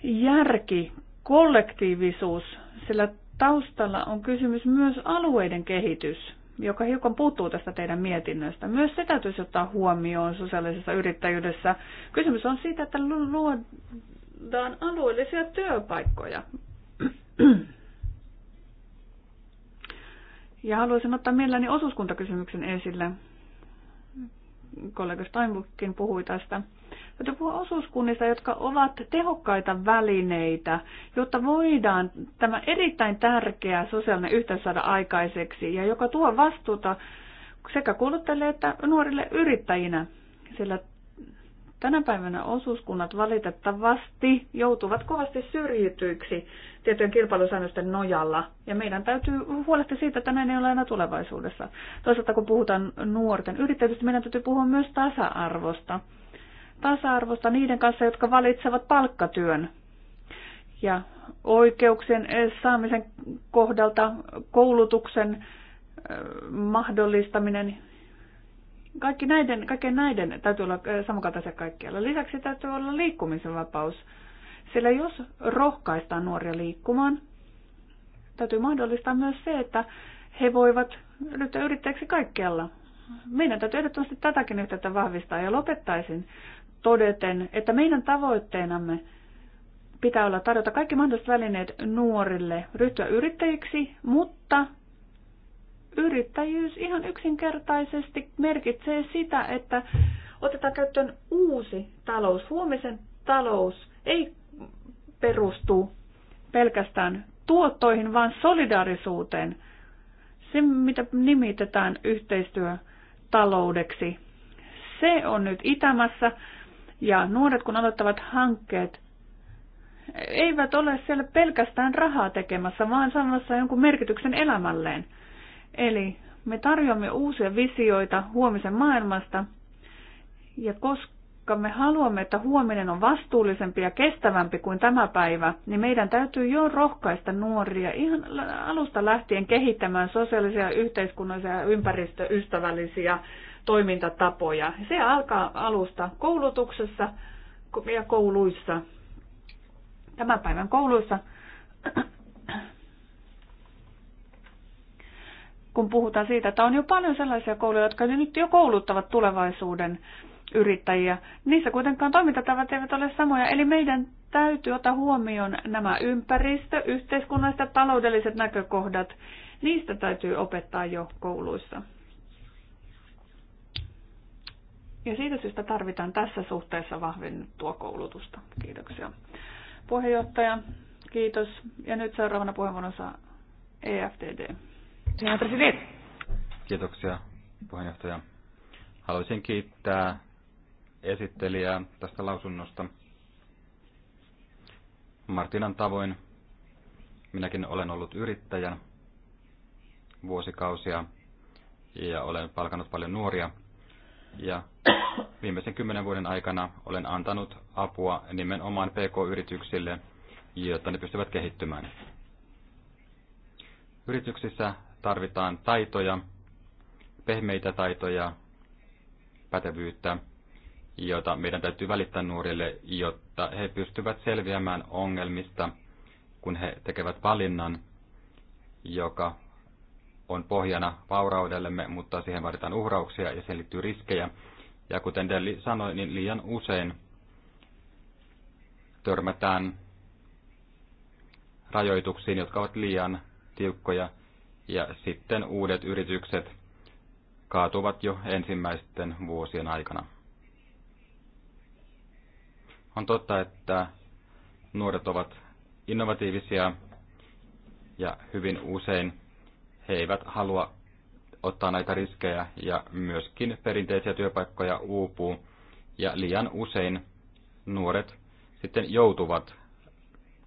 järki, kollektiivisuus, sillä taustalla on kysymys myös alueiden kehitys, joka hiukan puuttuu tästä teidän mietinnöstä. Myös se täytyisi ottaa huomioon sosiaalisessa yrittäjyydessä. Kysymys on siitä, että luodaan alueellisia työpaikkoja. Ja haluaisin ottaa mielelläni osuuskuntakysymyksen esille. Kollega Steinbuckkin puhui tästä täytyy puhua osuuskunnista, jotka ovat tehokkaita välineitä, jotta voidaan tämä erittäin tärkeä sosiaalinen yhteys saada aikaiseksi ja joka tuo vastuuta sekä kuluttajille että nuorille yrittäjinä, sillä tänä päivänä osuuskunnat valitettavasti joutuvat kovasti syrjityiksi tiettyjen kilpailusäännösten nojalla. Ja meidän täytyy huolehtia siitä, että näin ei ole aina tulevaisuudessa. Toisaalta kun puhutaan nuorten yrittäjyydestä, meidän täytyy puhua myös tasa-arvosta tasa-arvosta niiden kanssa, jotka valitsevat palkkatyön. Ja oikeuksien saamisen kohdalta koulutuksen mahdollistaminen. Kaikki näiden, kaikkien näiden täytyy olla samankaltaisia kaikkialla. Lisäksi täytyy olla liikkumisen vapaus. Sillä jos rohkaistaan nuoria liikkumaan, täytyy mahdollistaa myös se, että he voivat ryhtyä yrittäjäksi kaikkialla. Meidän täytyy ehdottomasti tätäkin yhteyttä vahvistaa ja lopettaisin todeten, että meidän tavoitteenamme pitää olla tarjota kaikki mahdolliset välineet nuorille ryhtyä yrittäjiksi, mutta yrittäjyys ihan yksinkertaisesti merkitsee sitä, että otetaan käyttöön uusi talous. Huomisen talous ei perustu pelkästään tuottoihin, vaan solidaarisuuteen. Se, mitä nimitetään yhteistyötaloudeksi, se on nyt itämässä ja nuoret, kun aloittavat hankkeet, eivät ole siellä pelkästään rahaa tekemässä, vaan saamassa jonkun merkityksen elämälleen. Eli me tarjoamme uusia visioita huomisen maailmasta, ja koska me haluamme, että huominen on vastuullisempi ja kestävämpi kuin tämä päivä, niin meidän täytyy jo rohkaista nuoria ihan alusta lähtien kehittämään sosiaalisia, yhteiskunnallisia ja ympäristöystävällisiä toimintatapoja. Se alkaa alusta koulutuksessa ja kouluissa. Tämän päivän kouluissa, kun puhutaan siitä, että on jo paljon sellaisia kouluja, jotka nyt jo kouluttavat tulevaisuuden yrittäjiä. Niissä kuitenkaan toimintatavat eivät ole samoja, eli meidän täytyy ottaa huomioon nämä ympäristö, yhteiskunnalliset, taloudelliset näkökohdat. Niistä täytyy opettaa jo kouluissa. Ja siitä syystä tarvitaan tässä suhteessa vahvennettua koulutusta. Kiitoksia. Puheenjohtaja, kiitos. Ja nyt seuraavana puheenvuoronsa EFTD. Kiitoksia puheenjohtaja. Haluaisin kiittää esittelijää tästä lausunnosta. Martinan tavoin minäkin olen ollut yrittäjän vuosikausia ja olen palkannut paljon nuoria. Ja Viimeisen kymmenen vuoden aikana olen antanut apua nimenomaan PK-yrityksille, jotta ne pystyvät kehittymään. Yrityksissä tarvitaan taitoja, pehmeitä taitoja, pätevyyttä, jota meidän täytyy välittää nuorille, jotta he pystyvät selviämään ongelmista, kun he tekevät valinnan, joka on pohjana vauraudellemme, mutta siihen vaaditaan uhrauksia ja siihen liittyy riskejä. Ja kuten Delli sanoi, niin liian usein törmätään rajoituksiin, jotka ovat liian tiukkoja, ja sitten uudet yritykset kaatuvat jo ensimmäisten vuosien aikana. On totta, että nuoret ovat innovatiivisia ja hyvin usein he eivät halua ottaa näitä riskejä ja myöskin perinteisiä työpaikkoja uupuu ja liian usein nuoret sitten joutuvat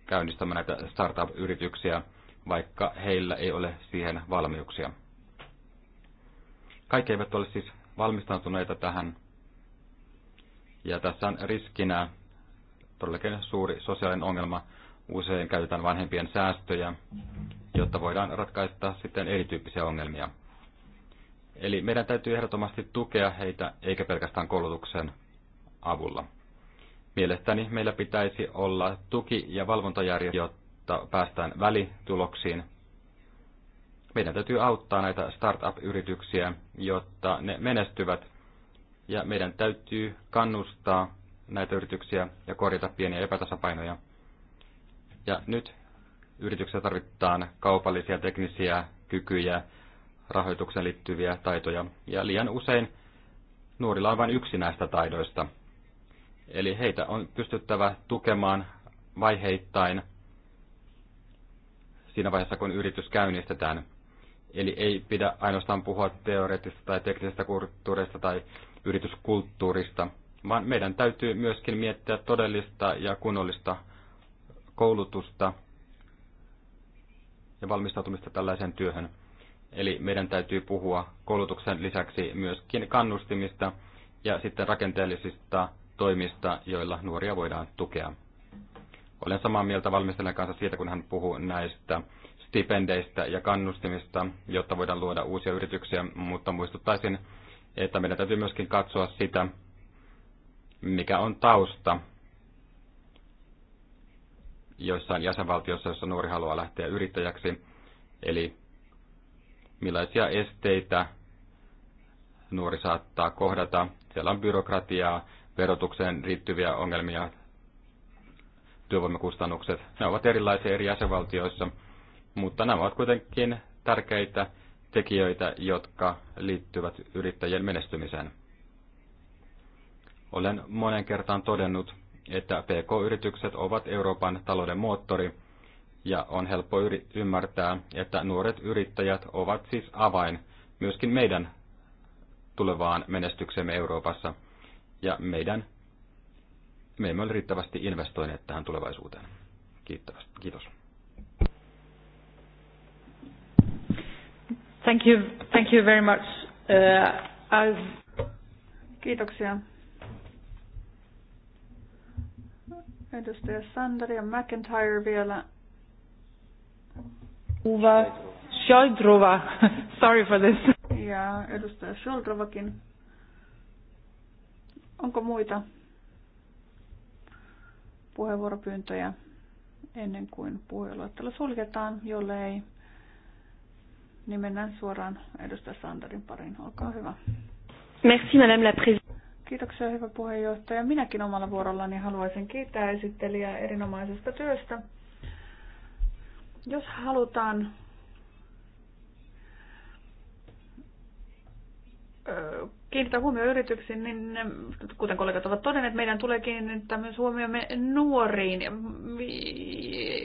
käynnistämään näitä startup-yrityksiä, vaikka heillä ei ole siihen valmiuksia. Kaikki eivät ole siis valmistautuneita tähän. Ja tässä on riskinä todellakin suuri sosiaalinen ongelma. Usein käytetään vanhempien säästöjä, jotta voidaan ratkaista sitten erityyppisiä ongelmia. Eli meidän täytyy ehdottomasti tukea heitä, eikä pelkästään koulutuksen avulla. Mielestäni meillä pitäisi olla tuki- ja valvontajärjestelmä, jotta päästään välituloksiin. Meidän täytyy auttaa näitä startup-yrityksiä, jotta ne menestyvät, ja meidän täytyy kannustaa näitä yrityksiä ja korjata pieniä epätasapainoja. Ja nyt yrityksessä tarvitaan kaupallisia teknisiä kykyjä, rahoitukseen liittyviä taitoja, ja liian usein nuorilla on vain yksi näistä taidoista. Eli heitä on pystyttävä tukemaan vaiheittain siinä vaiheessa, kun yritys käynnistetään. Eli ei pidä ainoastaan puhua teoreettisesta tai teknisestä kulttuurista tai yrityskulttuurista, vaan meidän täytyy myöskin miettiä todellista ja kunnollista koulutusta ja valmistautumista tällaiseen työhön. Eli meidän täytyy puhua koulutuksen lisäksi myöskin kannustimista ja sitten rakenteellisista toimista, joilla nuoria voidaan tukea. Olen samaa mieltä valmistelijan kanssa siitä, kun hän puhuu näistä stipendeistä ja kannustimista, jotta voidaan luoda uusia yrityksiä, mutta muistuttaisin, että meidän täytyy myöskin katsoa sitä, mikä on tausta joissain jäsenvaltiossa, jossa nuori haluaa lähteä yrittäjäksi. Eli millaisia esteitä nuori saattaa kohdata. Siellä on byrokratiaa, verotukseen liittyviä ongelmia, työvoimakustannukset. Ne ovat erilaisia eri jäsenvaltioissa, mutta nämä ovat kuitenkin tärkeitä tekijöitä, jotka liittyvät yrittäjien menestymiseen. Olen monen kertaan todennut, että PK-yritykset ovat Euroopan talouden moottori – ja on helppo ymmärtää, että nuoret yrittäjät ovat siis avain myöskin meidän tulevaan menestyksemme Euroopassa, ja meidän, me emme ole riittävästi investoineet tähän tulevaisuuteen. Kiitos. Kiitos. Thank you, thank you very much. Uh, I've... Kiitoksia. Edustaja Sander ja McIntyre vielä Uva Shoidrova. Sorry for this. Ja edustaja Shoidrovakin. Onko muita puheenvuoropyyntöjä ennen kuin puheenluettelo suljetaan, ei, niin mennään suoraan edustaja Sanderin pariin. Olkaa hyvä. Merci, madame la Kiitoksia, hyvä puheenjohtaja. Minäkin omalla vuorollani haluaisin kiittää esittelijää erinomaisesta työstä jos halutaan kiinnittää huomioon yrityksiin, niin kuten kollegat ovat todenneet, meidän tulee kiinnittää myös huomioon nuoriin,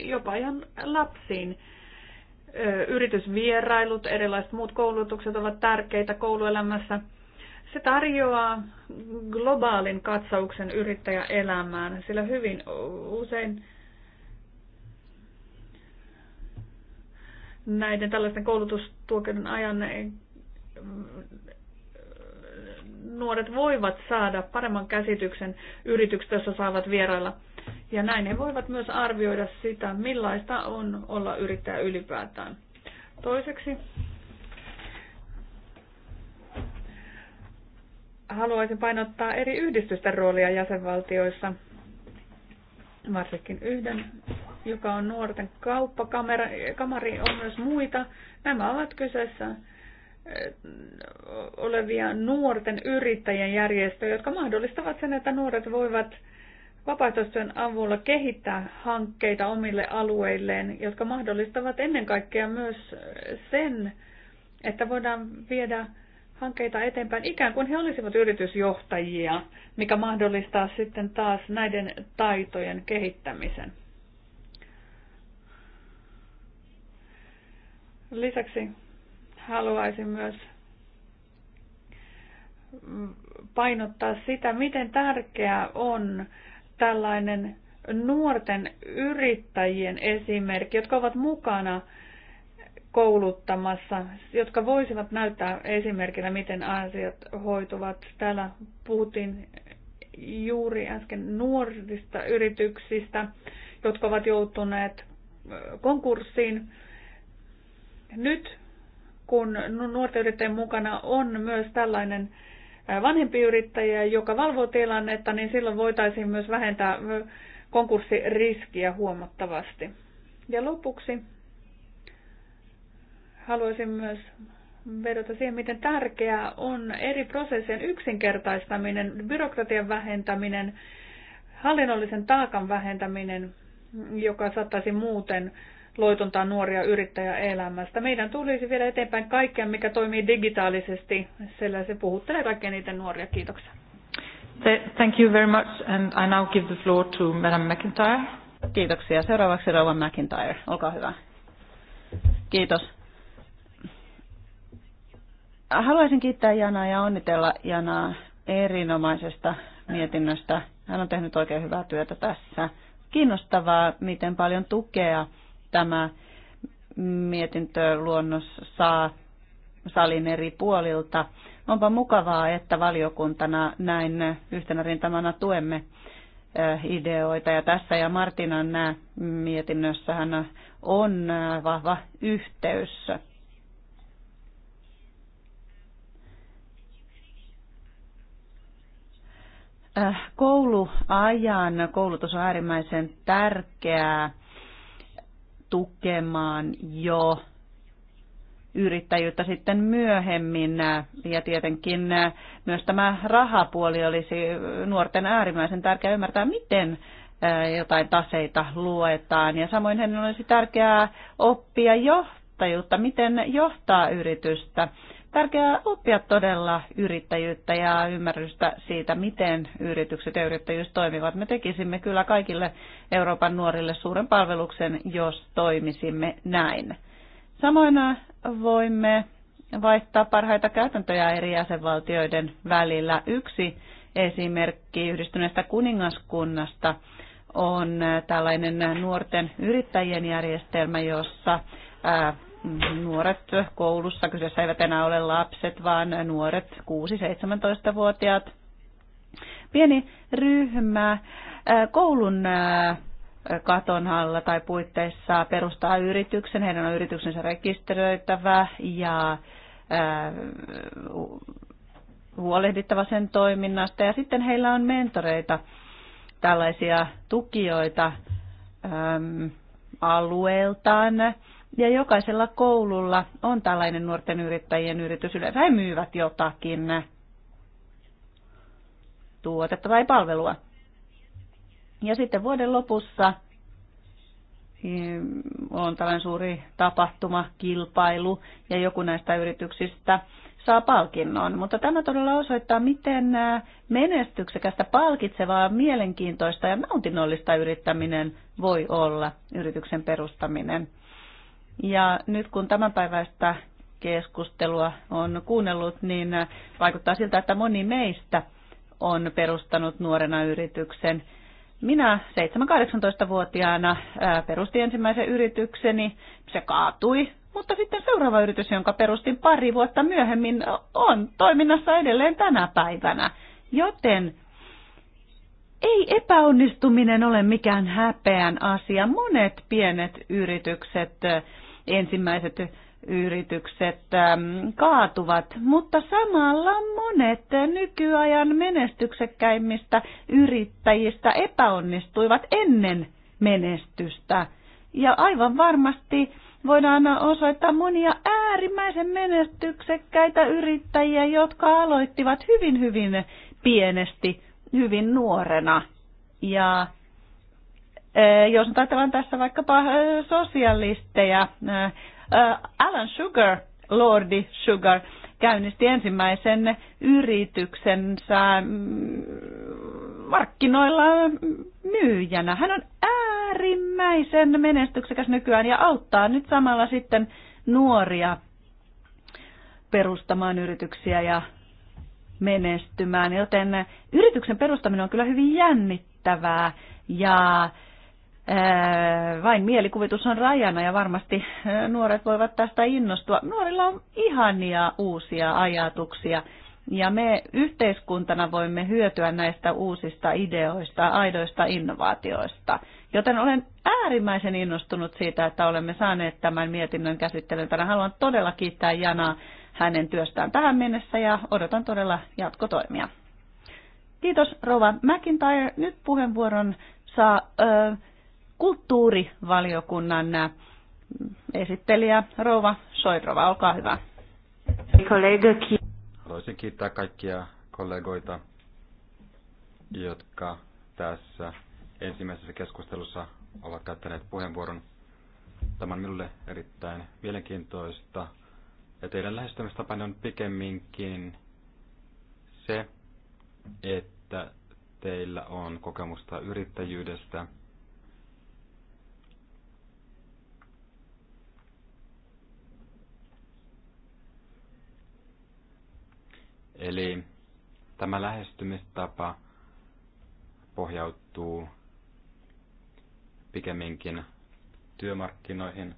jopa ihan lapsiin. Yritysvierailut, erilaiset muut koulutukset ovat tärkeitä kouluelämässä. Se tarjoaa globaalin katsauksen yrittäjäelämään, sillä hyvin usein näiden tällaisten koulutustuokeuden ajan nuoret voivat saada paremman käsityksen yrityksestä, jossa saavat vierailla. Ja näin he voivat myös arvioida sitä, millaista on olla yrittäjä ylipäätään. Toiseksi haluaisin painottaa eri yhdistysten roolia jäsenvaltioissa, varsinkin yhden joka on nuorten kauppakamari, on myös muita. Nämä ovat kyseessä eh, olevia nuorten yrittäjien järjestöjä, jotka mahdollistavat sen, että nuoret voivat vapaaehtoistyön avulla kehittää hankkeita omille alueilleen, jotka mahdollistavat ennen kaikkea myös eh, sen, että voidaan viedä hankkeita eteenpäin ikään kuin he olisivat yritysjohtajia, mikä mahdollistaa sitten taas näiden taitojen kehittämisen. Lisäksi haluaisin myös painottaa sitä, miten tärkeää on tällainen nuorten yrittäjien esimerkki, jotka ovat mukana kouluttamassa, jotka voisivat näyttää esimerkillä, miten asiat hoituvat. Täällä puhuttiin juuri äsken nuorista yrityksistä, jotka ovat joutuneet konkurssiin nyt kun nuorten yrittäjien mukana on myös tällainen vanhempi yrittäjä, joka valvoo tilannetta, niin silloin voitaisiin myös vähentää konkurssiriskiä huomattavasti. Ja lopuksi haluaisin myös vedota siihen, miten tärkeää on eri prosessien yksinkertaistaminen, byrokratian vähentäminen, hallinnollisen taakan vähentäminen, joka saattaisi muuten loitontaa nuoria yrittäjä elämästä. Meidän tulisi vielä eteenpäin kaikkea, mikä toimii digitaalisesti, sillä se puhuttelee kaikkein niiden nuoria. Kiitoksia. Thank you very much, and I now give the floor to Madam McIntyre. Kiitoksia. Seuraavaksi Rova McIntyre. Olkaa hyvä. Kiitos. Haluaisin kiittää Janaa ja onnitella Janaa erinomaisesta mietinnöstä. Hän on tehnyt oikein hyvää työtä tässä. Kiinnostavaa, miten paljon tukea tämä mietintöluonnos saa salin eri puolilta. Onpa mukavaa, että valiokuntana näin yhtenä rintamana tuemme eh, ideoita. Ja tässä ja Martinan mietinnössähän on eh, vahva yhteys. Eh, kouluajan koulutus on äärimmäisen tärkeää tukemaan jo yrittäjyyttä sitten myöhemmin. Ja tietenkin myös tämä rahapuoli olisi nuorten äärimmäisen tärkeää ymmärtää, miten jotain taseita luetaan. Ja samoin heidän olisi tärkeää oppia johtajuutta, miten johtaa yritystä tärkeää oppia todella yrittäjyyttä ja ymmärrystä siitä, miten yritykset ja yrittäjyys toimivat. Me tekisimme kyllä kaikille Euroopan nuorille suuren palveluksen, jos toimisimme näin. Samoin äh, voimme vaihtaa parhaita käytäntöjä eri jäsenvaltioiden välillä. Yksi esimerkki yhdistyneestä kuningaskunnasta on äh, tällainen nuorten yrittäjien järjestelmä, jossa äh, nuoret koulussa, kyseessä eivät enää ole lapset, vaan nuoret 6-17-vuotiaat. Pieni ryhmä koulun katon alla tai puitteissa perustaa yrityksen, heidän on yrityksensä rekisteröitävä ja huolehdittava sen toiminnasta ja sitten heillä on mentoreita, tällaisia tukijoita äm, alueeltaan ja jokaisella koululla on tällainen nuorten yrittäjien yritys. Yleensä he myyvät jotakin tuotetta tai palvelua. Ja sitten vuoden lopussa mm, on tällainen suuri tapahtuma, kilpailu ja joku näistä yrityksistä saa palkinnon. Mutta tämä todella osoittaa, miten menestyksekästä, palkitsevaa, mielenkiintoista ja nautinnollista yrittäminen voi olla, yrityksen perustaminen. Ja nyt kun tämänpäiväistä keskustelua on kuunnellut, niin vaikuttaa siltä, että moni meistä on perustanut nuorena yrityksen. Minä 7-18-vuotiaana perustin ensimmäisen yritykseni, se kaatui, mutta sitten seuraava yritys, jonka perustin pari vuotta myöhemmin, on toiminnassa edelleen tänä päivänä. Joten ei epäonnistuminen ole mikään häpeän asia. Monet pienet yritykset ensimmäiset yritykset ähm, kaatuvat, mutta samalla monet nykyajan menestyksekkäimmistä yrittäjistä epäonnistuivat ennen menestystä. Ja aivan varmasti voidaan osoittaa monia äärimmäisen menestyksekkäitä yrittäjiä, jotka aloittivat hyvin hyvin pienesti, hyvin nuorena. Ja Eh, jos nyt ajatellaan tässä vaikkapa eh, sosialisteja, eh, Alan Sugar, Lordi Sugar, käynnisti ensimmäisen yrityksensä mm, markkinoilla myyjänä. Hän on äärimmäisen menestyksekäs nykyään ja auttaa nyt samalla sitten nuoria perustamaan yrityksiä ja menestymään. Joten yrityksen perustaminen on kyllä hyvin jännittävää ja vain mielikuvitus on rajana ja varmasti nuoret voivat tästä innostua. Nuorilla on ihania uusia ajatuksia ja me yhteiskuntana voimme hyötyä näistä uusista ideoista, aidoista innovaatioista. Joten olen äärimmäisen innostunut siitä, että olemme saaneet tämän mietinnön käsittelyyn. Tänään haluan todella kiittää Janaa hänen työstään tähän mennessä ja odotan todella jatkotoimia. Kiitos Rova McIntyre. Nyt puheenvuoron saa... Öö, kulttuurivaliokunnan äh, esittelijä Rova Soirova. Olkaa hyvä. Haluaisin kiittää kaikkia kollegoita, jotka tässä ensimmäisessä keskustelussa ovat käyttäneet puheenvuoron. Tämä on minulle erittäin mielenkiintoista. Ja teidän lähestymistapanne on pikemminkin se, että teillä on kokemusta yrittäjyydestä – Eli tämä lähestymistapa pohjautuu pikemminkin työmarkkinoihin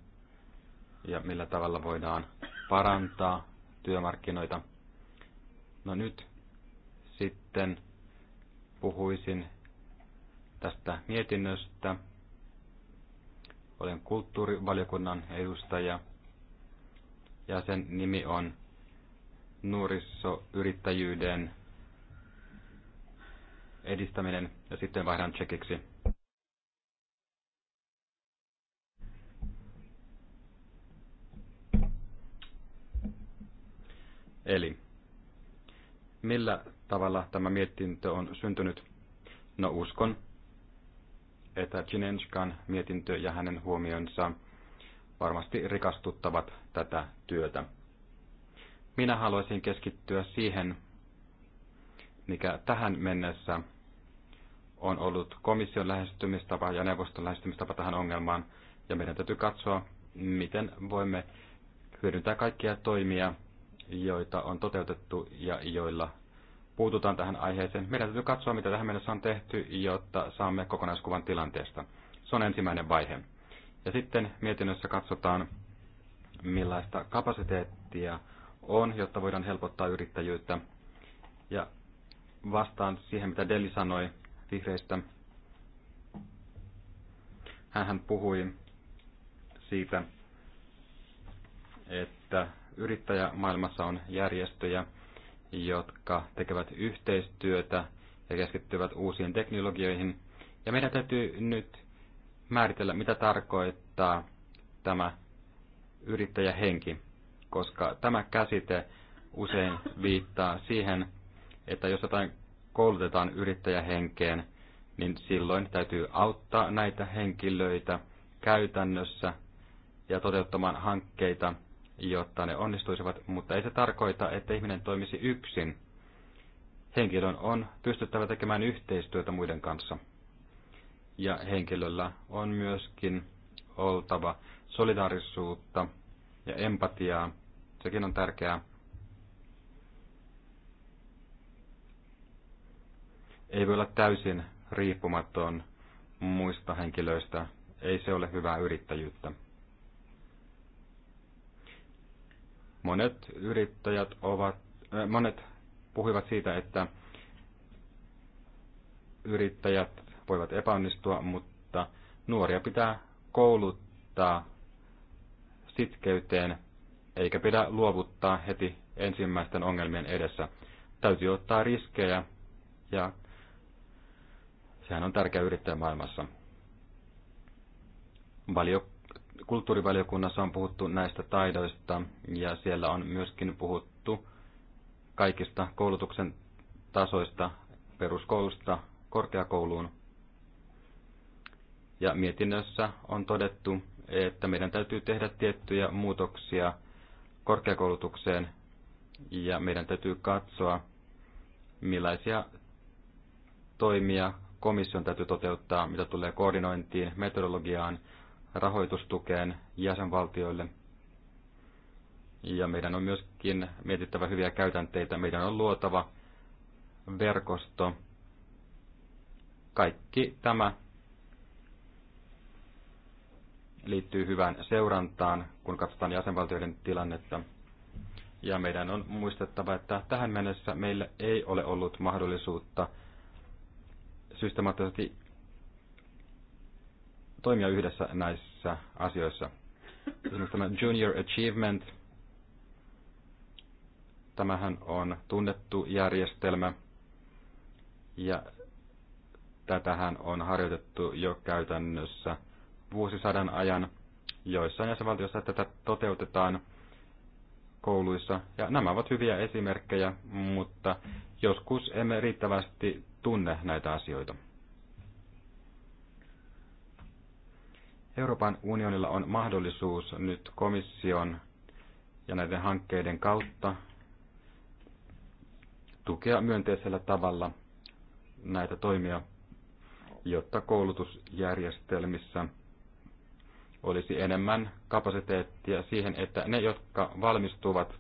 ja millä tavalla voidaan parantaa työmarkkinoita. No nyt sitten puhuisin tästä mietinnöstä. Olen kulttuurivaliokunnan edustaja ja sen nimi on nuorisoyrittäjyyden edistäminen ja sitten vaihdan tsekiksi. Eli millä tavalla tämä mietintö on syntynyt? No uskon, että Chinenskan mietintö ja hänen huomionsa varmasti rikastuttavat tätä työtä. Minä haluaisin keskittyä siihen, mikä tähän mennessä on ollut komission lähestymistapa ja neuvoston lähestymistapa tähän ongelmaan, ja meidän täytyy katsoa, miten voimme hyödyntää kaikkia toimia, joita on toteutettu ja joilla puututaan tähän aiheeseen. Meidän täytyy katsoa, mitä tähän mennessä on tehty, jotta saamme kokonaiskuvan tilanteesta. Se on ensimmäinen vaihe. Ja sitten mietinnössä katsotaan, millaista kapasiteettia on, jotta voidaan helpottaa yrittäjyyttä. Ja vastaan siihen, mitä Deli sanoi vihreistä. Hänhän puhui siitä, että yrittäjämaailmassa on järjestöjä, jotka tekevät yhteistyötä ja keskittyvät uusiin teknologioihin. Ja meidän täytyy nyt määritellä, mitä tarkoittaa tämä yrittäjähenki koska tämä käsite usein viittaa siihen, että jos jotain koulutetaan yrittäjähenkeen, niin silloin täytyy auttaa näitä henkilöitä käytännössä ja toteuttamaan hankkeita, jotta ne onnistuisivat, mutta ei se tarkoita, että ihminen toimisi yksin. Henkilön on pystyttävä tekemään yhteistyötä muiden kanssa. Ja henkilöllä on myöskin oltava solidaarisuutta ja empatiaa. Sekin on tärkeää. Ei voi olla täysin riippumaton muista henkilöistä. Ei se ole hyvää yrittäjyyttä. Monet yrittäjät ovat, äh, monet puhuivat siitä, että yrittäjät voivat epäonnistua, mutta nuoria pitää kouluttaa sitkeyteen, eikä pidä luovuttaa heti ensimmäisten ongelmien edessä. Täytyy ottaa riskejä ja sehän on tärkeä yrittäjä maailmassa. Valio, kulttuurivaliokunnassa on puhuttu näistä taidoista ja siellä on myöskin puhuttu kaikista koulutuksen tasoista peruskoulusta korkeakouluun. Ja mietinnössä on todettu, että meidän täytyy tehdä tiettyjä muutoksia korkeakoulutukseen ja meidän täytyy katsoa, millaisia toimia komission täytyy toteuttaa, mitä tulee koordinointiin, metodologiaan, rahoitustukeen jäsenvaltioille. Ja meidän on myöskin mietittävä hyviä käytänteitä. Meidän on luotava verkosto. Kaikki tämä liittyy hyvään seurantaan, kun katsotaan jäsenvaltioiden tilannetta. Ja meidän on muistettava, että tähän mennessä meillä ei ole ollut mahdollisuutta systemaattisesti toimia yhdessä näissä asioissa. Esimerkiksi tämä Junior Achievement, tämähän on tunnettu järjestelmä, ja tätähän on harjoitettu jo käytännössä – vuosisadan ajan. Joissain jäsenvaltioissa tätä toteutetaan kouluissa. Ja nämä ovat hyviä esimerkkejä, mutta joskus emme riittävästi tunne näitä asioita. Euroopan unionilla on mahdollisuus nyt komission ja näiden hankkeiden kautta tukea myönteisellä tavalla näitä toimia, jotta koulutusjärjestelmissä olisi enemmän kapasiteettia siihen, että ne, jotka valmistuvat,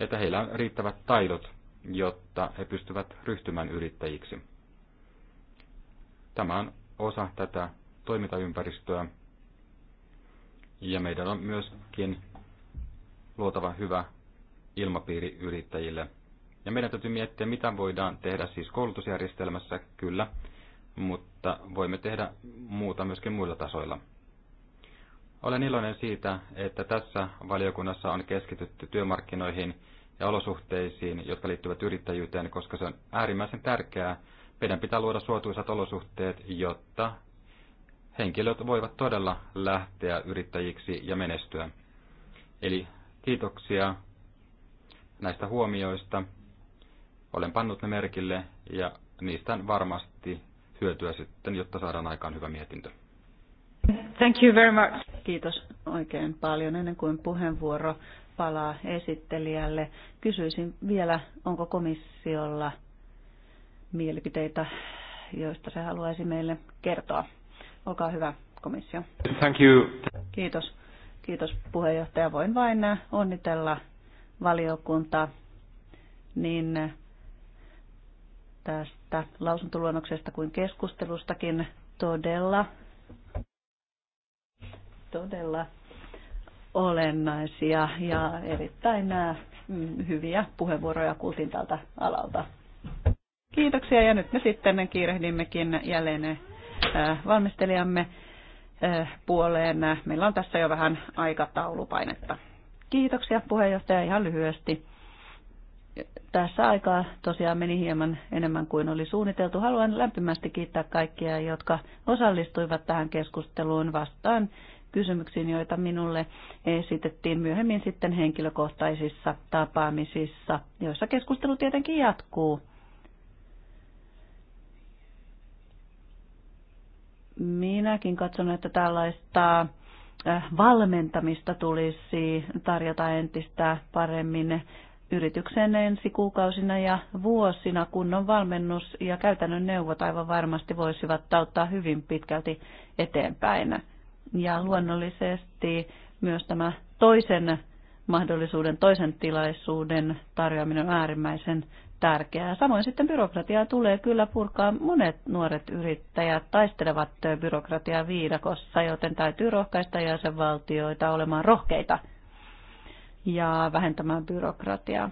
että heillä on riittävät taidot, jotta he pystyvät ryhtymään yrittäjiksi. Tämä on osa tätä toimintaympäristöä, ja meidän on myöskin luotava hyvä ilmapiiri yrittäjille. Ja meidän täytyy miettiä, mitä voidaan tehdä siis koulutusjärjestelmässä, kyllä, mutta voimme tehdä muuta myöskin muilla tasoilla. Olen iloinen siitä, että tässä valiokunnassa on keskitytty työmarkkinoihin ja olosuhteisiin, jotka liittyvät yrittäjyyteen, koska se on äärimmäisen tärkeää. Meidän pitää luoda suotuisat olosuhteet, jotta henkilöt voivat todella lähteä yrittäjiksi ja menestyä. Eli kiitoksia näistä huomioista. Olen pannut ne merkille ja niistä on varmasti hyötyä sitten, jotta saadaan aikaan hyvä mietintö. Thank you very much. Kiitos oikein paljon. Ennen kuin puheenvuoro palaa esittelijälle, kysyisin vielä, onko komissiolla mielipiteitä, joista se haluaisi meille kertoa. Olkaa hyvä, komissio. Thank you. Kiitos. Kiitos puheenjohtaja. Voin vain onnitella valiokuntaa niin tästä lausuntoluonnoksesta kuin keskustelustakin todella todella olennaisia ja erittäin nämä mm, hyviä puheenvuoroja kuultiin tältä alalta. Kiitoksia ja nyt me sitten kiirehdimmekin jälleen äh, valmistelijamme äh, puoleen. Meillä on tässä jo vähän aikataulupainetta. Kiitoksia puheenjohtaja ihan lyhyesti. Tässä aikaa tosiaan meni hieman enemmän kuin oli suunniteltu. Haluan lämpimästi kiittää kaikkia, jotka osallistuivat tähän keskusteluun vastaan kysymyksiin, joita minulle esitettiin myöhemmin sitten henkilökohtaisissa tapaamisissa, joissa keskustelu tietenkin jatkuu. Minäkin katson, että tällaista äh, valmentamista tulisi tarjota entistä paremmin yrityksen ensi kuukausina ja vuosina kunnon valmennus ja käytännön neuvot aivan varmasti voisivat auttaa hyvin pitkälti eteenpäin. Ja luonnollisesti myös tämä toisen mahdollisuuden, toisen tilaisuuden tarjoaminen on äärimmäisen tärkeää. Samoin sitten byrokratiaa tulee kyllä purkaa. Monet nuoret yrittäjät taistelevat byrokratiaa viidakossa, joten täytyy rohkaista jäsenvaltioita olemaan rohkeita ja vähentämään byrokratiaa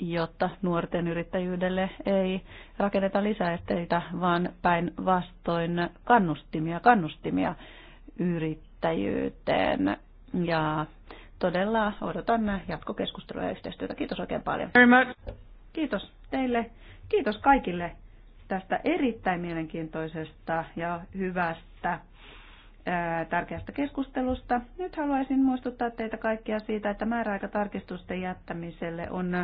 jotta nuorten yrittäjyydelle ei rakenneta lisäesteitä, vaan päinvastoin kannustimia, kannustimia yrittäjyyteen. Ja todella odotan jatkokeskustelua ja yhteistyötä. Kiitos oikein paljon. Kiitos teille. Kiitos kaikille tästä erittäin mielenkiintoisesta ja hyvästä tärkeästä keskustelusta. Nyt haluaisin muistuttaa teitä kaikkia siitä, että määräaika tarkistusten jättämiselle on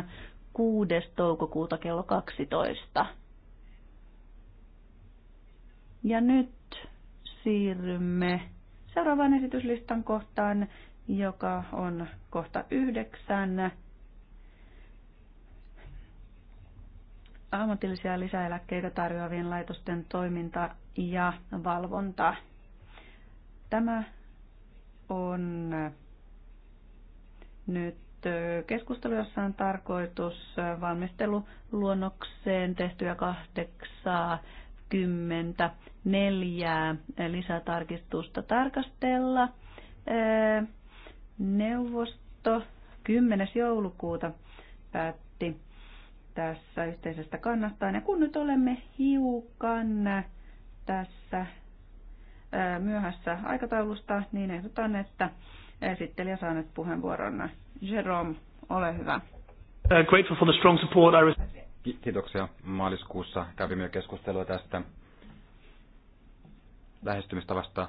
6. toukokuuta kello 12. Ja nyt siirrymme seuraavaan esityslistan kohtaan, joka on kohta 9. Ammatillisia lisäeläkkeitä tarjoavien laitosten toiminta ja valvonta. Tämä on nyt keskustelu, jossa on tarkoitus valmisteluluonnokseen tehtyä kahdeksaa kymmentä neljää lisätarkistusta tarkastella. Neuvosto 10. joulukuuta päätti tässä yhteisestä kannastaan. Ja kun nyt olemme hiukan tässä myöhässä aikataulusta, niin ehdotan, että Esittelijä saa nyt puheenvuoron. Jerome, ole hyvä. Uh, grateful for the strong support I Kiitoksia. Maaliskuussa kävimme jo keskustelua tästä lähestymistavasta.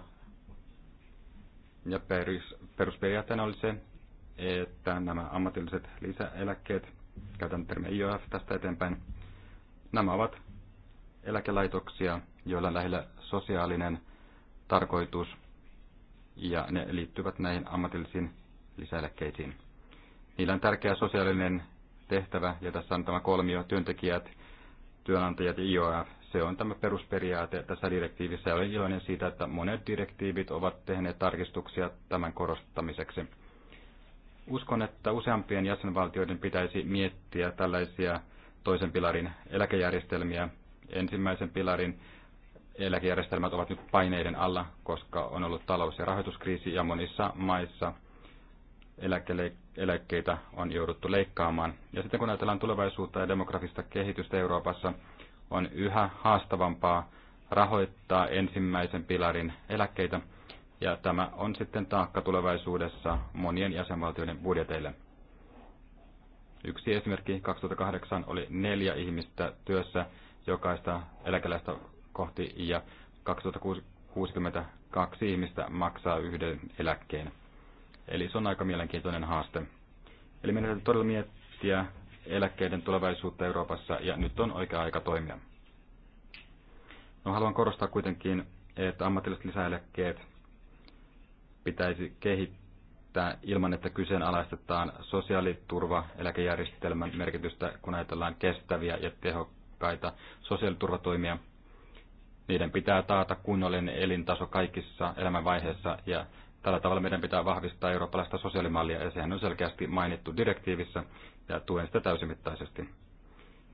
Ja perus, perusperiaatteena oli se, että nämä ammatilliset lisäeläkkeet, käytän termiä IOF tästä eteenpäin, nämä ovat eläkelaitoksia, joilla on lähellä sosiaalinen tarkoitus – ja ne liittyvät näihin ammatillisiin lisäeläkkeisiin. Niillä on tärkeä sosiaalinen tehtävä ja tässä on tämä kolmio työntekijät, työnantajat ja IOF. Se on tämä perusperiaate tässä direktiivissä ja olen iloinen siitä, että monet direktiivit ovat tehneet tarkistuksia tämän korostamiseksi. Uskon, että useampien jäsenvaltioiden pitäisi miettiä tällaisia toisen pilarin eläkejärjestelmiä, ensimmäisen pilarin eläkejärjestelmät ovat nyt paineiden alla, koska on ollut talous- ja rahoituskriisi ja monissa maissa eläkkeitä on jouduttu leikkaamaan. Ja sitten kun ajatellaan tulevaisuutta ja demografista kehitystä Euroopassa, on yhä haastavampaa rahoittaa ensimmäisen pilarin eläkkeitä, ja tämä on sitten taakka tulevaisuudessa monien jäsenvaltioiden budjeteille. Yksi esimerkki 2008 oli neljä ihmistä työssä, jokaista eläkeläistä kohti ja 2062 ihmistä maksaa yhden eläkkeen. Eli se on aika mielenkiintoinen haaste. Eli meidän täytyy todella miettiä eläkkeiden tulevaisuutta Euroopassa ja nyt on oikea aika toimia. No, haluan korostaa kuitenkin, että ammatilliset lisäeläkkeet pitäisi kehittää ilman, että kyseenalaistetaan eläkejärjestelmän merkitystä, kun ajatellaan kestäviä ja tehokkaita sosiaaliturvatoimia. Niiden pitää taata kunnollinen elintaso kaikissa elämänvaiheissa ja tällä tavalla meidän pitää vahvistaa eurooppalaista sosiaalimallia ja sehän on selkeästi mainittu direktiivissä ja tuen sitä täysimittaisesti.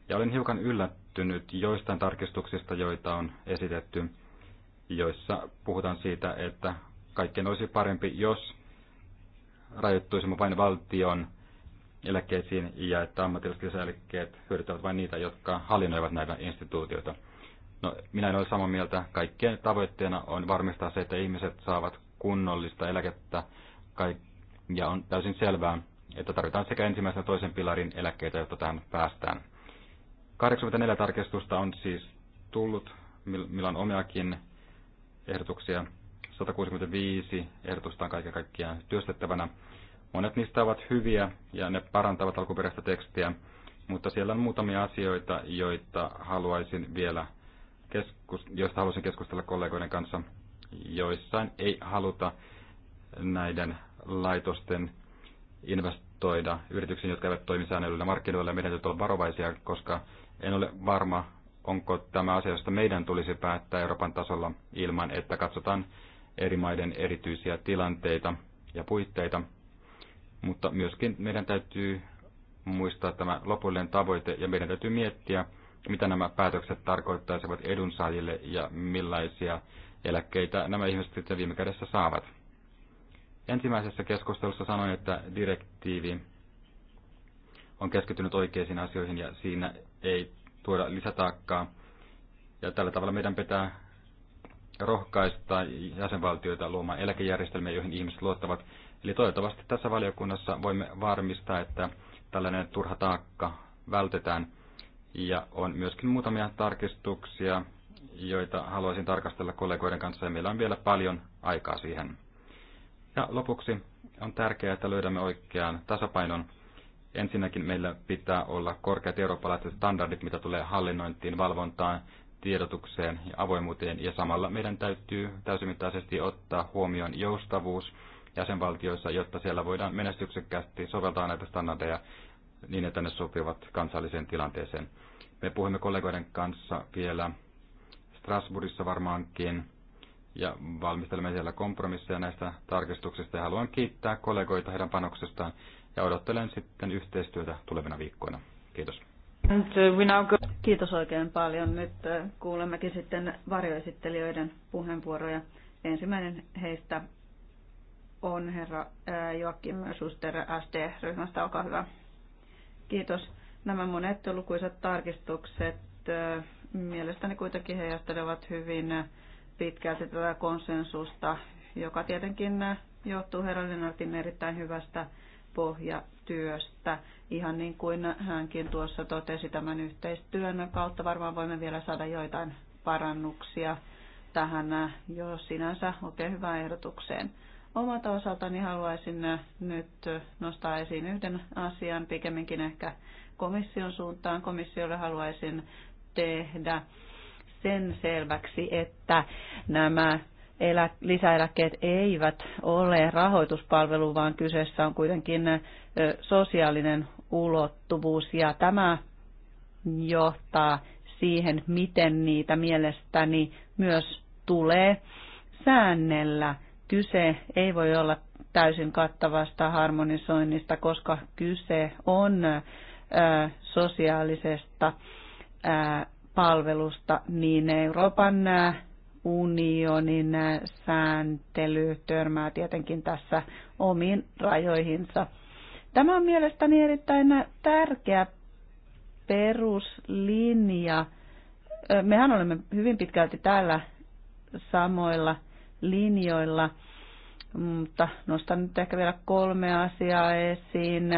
Ja olen hiukan yllättynyt joistain tarkistuksista, joita on esitetty, joissa puhutaan siitä, että kaikkien olisi parempi, jos rajoittuisimme vain valtion eläkkeisiin ja että ammatilliset lisäeläkkeet hyödyttävät vain niitä, jotka hallinnoivat näitä instituutioita. No, minä en ole samaa mieltä. Kaikkien tavoitteena on varmistaa se, että ihmiset saavat kunnollista eläkettä. Ja on täysin selvää, että tarvitaan sekä ensimmäisen että toisen pilarin eläkkeitä, jotta tähän päästään. 84 tarkistusta on siis tullut, millä on omiakin ehdotuksia. 165 ehdotusta on kaiken kaikkiaan työstettävänä. Monet niistä ovat hyviä ja ne parantavat alkuperäistä tekstiä, mutta siellä on muutamia asioita, joita haluaisin vielä keskus, joista halusin keskustella kollegoiden kanssa. Joissain ei haluta näiden laitosten investoida yrityksiin, jotka eivät toimi säännöllä markkinoilla. Meidän täytyy olla varovaisia, koska en ole varma, onko tämä asia, josta meidän tulisi päättää Euroopan tasolla ilman, että katsotaan eri maiden erityisiä tilanteita ja puitteita. Mutta myöskin meidän täytyy muistaa tämä lopullinen tavoite ja meidän täytyy miettiä, mitä nämä päätökset tarkoittaisivat edunsaajille ja millaisia eläkkeitä nämä ihmiset sitten viime kädessä saavat. Ensimmäisessä keskustelussa sanoin, että direktiivi on keskittynyt oikeisiin asioihin ja siinä ei tuoda lisätaakkaa. Ja tällä tavalla meidän pitää rohkaista jäsenvaltioita luomaan eläkejärjestelmiä, joihin ihmiset luottavat. Eli toivottavasti tässä valiokunnassa voimme varmistaa, että tällainen turha taakka vältetään – ja on myöskin muutamia tarkistuksia, joita haluaisin tarkastella kollegoiden kanssa, ja meillä on vielä paljon aikaa siihen. Ja lopuksi on tärkeää, että löydämme oikean tasapainon. Ensinnäkin meillä pitää olla korkeat eurooppalaiset standardit, mitä tulee hallinnointiin, valvontaan, tiedotukseen ja avoimuuteen, ja samalla meidän täytyy täysimittaisesti ottaa huomioon joustavuus jäsenvaltioissa, jotta siellä voidaan menestyksekkäästi soveltaa näitä standardeja niin, että ne sopivat kansalliseen tilanteeseen. Me puhumme kollegoiden kanssa vielä Strasbourgissa varmaankin ja valmistelemme siellä kompromisseja näistä tarkistuksista ja haluan kiittää kollegoita heidän panoksestaan ja odottelen sitten yhteistyötä tulevina viikkoina. Kiitos. Uh, Kiitos oikein paljon. Nyt uh, kuulemmekin sitten varjoesittelijöiden puheenvuoroja. Ensimmäinen heistä on herra uh, Joakim Suster SD-ryhmästä. Olkaa hyvä. Kiitos. Nämä monet lukuisat tarkistukset mielestäni kuitenkin heijastelevat hyvin pitkälti tätä konsensusta, joka tietenkin johtuu herra Lennartin erittäin hyvästä pohjatyöstä. Ihan niin kuin hänkin tuossa totesi tämän yhteistyön kautta, varmaan voimme vielä saada joitain parannuksia tähän jo sinänsä oikein hyvään ehdotukseen. Omalta osaltani haluaisin nyt nostaa esiin yhden asian, pikemminkin ehkä komission suuntaan. Komissiolle haluaisin tehdä sen selväksi, että nämä elä, lisäeläkkeet eivät ole rahoituspalvelu, vaan kyseessä on kuitenkin sosiaalinen ulottuvuus ja tämä johtaa siihen, miten niitä mielestäni myös tulee säännellä. Kyse ei voi olla täysin kattavasta harmonisoinnista, koska kyse on sosiaalisesta palvelusta, niin Euroopan unionin sääntely törmää tietenkin tässä omiin rajoihinsa. Tämä on mielestäni erittäin tärkeä peruslinja. Mehän olemme hyvin pitkälti täällä samoilla linjoilla, mutta nostan nyt ehkä vielä kolme asiaa esiin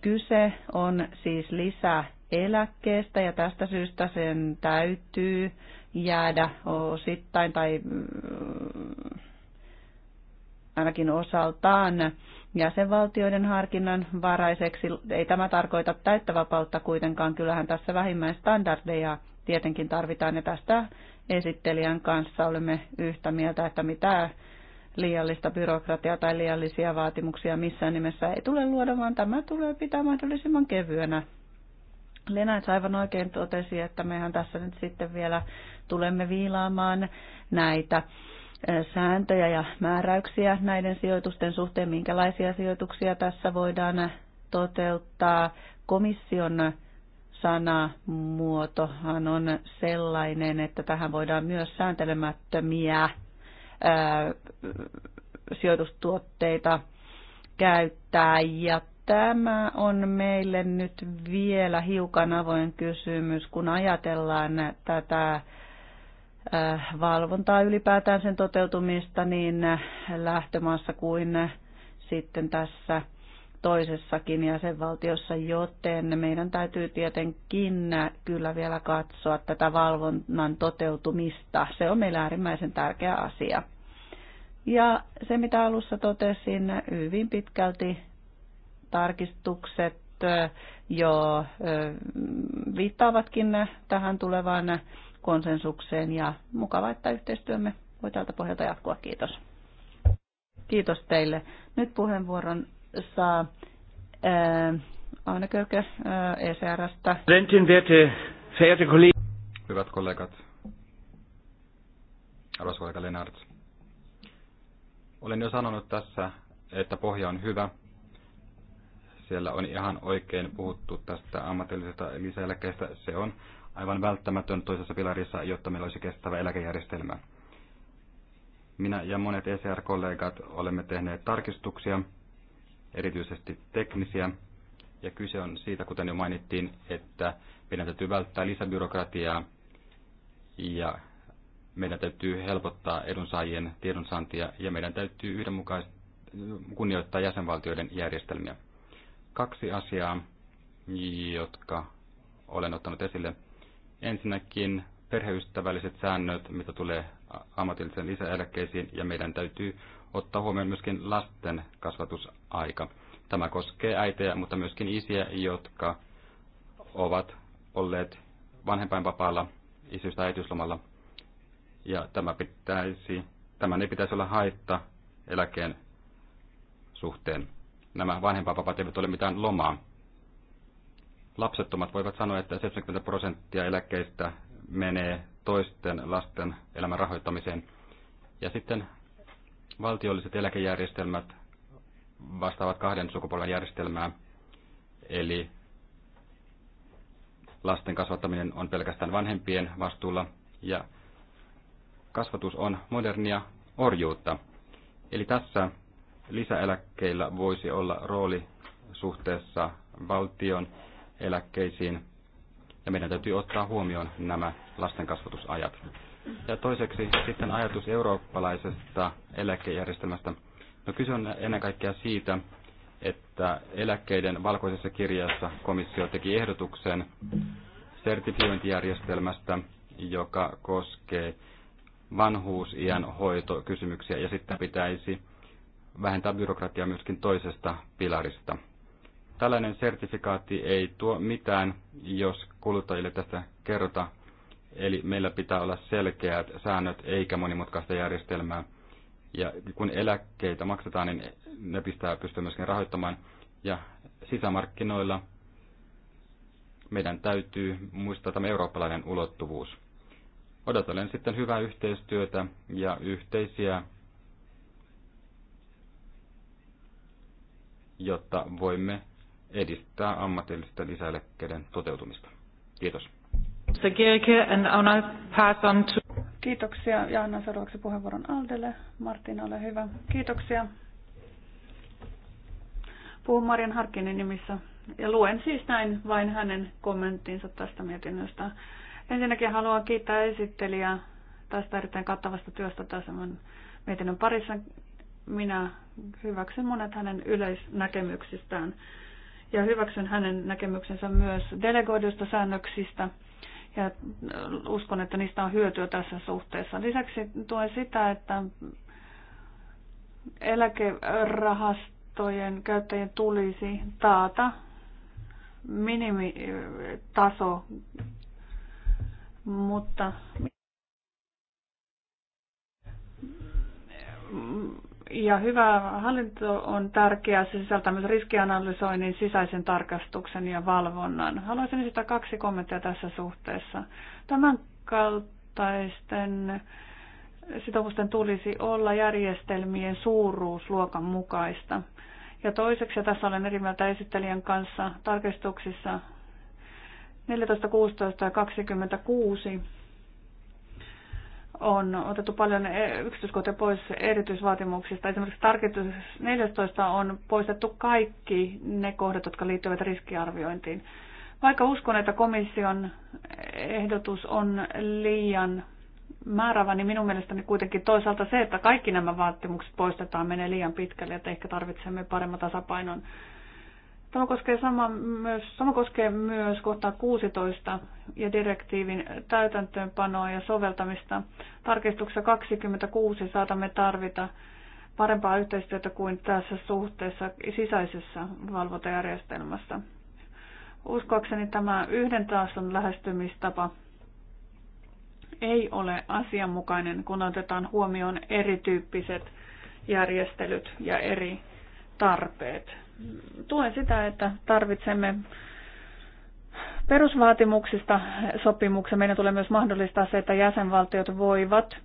Kyse on siis lisäeläkkeestä ja tästä syystä sen täytyy jäädä osittain tai mm, ainakin osaltaan jäsenvaltioiden harkinnan varaiseksi. Ei tämä tarkoita täyttä vapautta kuitenkaan, kyllähän tässä vähimmäistandardeja tietenkin tarvitaan ja tästä esittelijän kanssa olemme yhtä mieltä, että mitä liiallista byrokratiaa tai liiallisia vaatimuksia missään nimessä ei tule luoda, vaan tämä tulee pitää mahdollisimman kevyenä. Lenait aivan oikein totesi, että mehän tässä nyt sitten vielä tulemme viilaamaan näitä sääntöjä ja määräyksiä näiden sijoitusten suhteen, minkälaisia sijoituksia tässä voidaan toteuttaa. Komission sanamuotohan on sellainen, että tähän voidaan myös sääntelemättömiä sijoitustuotteita käyttää. Ja tämä on meille nyt vielä hiukan avoin kysymys, kun ajatellaan tätä valvontaa ylipäätään sen toteutumista niin lähtömaassa kuin sitten tässä toisessakin jäsenvaltiossa, joten meidän täytyy tietenkin kyllä vielä katsoa tätä valvonnan toteutumista. Se on meillä äärimmäisen tärkeä asia. Ja se, mitä alussa totesin, hyvin pitkälti tarkistukset jo viittaavatkin tähän tulevaan konsensukseen ja mukava, että yhteistyömme voi tältä pohjalta jatkua. Kiitos. Kiitos teille. Nyt puheenvuoron saa Anne Köke ECRstä. Hyvät kollegat, arvoisa kollega Lennart. Olen jo sanonut tässä, että pohja on hyvä. Siellä on ihan oikein puhuttu tästä ammatillisesta lisäeläkkeestä. Se on aivan välttämätön toisessa pilarissa, jotta meillä olisi kestävä eläkejärjestelmä. Minä ja monet ECR-kollegat olemme tehneet tarkistuksia, erityisesti teknisiä. Ja kyse on siitä, kuten jo mainittiin, että meidän täytyy välttää lisäbyrokratiaa ja meidän täytyy helpottaa edunsaajien tiedonsaantia ja meidän täytyy yhdenmukaisesti kunnioittaa jäsenvaltioiden järjestelmiä. Kaksi asiaa, jotka olen ottanut esille. Ensinnäkin perheystävälliset säännöt, mitä tulee ammatillisen lisäeläkkeisiin, ja meidän täytyy ottaa huomioon myöskin lasten kasvatusaika. Tämä koskee äitejä, mutta myöskin isiä, jotka ovat olleet vanhempainvapaalla isyys- tai äitiyslomalla. Ja tämä pitäisi, tämän ei pitäisi olla haitta eläkeen suhteen. Nämä vanhempainvapaat eivät ole mitään lomaa. Lapsettomat voivat sanoa, että 70 prosenttia eläkkeistä menee toisten lasten elämän rahoittamiseen. Ja sitten valtiolliset eläkejärjestelmät vastaavat kahden sukupolven järjestelmää, eli lasten kasvattaminen on pelkästään vanhempien vastuulla ja kasvatus on modernia orjuutta. Eli tässä lisäeläkkeillä voisi olla rooli suhteessa valtion eläkkeisiin ja meidän täytyy ottaa huomioon nämä lasten kasvatusajat. Ja toiseksi sitten ajatus eurooppalaisesta eläkejärjestelmästä. No kyse on ennen kaikkea siitä, että eläkkeiden valkoisessa kirjassa komissio teki ehdotuksen sertifiointijärjestelmästä, joka koskee vanhuusiän hoitokysymyksiä ja sitten pitäisi vähentää byrokratiaa myöskin toisesta pilarista. Tällainen sertifikaatti ei tuo mitään, jos kuluttajille tästä kerrota Eli meillä pitää olla selkeät säännöt eikä monimutkaista järjestelmää. Ja kun eläkkeitä maksetaan, niin ne pitää pystyä myöskin rahoittamaan. Ja sisämarkkinoilla meidän täytyy muistaa tämä eurooppalainen ulottuvuus. Odotan sitten hyvää yhteistyötä ja yhteisiä, jotta voimme edistää ammatillisten lisäeläkkeiden toteutumista. Kiitos. Kiitoksia ja annan seuraavaksi puheenvuoron Aldelle. Martina, ole hyvä. Kiitoksia. Puhun Marian Harkinin nimissä ja luen siis näin vain hänen kommenttinsa tästä mietinnöstä. Ensinnäkin haluan kiittää esittelijää tästä erittäin kattavasta työstä tämän mietinnön parissa. Minä hyväksyn monet hänen yleisnäkemyksistään ja hyväksyn hänen näkemyksensä myös delegoidusta säännöksistä – ja uskon, että niistä on hyötyä tässä suhteessa. Lisäksi tuen sitä, että eläkerahastojen käyttäjien tulisi taata minimitaso, mutta ja hyvä hallinto on tärkeää. Se sisältää myös riskianalysoinnin, sisäisen tarkastuksen ja valvonnan. Haluaisin esittää kaksi kommenttia tässä suhteessa. Tämän kaltaisten sitoumusten tulisi olla järjestelmien suuruusluokan mukaista. Ja toiseksi, ja tässä olen eri mieltä esittelijän kanssa tarkistuksissa 14, 16 ja 26, on otettu paljon eh, yksityiskohtia pois erityisvaatimuksista. Esimerkiksi tarkistus 14 on poistettu kaikki ne kohdat, jotka liittyvät riskiarviointiin. Vaikka uskon, että komission ehdotus on liian määrävä, niin minun mielestäni kuitenkin toisaalta se, että kaikki nämä vaatimukset poistetaan, menee liian pitkälle, että ehkä tarvitsemme paremman tasapainon Tämä koskee, sama myös, sama koskee myös kohtaa 16 ja direktiivin täytäntöönpanoa ja soveltamista. Tarkistuksessa 26 saatamme tarvita parempaa yhteistyötä kuin tässä suhteessa sisäisessä valvontajärjestelmässä. Uskoakseni tämä yhden tason lähestymistapa ei ole asianmukainen, kun otetaan huomioon erityyppiset järjestelyt ja eri tarpeet tuen sitä, että tarvitsemme perusvaatimuksista sopimuksen. Meidän tulee myös mahdollistaa se, että jäsenvaltiot voivat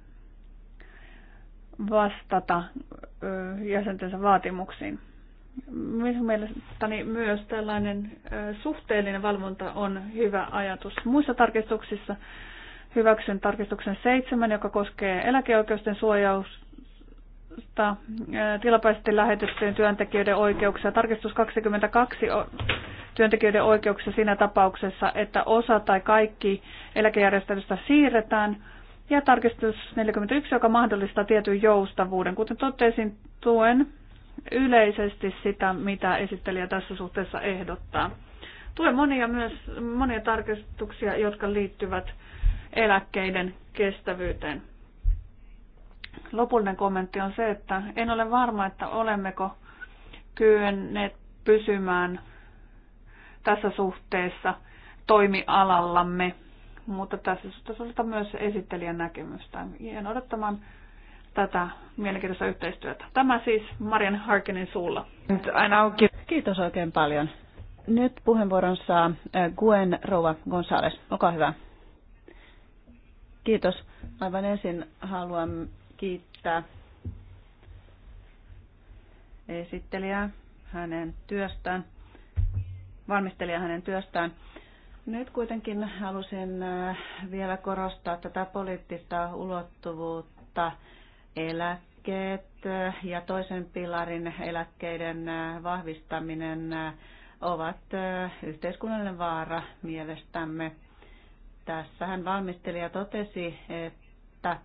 vastata jäsentensä vaatimuksiin. Minun mielestäni myös tällainen suhteellinen valvonta on hyvä ajatus. Muissa tarkistuksissa hyväksyn tarkistuksen 7, joka koskee eläkeoikeusten suojaus, Äh, tilapäisesti lähetettyjen työntekijöiden oikeuksia. Tarkistus 22 työntekijöiden oikeuksia siinä tapauksessa, että osa tai kaikki eläkejärjestelystä siirretään. Ja tarkistus 41, joka mahdollistaa tietyn joustavuuden. Kuten totesin, tuen yleisesti sitä, mitä esittelijä tässä suhteessa ehdottaa. Tuen monia, myös, monia tarkistuksia, jotka liittyvät eläkkeiden kestävyyteen. Lopullinen kommentti on se, että en ole varma, että olemmeko kyenneet pysymään tässä suhteessa toimialallamme, mutta tässä suhteessa myös esittelijän näkemystä. Jään odottamaan tätä mielenkiintoista yhteistyötä. Tämä siis Marian Harkinin suulla. Kiitos oikein paljon. Nyt puheenvuoron saa Guen Rova Gonzales. Olkaa hyvä. Kiitos. Aivan ensin haluan kiittää esittelijää hänen työstään, valmistelija hänen työstään. Nyt kuitenkin halusin äh, vielä korostaa tätä poliittista ulottuvuutta, eläkkeet äh, ja toisen pilarin eläkkeiden äh, vahvistaminen ovat yhteiskunnallinen vaara mielestämme. Tässähän valmistelija totesi, että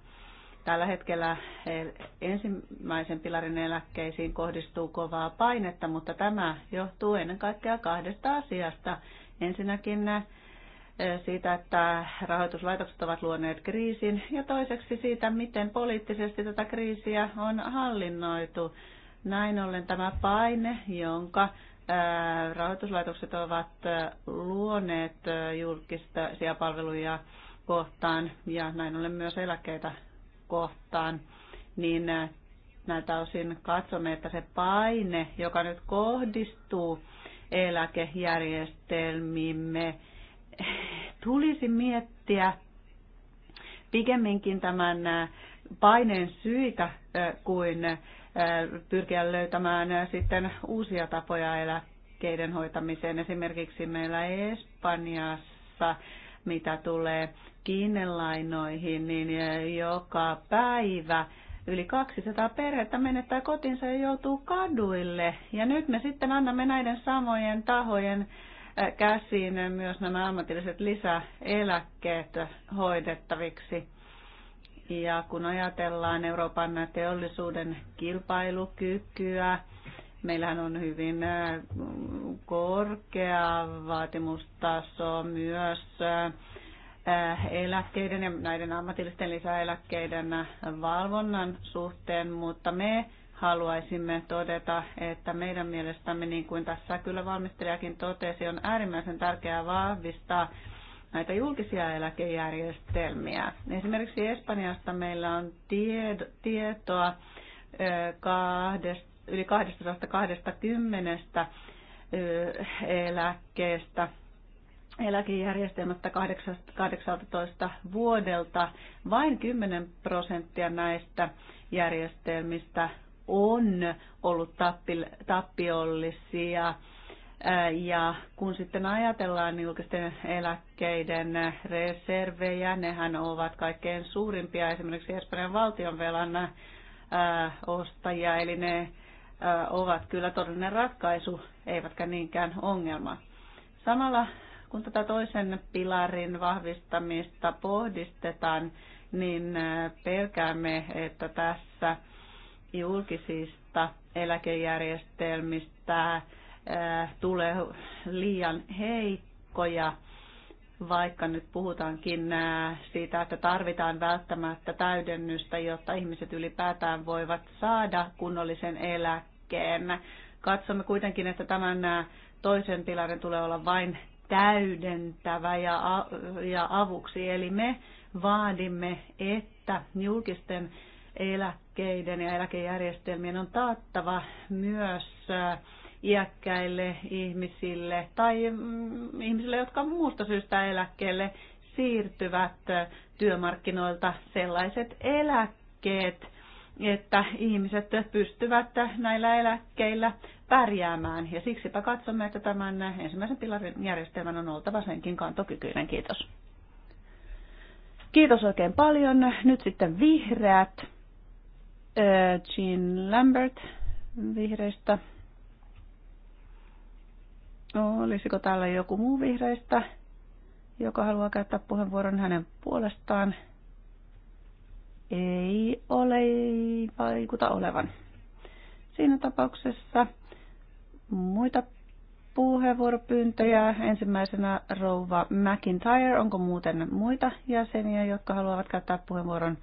Tällä hetkellä ensimmäisen pilarin eläkkeisiin kohdistuu kovaa painetta, mutta tämä johtuu ennen kaikkea kahdesta asiasta. Ensinnäkin eh, siitä, että rahoituslaitokset ovat luoneet kriisin ja toiseksi siitä, miten poliittisesti tätä kriisiä on hallinnoitu. Näin ollen tämä paine, jonka eh, rahoituslaitokset ovat eh, luoneet julkisia palveluja kohtaan ja näin ollen myös eläkkeitä kohtaan, niin äh, näiltä osin katsomme, että se paine, joka nyt kohdistuu eläkejärjestelmiimme, tulisi miettiä pikemminkin tämän äh, paineen syitä äh, kuin pyrkiä löytämään sitten uusia tapoja eläkkeiden hoitamiseen. Esimerkiksi meillä Espanjassa, mitä tulee kiinnelainoihin, niin joka päivä yli 200 perhettä menettää kotinsa ja joutuu kaduille. Ja nyt me sitten annamme näiden samojen tahojen äh, käsiin myös nämä ammatilliset lisäeläkkeet hoidettaviksi. Ja kun ajatellaan Euroopan teollisuuden kilpailukykyä, meillähän on hyvin äh, korkea vaatimustaso myös äh, Äh, eläkkeiden ja näiden ammatillisten lisäeläkkeiden äh, valvonnan suhteen, mutta me haluaisimme todeta, että meidän mielestämme, niin kuin tässä kyllä valmistelijakin totesi, on äärimmäisen tärkeää vahvistaa näitä julkisia eläkejärjestelmiä. Esimerkiksi Espanjasta meillä on tietoa äh, kahdesta, yli 220 eläkkeestä, eläkejärjestelmästä 18 vuodelta. Vain 10 prosenttia näistä järjestelmistä on ollut tappiollisia. Ja kun sitten ajatellaan niin julkisten eläkkeiden reservejä, nehän ovat kaikkein suurimpia esimerkiksi Espanjan valtionvelan ostajia, eli ne ovat kyllä todellinen ratkaisu, eivätkä niinkään ongelma. Samalla kun tätä toisen pilarin vahvistamista pohdistetaan, niin pelkäämme, että tässä julkisista eläkejärjestelmistä tulee liian heikkoja, vaikka nyt puhutaankin siitä, että tarvitaan välttämättä täydennystä, jotta ihmiset ylipäätään voivat saada kunnollisen eläkkeen. Katsomme kuitenkin, että tämän toisen pilarin tulee olla vain täydentävä ja, ja avuksi. Eli me vaadimme, että julkisten eläkkeiden ja eläkejärjestelmien on taattava myös iäkkäille ihmisille tai mm, ihmisille, jotka muusta syystä eläkkeelle siirtyvät työmarkkinoilta sellaiset eläkkeet, että ihmiset pystyvät näillä eläkkeillä pärjäämään. Ja siksipä katsomme, että tämän ensimmäisen pilarin järjestelmän on oltava senkin kantokykyinen. Kiitos. Kiitos oikein paljon. Nyt sitten vihreät. Jean Lambert vihreistä. Olisiko täällä joku muu vihreistä, joka haluaa käyttää puheenvuoron hänen puolestaan? Ei ole, ei vaikuta olevan. Siinä tapauksessa muita puheenvuoropyyntöjä. Ensimmäisenä rouva McIntyre. Onko muuten muita jäseniä, jotka haluavat käyttää puheenvuoron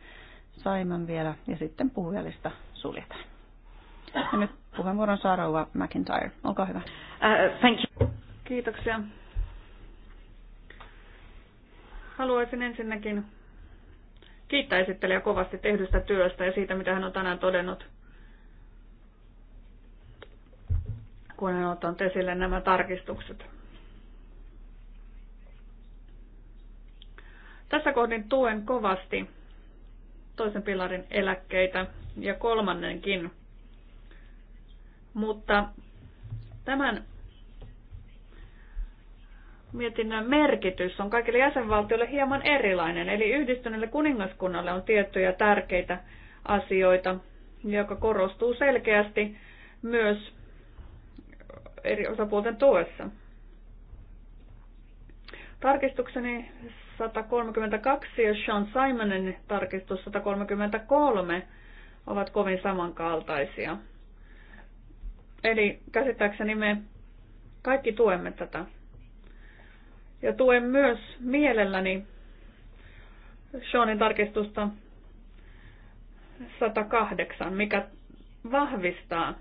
Simon vielä ja sitten puhujalista suljetaan. Ja nyt puheenvuoron saa rouva McIntyre. Olkaa hyvä. Uh, thank you. Kiitoksia. Haluaisin ensinnäkin kiittää esittelijä kovasti tehdystä työstä ja siitä, mitä hän on tänään todennut kun hän on ottanut esille nämä tarkistukset. Tässä kohdin tuen kovasti toisen pilarin eläkkeitä ja kolmannenkin. Mutta tämän mietinnön merkitys on kaikille jäsenvaltioille hieman erilainen. Eli yhdistyneelle kuningaskunnalle on tiettyjä tärkeitä asioita, joka korostuu selkeästi myös eri osapuolten tuessa. Tarkistukseni 132 ja Sean Simonin tarkistus 133 ovat kovin samankaltaisia. Eli käsittääkseni me kaikki tuemme tätä. Ja tuen myös mielelläni Seanin tarkistusta 108, mikä vahvistaa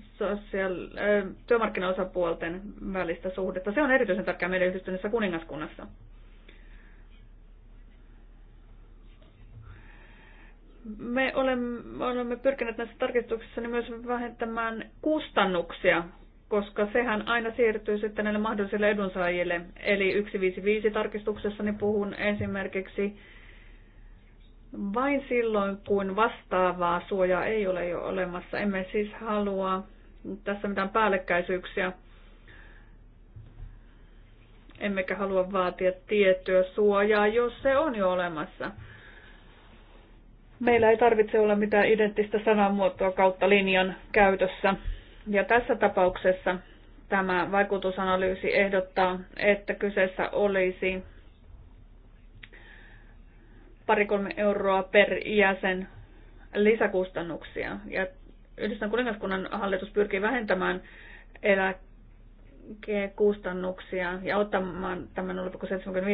sosiaal- työmarkkinaosapuolten välistä suhdetta. Se on erityisen tärkeää meidän yhdistyneessä kuningaskunnassa. Me olemme, olemme pyrkineet näissä tarkistuksissa niin myös vähentämään kustannuksia, koska sehän aina siirtyy sitten näille mahdollisille edunsaajille. Eli 155 tarkistuksessa niin puhun esimerkiksi vain silloin, kun vastaavaa suojaa ei ole jo olemassa. Emme siis halua tässä mitään päällekkäisyyksiä. Emmekä halua vaatia tiettyä suojaa, jos se on jo olemassa. Meillä ei tarvitse olla mitään identtistä sanamuotoa kautta linjan käytössä. Ja tässä tapauksessa tämä vaikutusanalyysi ehdottaa, että kyseessä olisi pari-kolme euroa per jäsen lisäkustannuksia. Ja Yhdistön kuningaskunnan hallitus pyrkii vähentämään eläkekustannuksia ja ottamaan tämän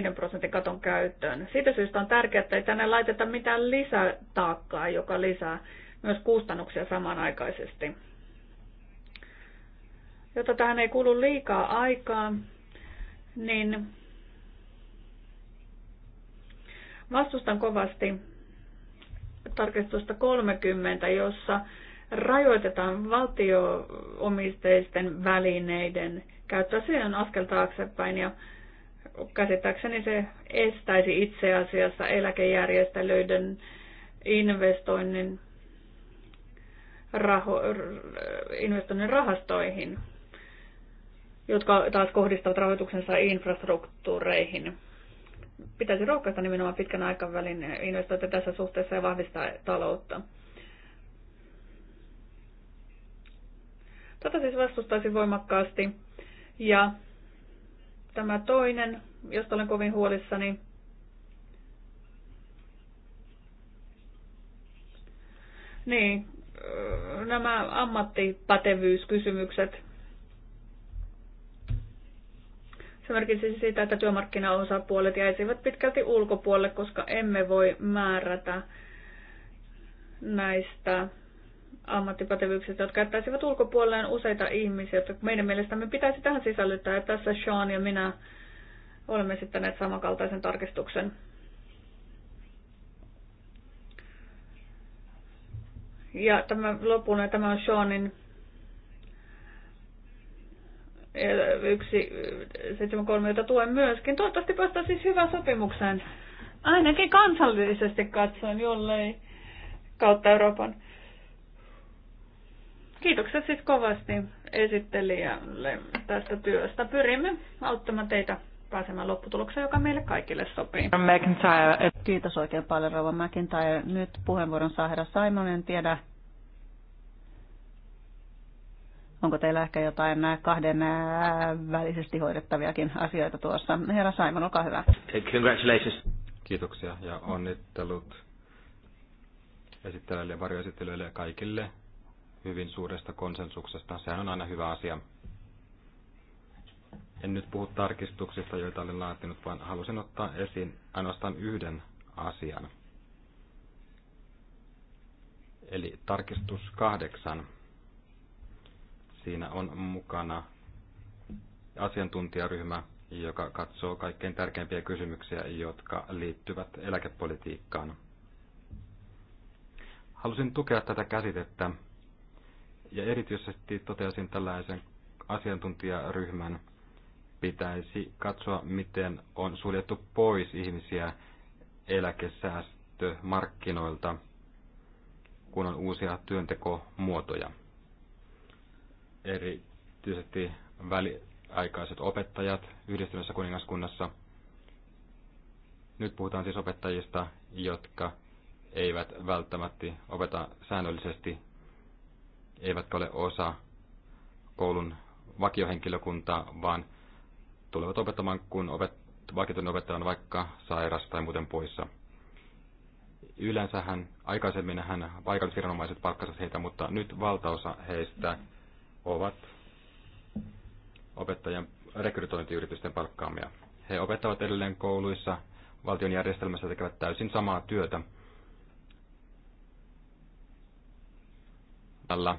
0,75 prosentin katon käyttöön. Siitä syystä on tärkeää, että ei tänne laiteta mitään lisätaakkaa, joka lisää myös kustannuksia samanaikaisesti. Jotta tähän ei kulu liikaa aikaa, niin Vastustan kovasti tarkistusta 30, jossa rajoitetaan valtioomisteisten välineiden käyttöä. Se on askel taaksepäin ja käsittääkseni se estäisi itse asiassa eläkejärjestelyiden investoinnin, raho, investoinnin rahastoihin, jotka taas kohdistavat rahoituksensa infrastruktuureihin pitäisi rohkaista nimenomaan pitkän aikavälin investointeja tässä suhteessa ja vahvistaa taloutta. Tätä siis vastustaisin voimakkaasti. Ja tämä toinen, josta olen kovin huolissani, niin nämä ammattipätevyyskysymykset. Se merkitsisi sitä, että työmarkkinaosapuolet jäisivät pitkälti ulkopuolelle, koska emme voi määrätä näistä ammattipätevyyksistä, jotka jättäisivät ulkopuolelleen useita ihmisiä, jotka meidän mielestämme pitäisi tähän sisällyttää. Ja tässä Sean ja minä olemme esittäneet samankaltaisen tarkistuksen. Ja tämä lopun, ja tämä on Seanin Eh, yksi, 173, eh, jota tuen myöskin. Toivottavasti päästään siis hyvään sopimukseen, ainakin kansallisesti katsoen, jollei kautta Euroopan. Kiitokset siis kovasti esittelijälle tästä työstä. Pyrimme auttamaan teitä pääsemään lopputulokseen, joka meille kaikille sopii. McIntyre. Kiitos oikein paljon, Rova McIntyre. Nyt puheenvuoron saa herra Simon. En tiedä, Onko teillä ehkä jotain äh, kahden äh, välisesti hoidettaviakin asioita tuossa? Herra Simon, olkaa hyvä. Congratulations. Kiitoksia ja onnittelut esittelijöille ja varjoesittelijöille ja kaikille hyvin suuresta konsensuksesta. Sehän on aina hyvä asia. En nyt puhu tarkistuksista, joita olen laatinut, vaan halusin ottaa esiin ainoastaan yhden asian. Eli tarkistus kahdeksan. Siinä on mukana asiantuntijaryhmä, joka katsoo kaikkein tärkeimpiä kysymyksiä, jotka liittyvät eläkepolitiikkaan. Halusin tukea tätä käsitettä ja erityisesti totesin tällaisen asiantuntijaryhmän pitäisi katsoa, miten on suljettu pois ihmisiä eläkesäästömarkkinoilta, kun on uusia työntekomuotoja erityisesti väliaikaiset opettajat yhdistyneessä kuningaskunnassa. Nyt puhutaan siis opettajista, jotka eivät välttämättä opeta säännöllisesti, eivätkä ole osa koulun vakiohenkilökuntaa, vaan tulevat opettamaan, kun opet- vakituinen opettaja on vaikka sairas tai muuten poissa. Yleensähän aikaisemmin hän paikallisviranomaiset palkkasivat heitä, mutta nyt valtaosa heistä ovat opettajan rekrytointiyritysten palkkaamia. He opettavat edelleen kouluissa, valtion järjestelmässä tekevät täysin samaa työtä. Tällä,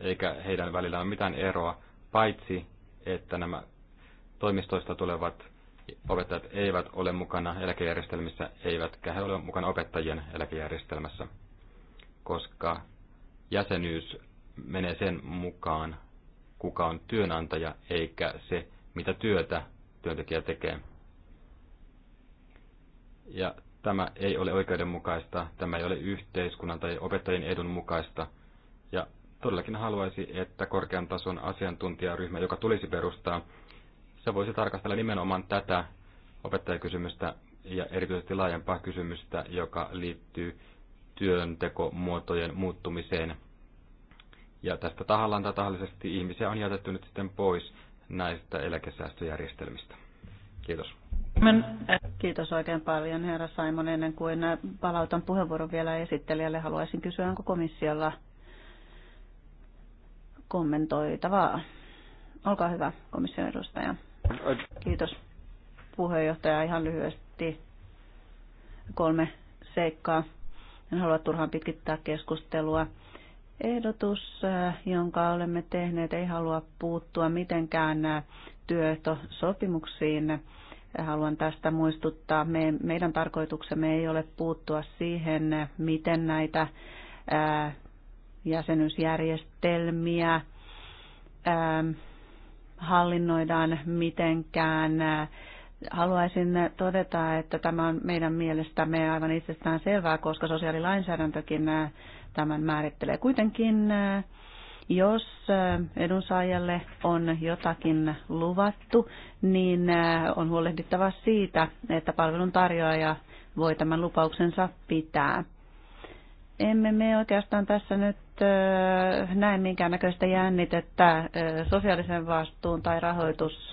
eikä heidän välillään ole mitään eroa, paitsi että nämä toimistoista tulevat opettajat eivät ole mukana eläkejärjestelmissä, eivätkä he ole mukana opettajien eläkejärjestelmässä, koska jäsenyys menee sen mukaan, kuka on työnantaja, eikä se, mitä työtä työntekijä tekee. Ja tämä ei ole oikeudenmukaista, tämä ei ole yhteiskunnan tai opettajien edun mukaista. Ja todellakin haluaisi, että korkean tason asiantuntijaryhmä, joka tulisi perustaa, se voisi tarkastella nimenomaan tätä opettajakysymystä ja erityisesti laajempaa kysymystä, joka liittyy työntekomuotojen muuttumiseen – ja tästä tahallaan tai tahallisesti ihmisiä on jätetty nyt sitten pois näistä eläkesäästöjärjestelmistä. Kiitos. Kiitos oikein paljon herra Simon. Ennen kuin palautan puheenvuoron vielä esittelijälle, haluaisin kysyä, onko komissiolla kommentoitavaa. Olkaa hyvä, komission edustaja. Kiitos puheenjohtaja. Ihan lyhyesti kolme seikkaa. En halua turhaan pitkittää keskustelua ehdotus, äh, jonka olemme tehneet, ei halua puuttua mitenkään äh, työehtosopimuksiin. Haluan tästä muistuttaa, me, meidän tarkoituksemme ei ole puuttua siihen, miten näitä ää, äh, jäsenyysjärjestelmiä ää, ähm, hallinnoidaan mitenkään. haluaisin todeta, että tämä on meidän mielestämme aivan itsestään selvää, koska sosiaalilainsäädäntökin tämän määrittelee. Kuitenkin äh, jos äh, edunsaajalle on jotakin luvattu, niin äh, on huolehdittava siitä, että palvelun tarjoaja voi tämän lupauksensa pitää. Emme me oikeastaan tässä nyt näe minkäännäköistä jännitettä sosiaalisen vastuun tai rahoitus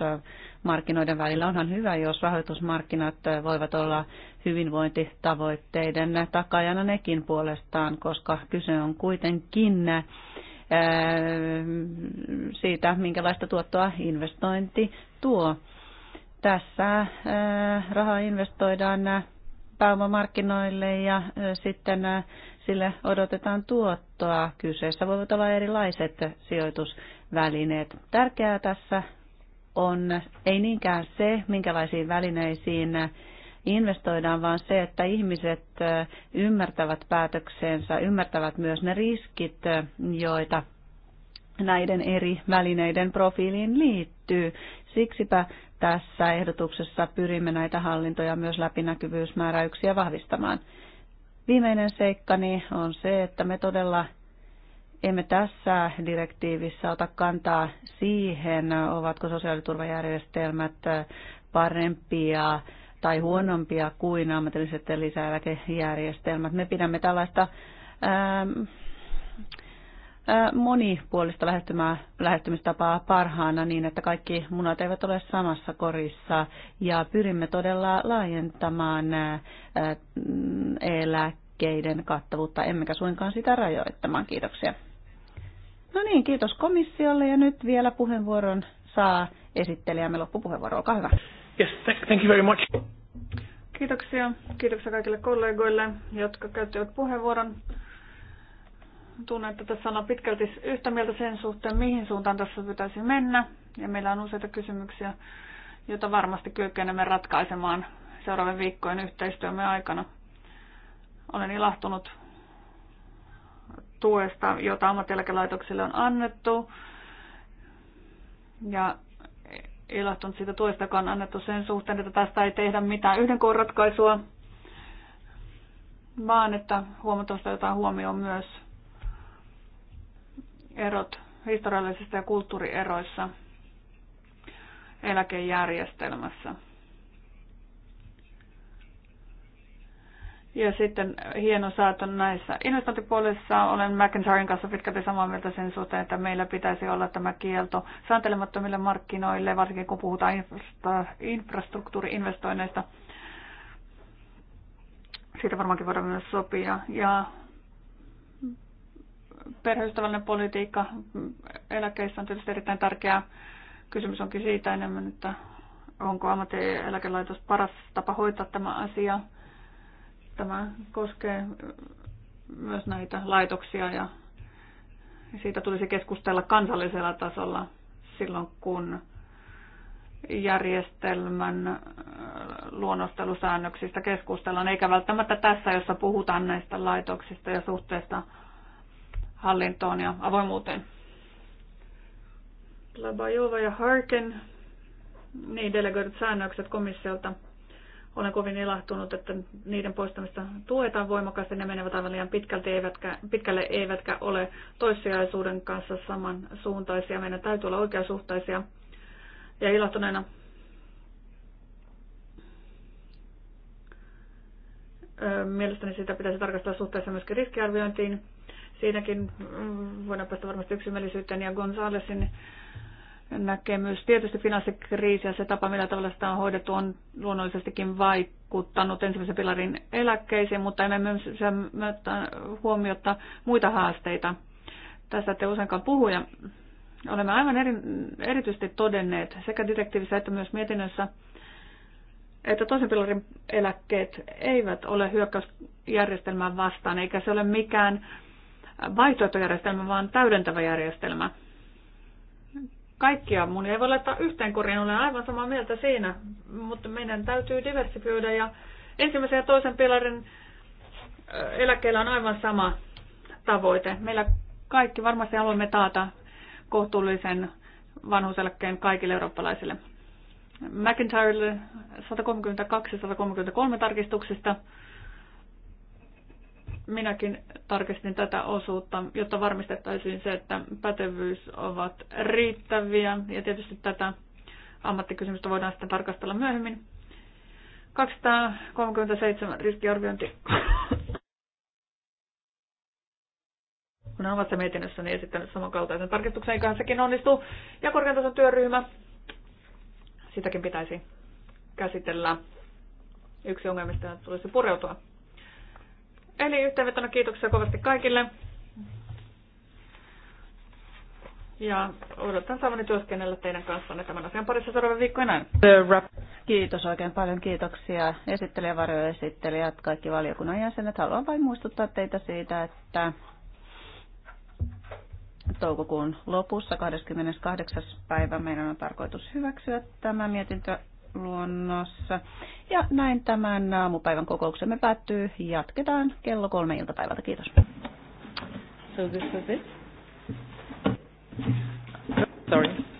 markkinoiden välillä. Onhan hyvä, jos rahoitusmarkkinat voivat olla hyvinvointitavoitteiden takajana nekin puolestaan, koska kyse on kuitenkin siitä, minkälaista tuottoa investointi tuo. Tässä rahaa investoidaan pääomamarkkinoille ja sitten sille odotetaan tuottoa. Kyseessä voivat olla erilaiset sijoitusvälineet. Tärkeää tässä on ei niinkään se, minkälaisiin välineisiin investoidaan, vaan se, että ihmiset ymmärtävät päätöksensä, ymmärtävät myös ne riskit, joita näiden eri välineiden profiiliin liittyy. Siksipä tässä ehdotuksessa pyrimme näitä hallintoja myös läpinäkyvyysmääräyksiä vahvistamaan. Viimeinen seikkani on se, että me todella emme tässä direktiivissä ota kantaa siihen, ovatko sosiaaliturvajärjestelmät parempia tai huonompia kuin ammatilliset lisäeläkejärjestelmät. Me pidämme tällaista ää, ähm, ää, äh, monipuolista lähestymistapaa parhaana niin, että kaikki munat eivät ole samassa korissa ja pyrimme todella laajentamaan äh, eläkkeiden kattavuutta, emmekä suinkaan sitä rajoittamaan. Kiitoksia. No niin, kiitos komissiolle ja nyt vielä puheenvuoron saa esittelijämme loppupuheenvuoro. Olkaa hyvä. Yes, thank you very much. Kiitoksia. Kiitoksia kaikille kollegoille, jotka käyttivät puheenvuoron. Tunnen, että tässä ollaan pitkälti yhtä mieltä sen suhteen, mihin suuntaan tässä pitäisi mennä. Ja meillä on useita kysymyksiä, joita varmasti kykenemme ratkaisemaan seuraavien viikkojen yhteistyömme aikana. Olen ilahtunut tuesta, jota ammattieläkelaitokselle on annettu. Ja ilahtunut siitä tuesta, joka on annettu sen suhteen, että tästä ei tehdä mitään yhden koon ratkaisua, vaan että huomattavasti jotain huomioon myös erot historiallisista ja kulttuurieroissa eläkejärjestelmässä. Ja sitten hieno saato näissä investointipuolissa olen McIntyren kanssa pitkälti samaa mieltä sen suhteen, että meillä pitäisi olla tämä kielto sääntelemättömille markkinoille, varsinkin kun puhutaan infra- infrastruktuuriinvestoinneista. Siitä varmaankin voidaan myös sopia. Ja perheystävällinen politiikka eläkeissä on tietysti erittäin tärkeää. Kysymys onkin siitä enemmän, että onko ammattieläkelaitos paras tapa hoitaa tämä asia – Tämä koskee myös näitä laitoksia ja siitä tulisi keskustella kansallisella tasolla silloin, kun järjestelmän äh, luonnostelusäännöksistä keskustellaan, eikä välttämättä tässä, jossa puhutaan näistä laitoksista ja suhteesta hallintoon ja avoimuuteen. Labajova ja Harken, niin delegoidut säännökset komissiolta – olen kovin ilahtunut, että niiden poistamista tuetaan voimakkaasti. Ne menevät aivan liian pitkälti, eivätkä, pitkälle eivätkä ole toissijaisuuden kanssa samansuuntaisia. Meidän täytyy olla oikeasuhtaisia. Ja ilahtuneena mielestäni sitä pitäisi tarkastella suhteessa myöskin riskiarviointiin. Siinäkin mm, voidaan päästä varmasti yksimielisyyteen ja Gonzalesin näkemys. Tietysti finanssikriisi ja se tapa, millä tavalla sitä on hoidettu, on luonnollisestikin vaikuttanut ensimmäisen pilarin eläkkeisiin, mutta emme myös huomiota muita haasteita. Tästä te useinkaan puhuja. olemme aivan eri, erityisesti todenneet sekä direktiivissä että myös mietinnössä, että toisen pilarin eläkkeet eivät ole hyökkäysjärjestelmään vastaan, eikä se ole mikään vaihtoehtojärjestelmä, vaan täydentävä järjestelmä – kaikkia munia ei voi laittaa yhteen koriin, olen aivan samaa mieltä siinä, mutta meidän täytyy diversifioida ja ensimmäisen ja toisen pilarin eläkkeellä on aivan sama tavoite. Meillä kaikki varmasti haluamme taata kohtuullisen vanhuuseläkkeen kaikille eurooppalaisille. McIntyrelle 132-133 tarkistuksista minäkin tarkistin tätä osuutta, jotta varmistettaisiin se, että pätevyys ovat riittäviä. Ja tietysti tätä ammattikysymystä voidaan sitten tarkastella myöhemmin. 237 riskiarviointi. Kun on omassa mietinnössäni niin esittänyt samankaltaisen tarkistuksen, eiköhän sekin onnistuu. Ja korkeantason työryhmä. Sitäkin pitäisi käsitellä. Yksi ongelmista tulisi pureutua. Eli yhteenvetona kiitoksia kovasti kaikille. Ja odotan saavani työskennellä teidän kanssanne tämän asian parissa seuraavan viikkoina. Kiitos oikein paljon. Kiitoksia esittelijä, varjoesittelijät, kaikki valiokunnan jäsenet. Haluan vain muistuttaa teitä siitä, että toukokuun lopussa 28. päivä meidän on tarkoitus hyväksyä tämä mietintö luonnossa. Ja näin tämän aamupäivän kokouksemme päättyy. Jatketaan kello kolme iltapäivältä. Kiitos. So this was it. Sorry.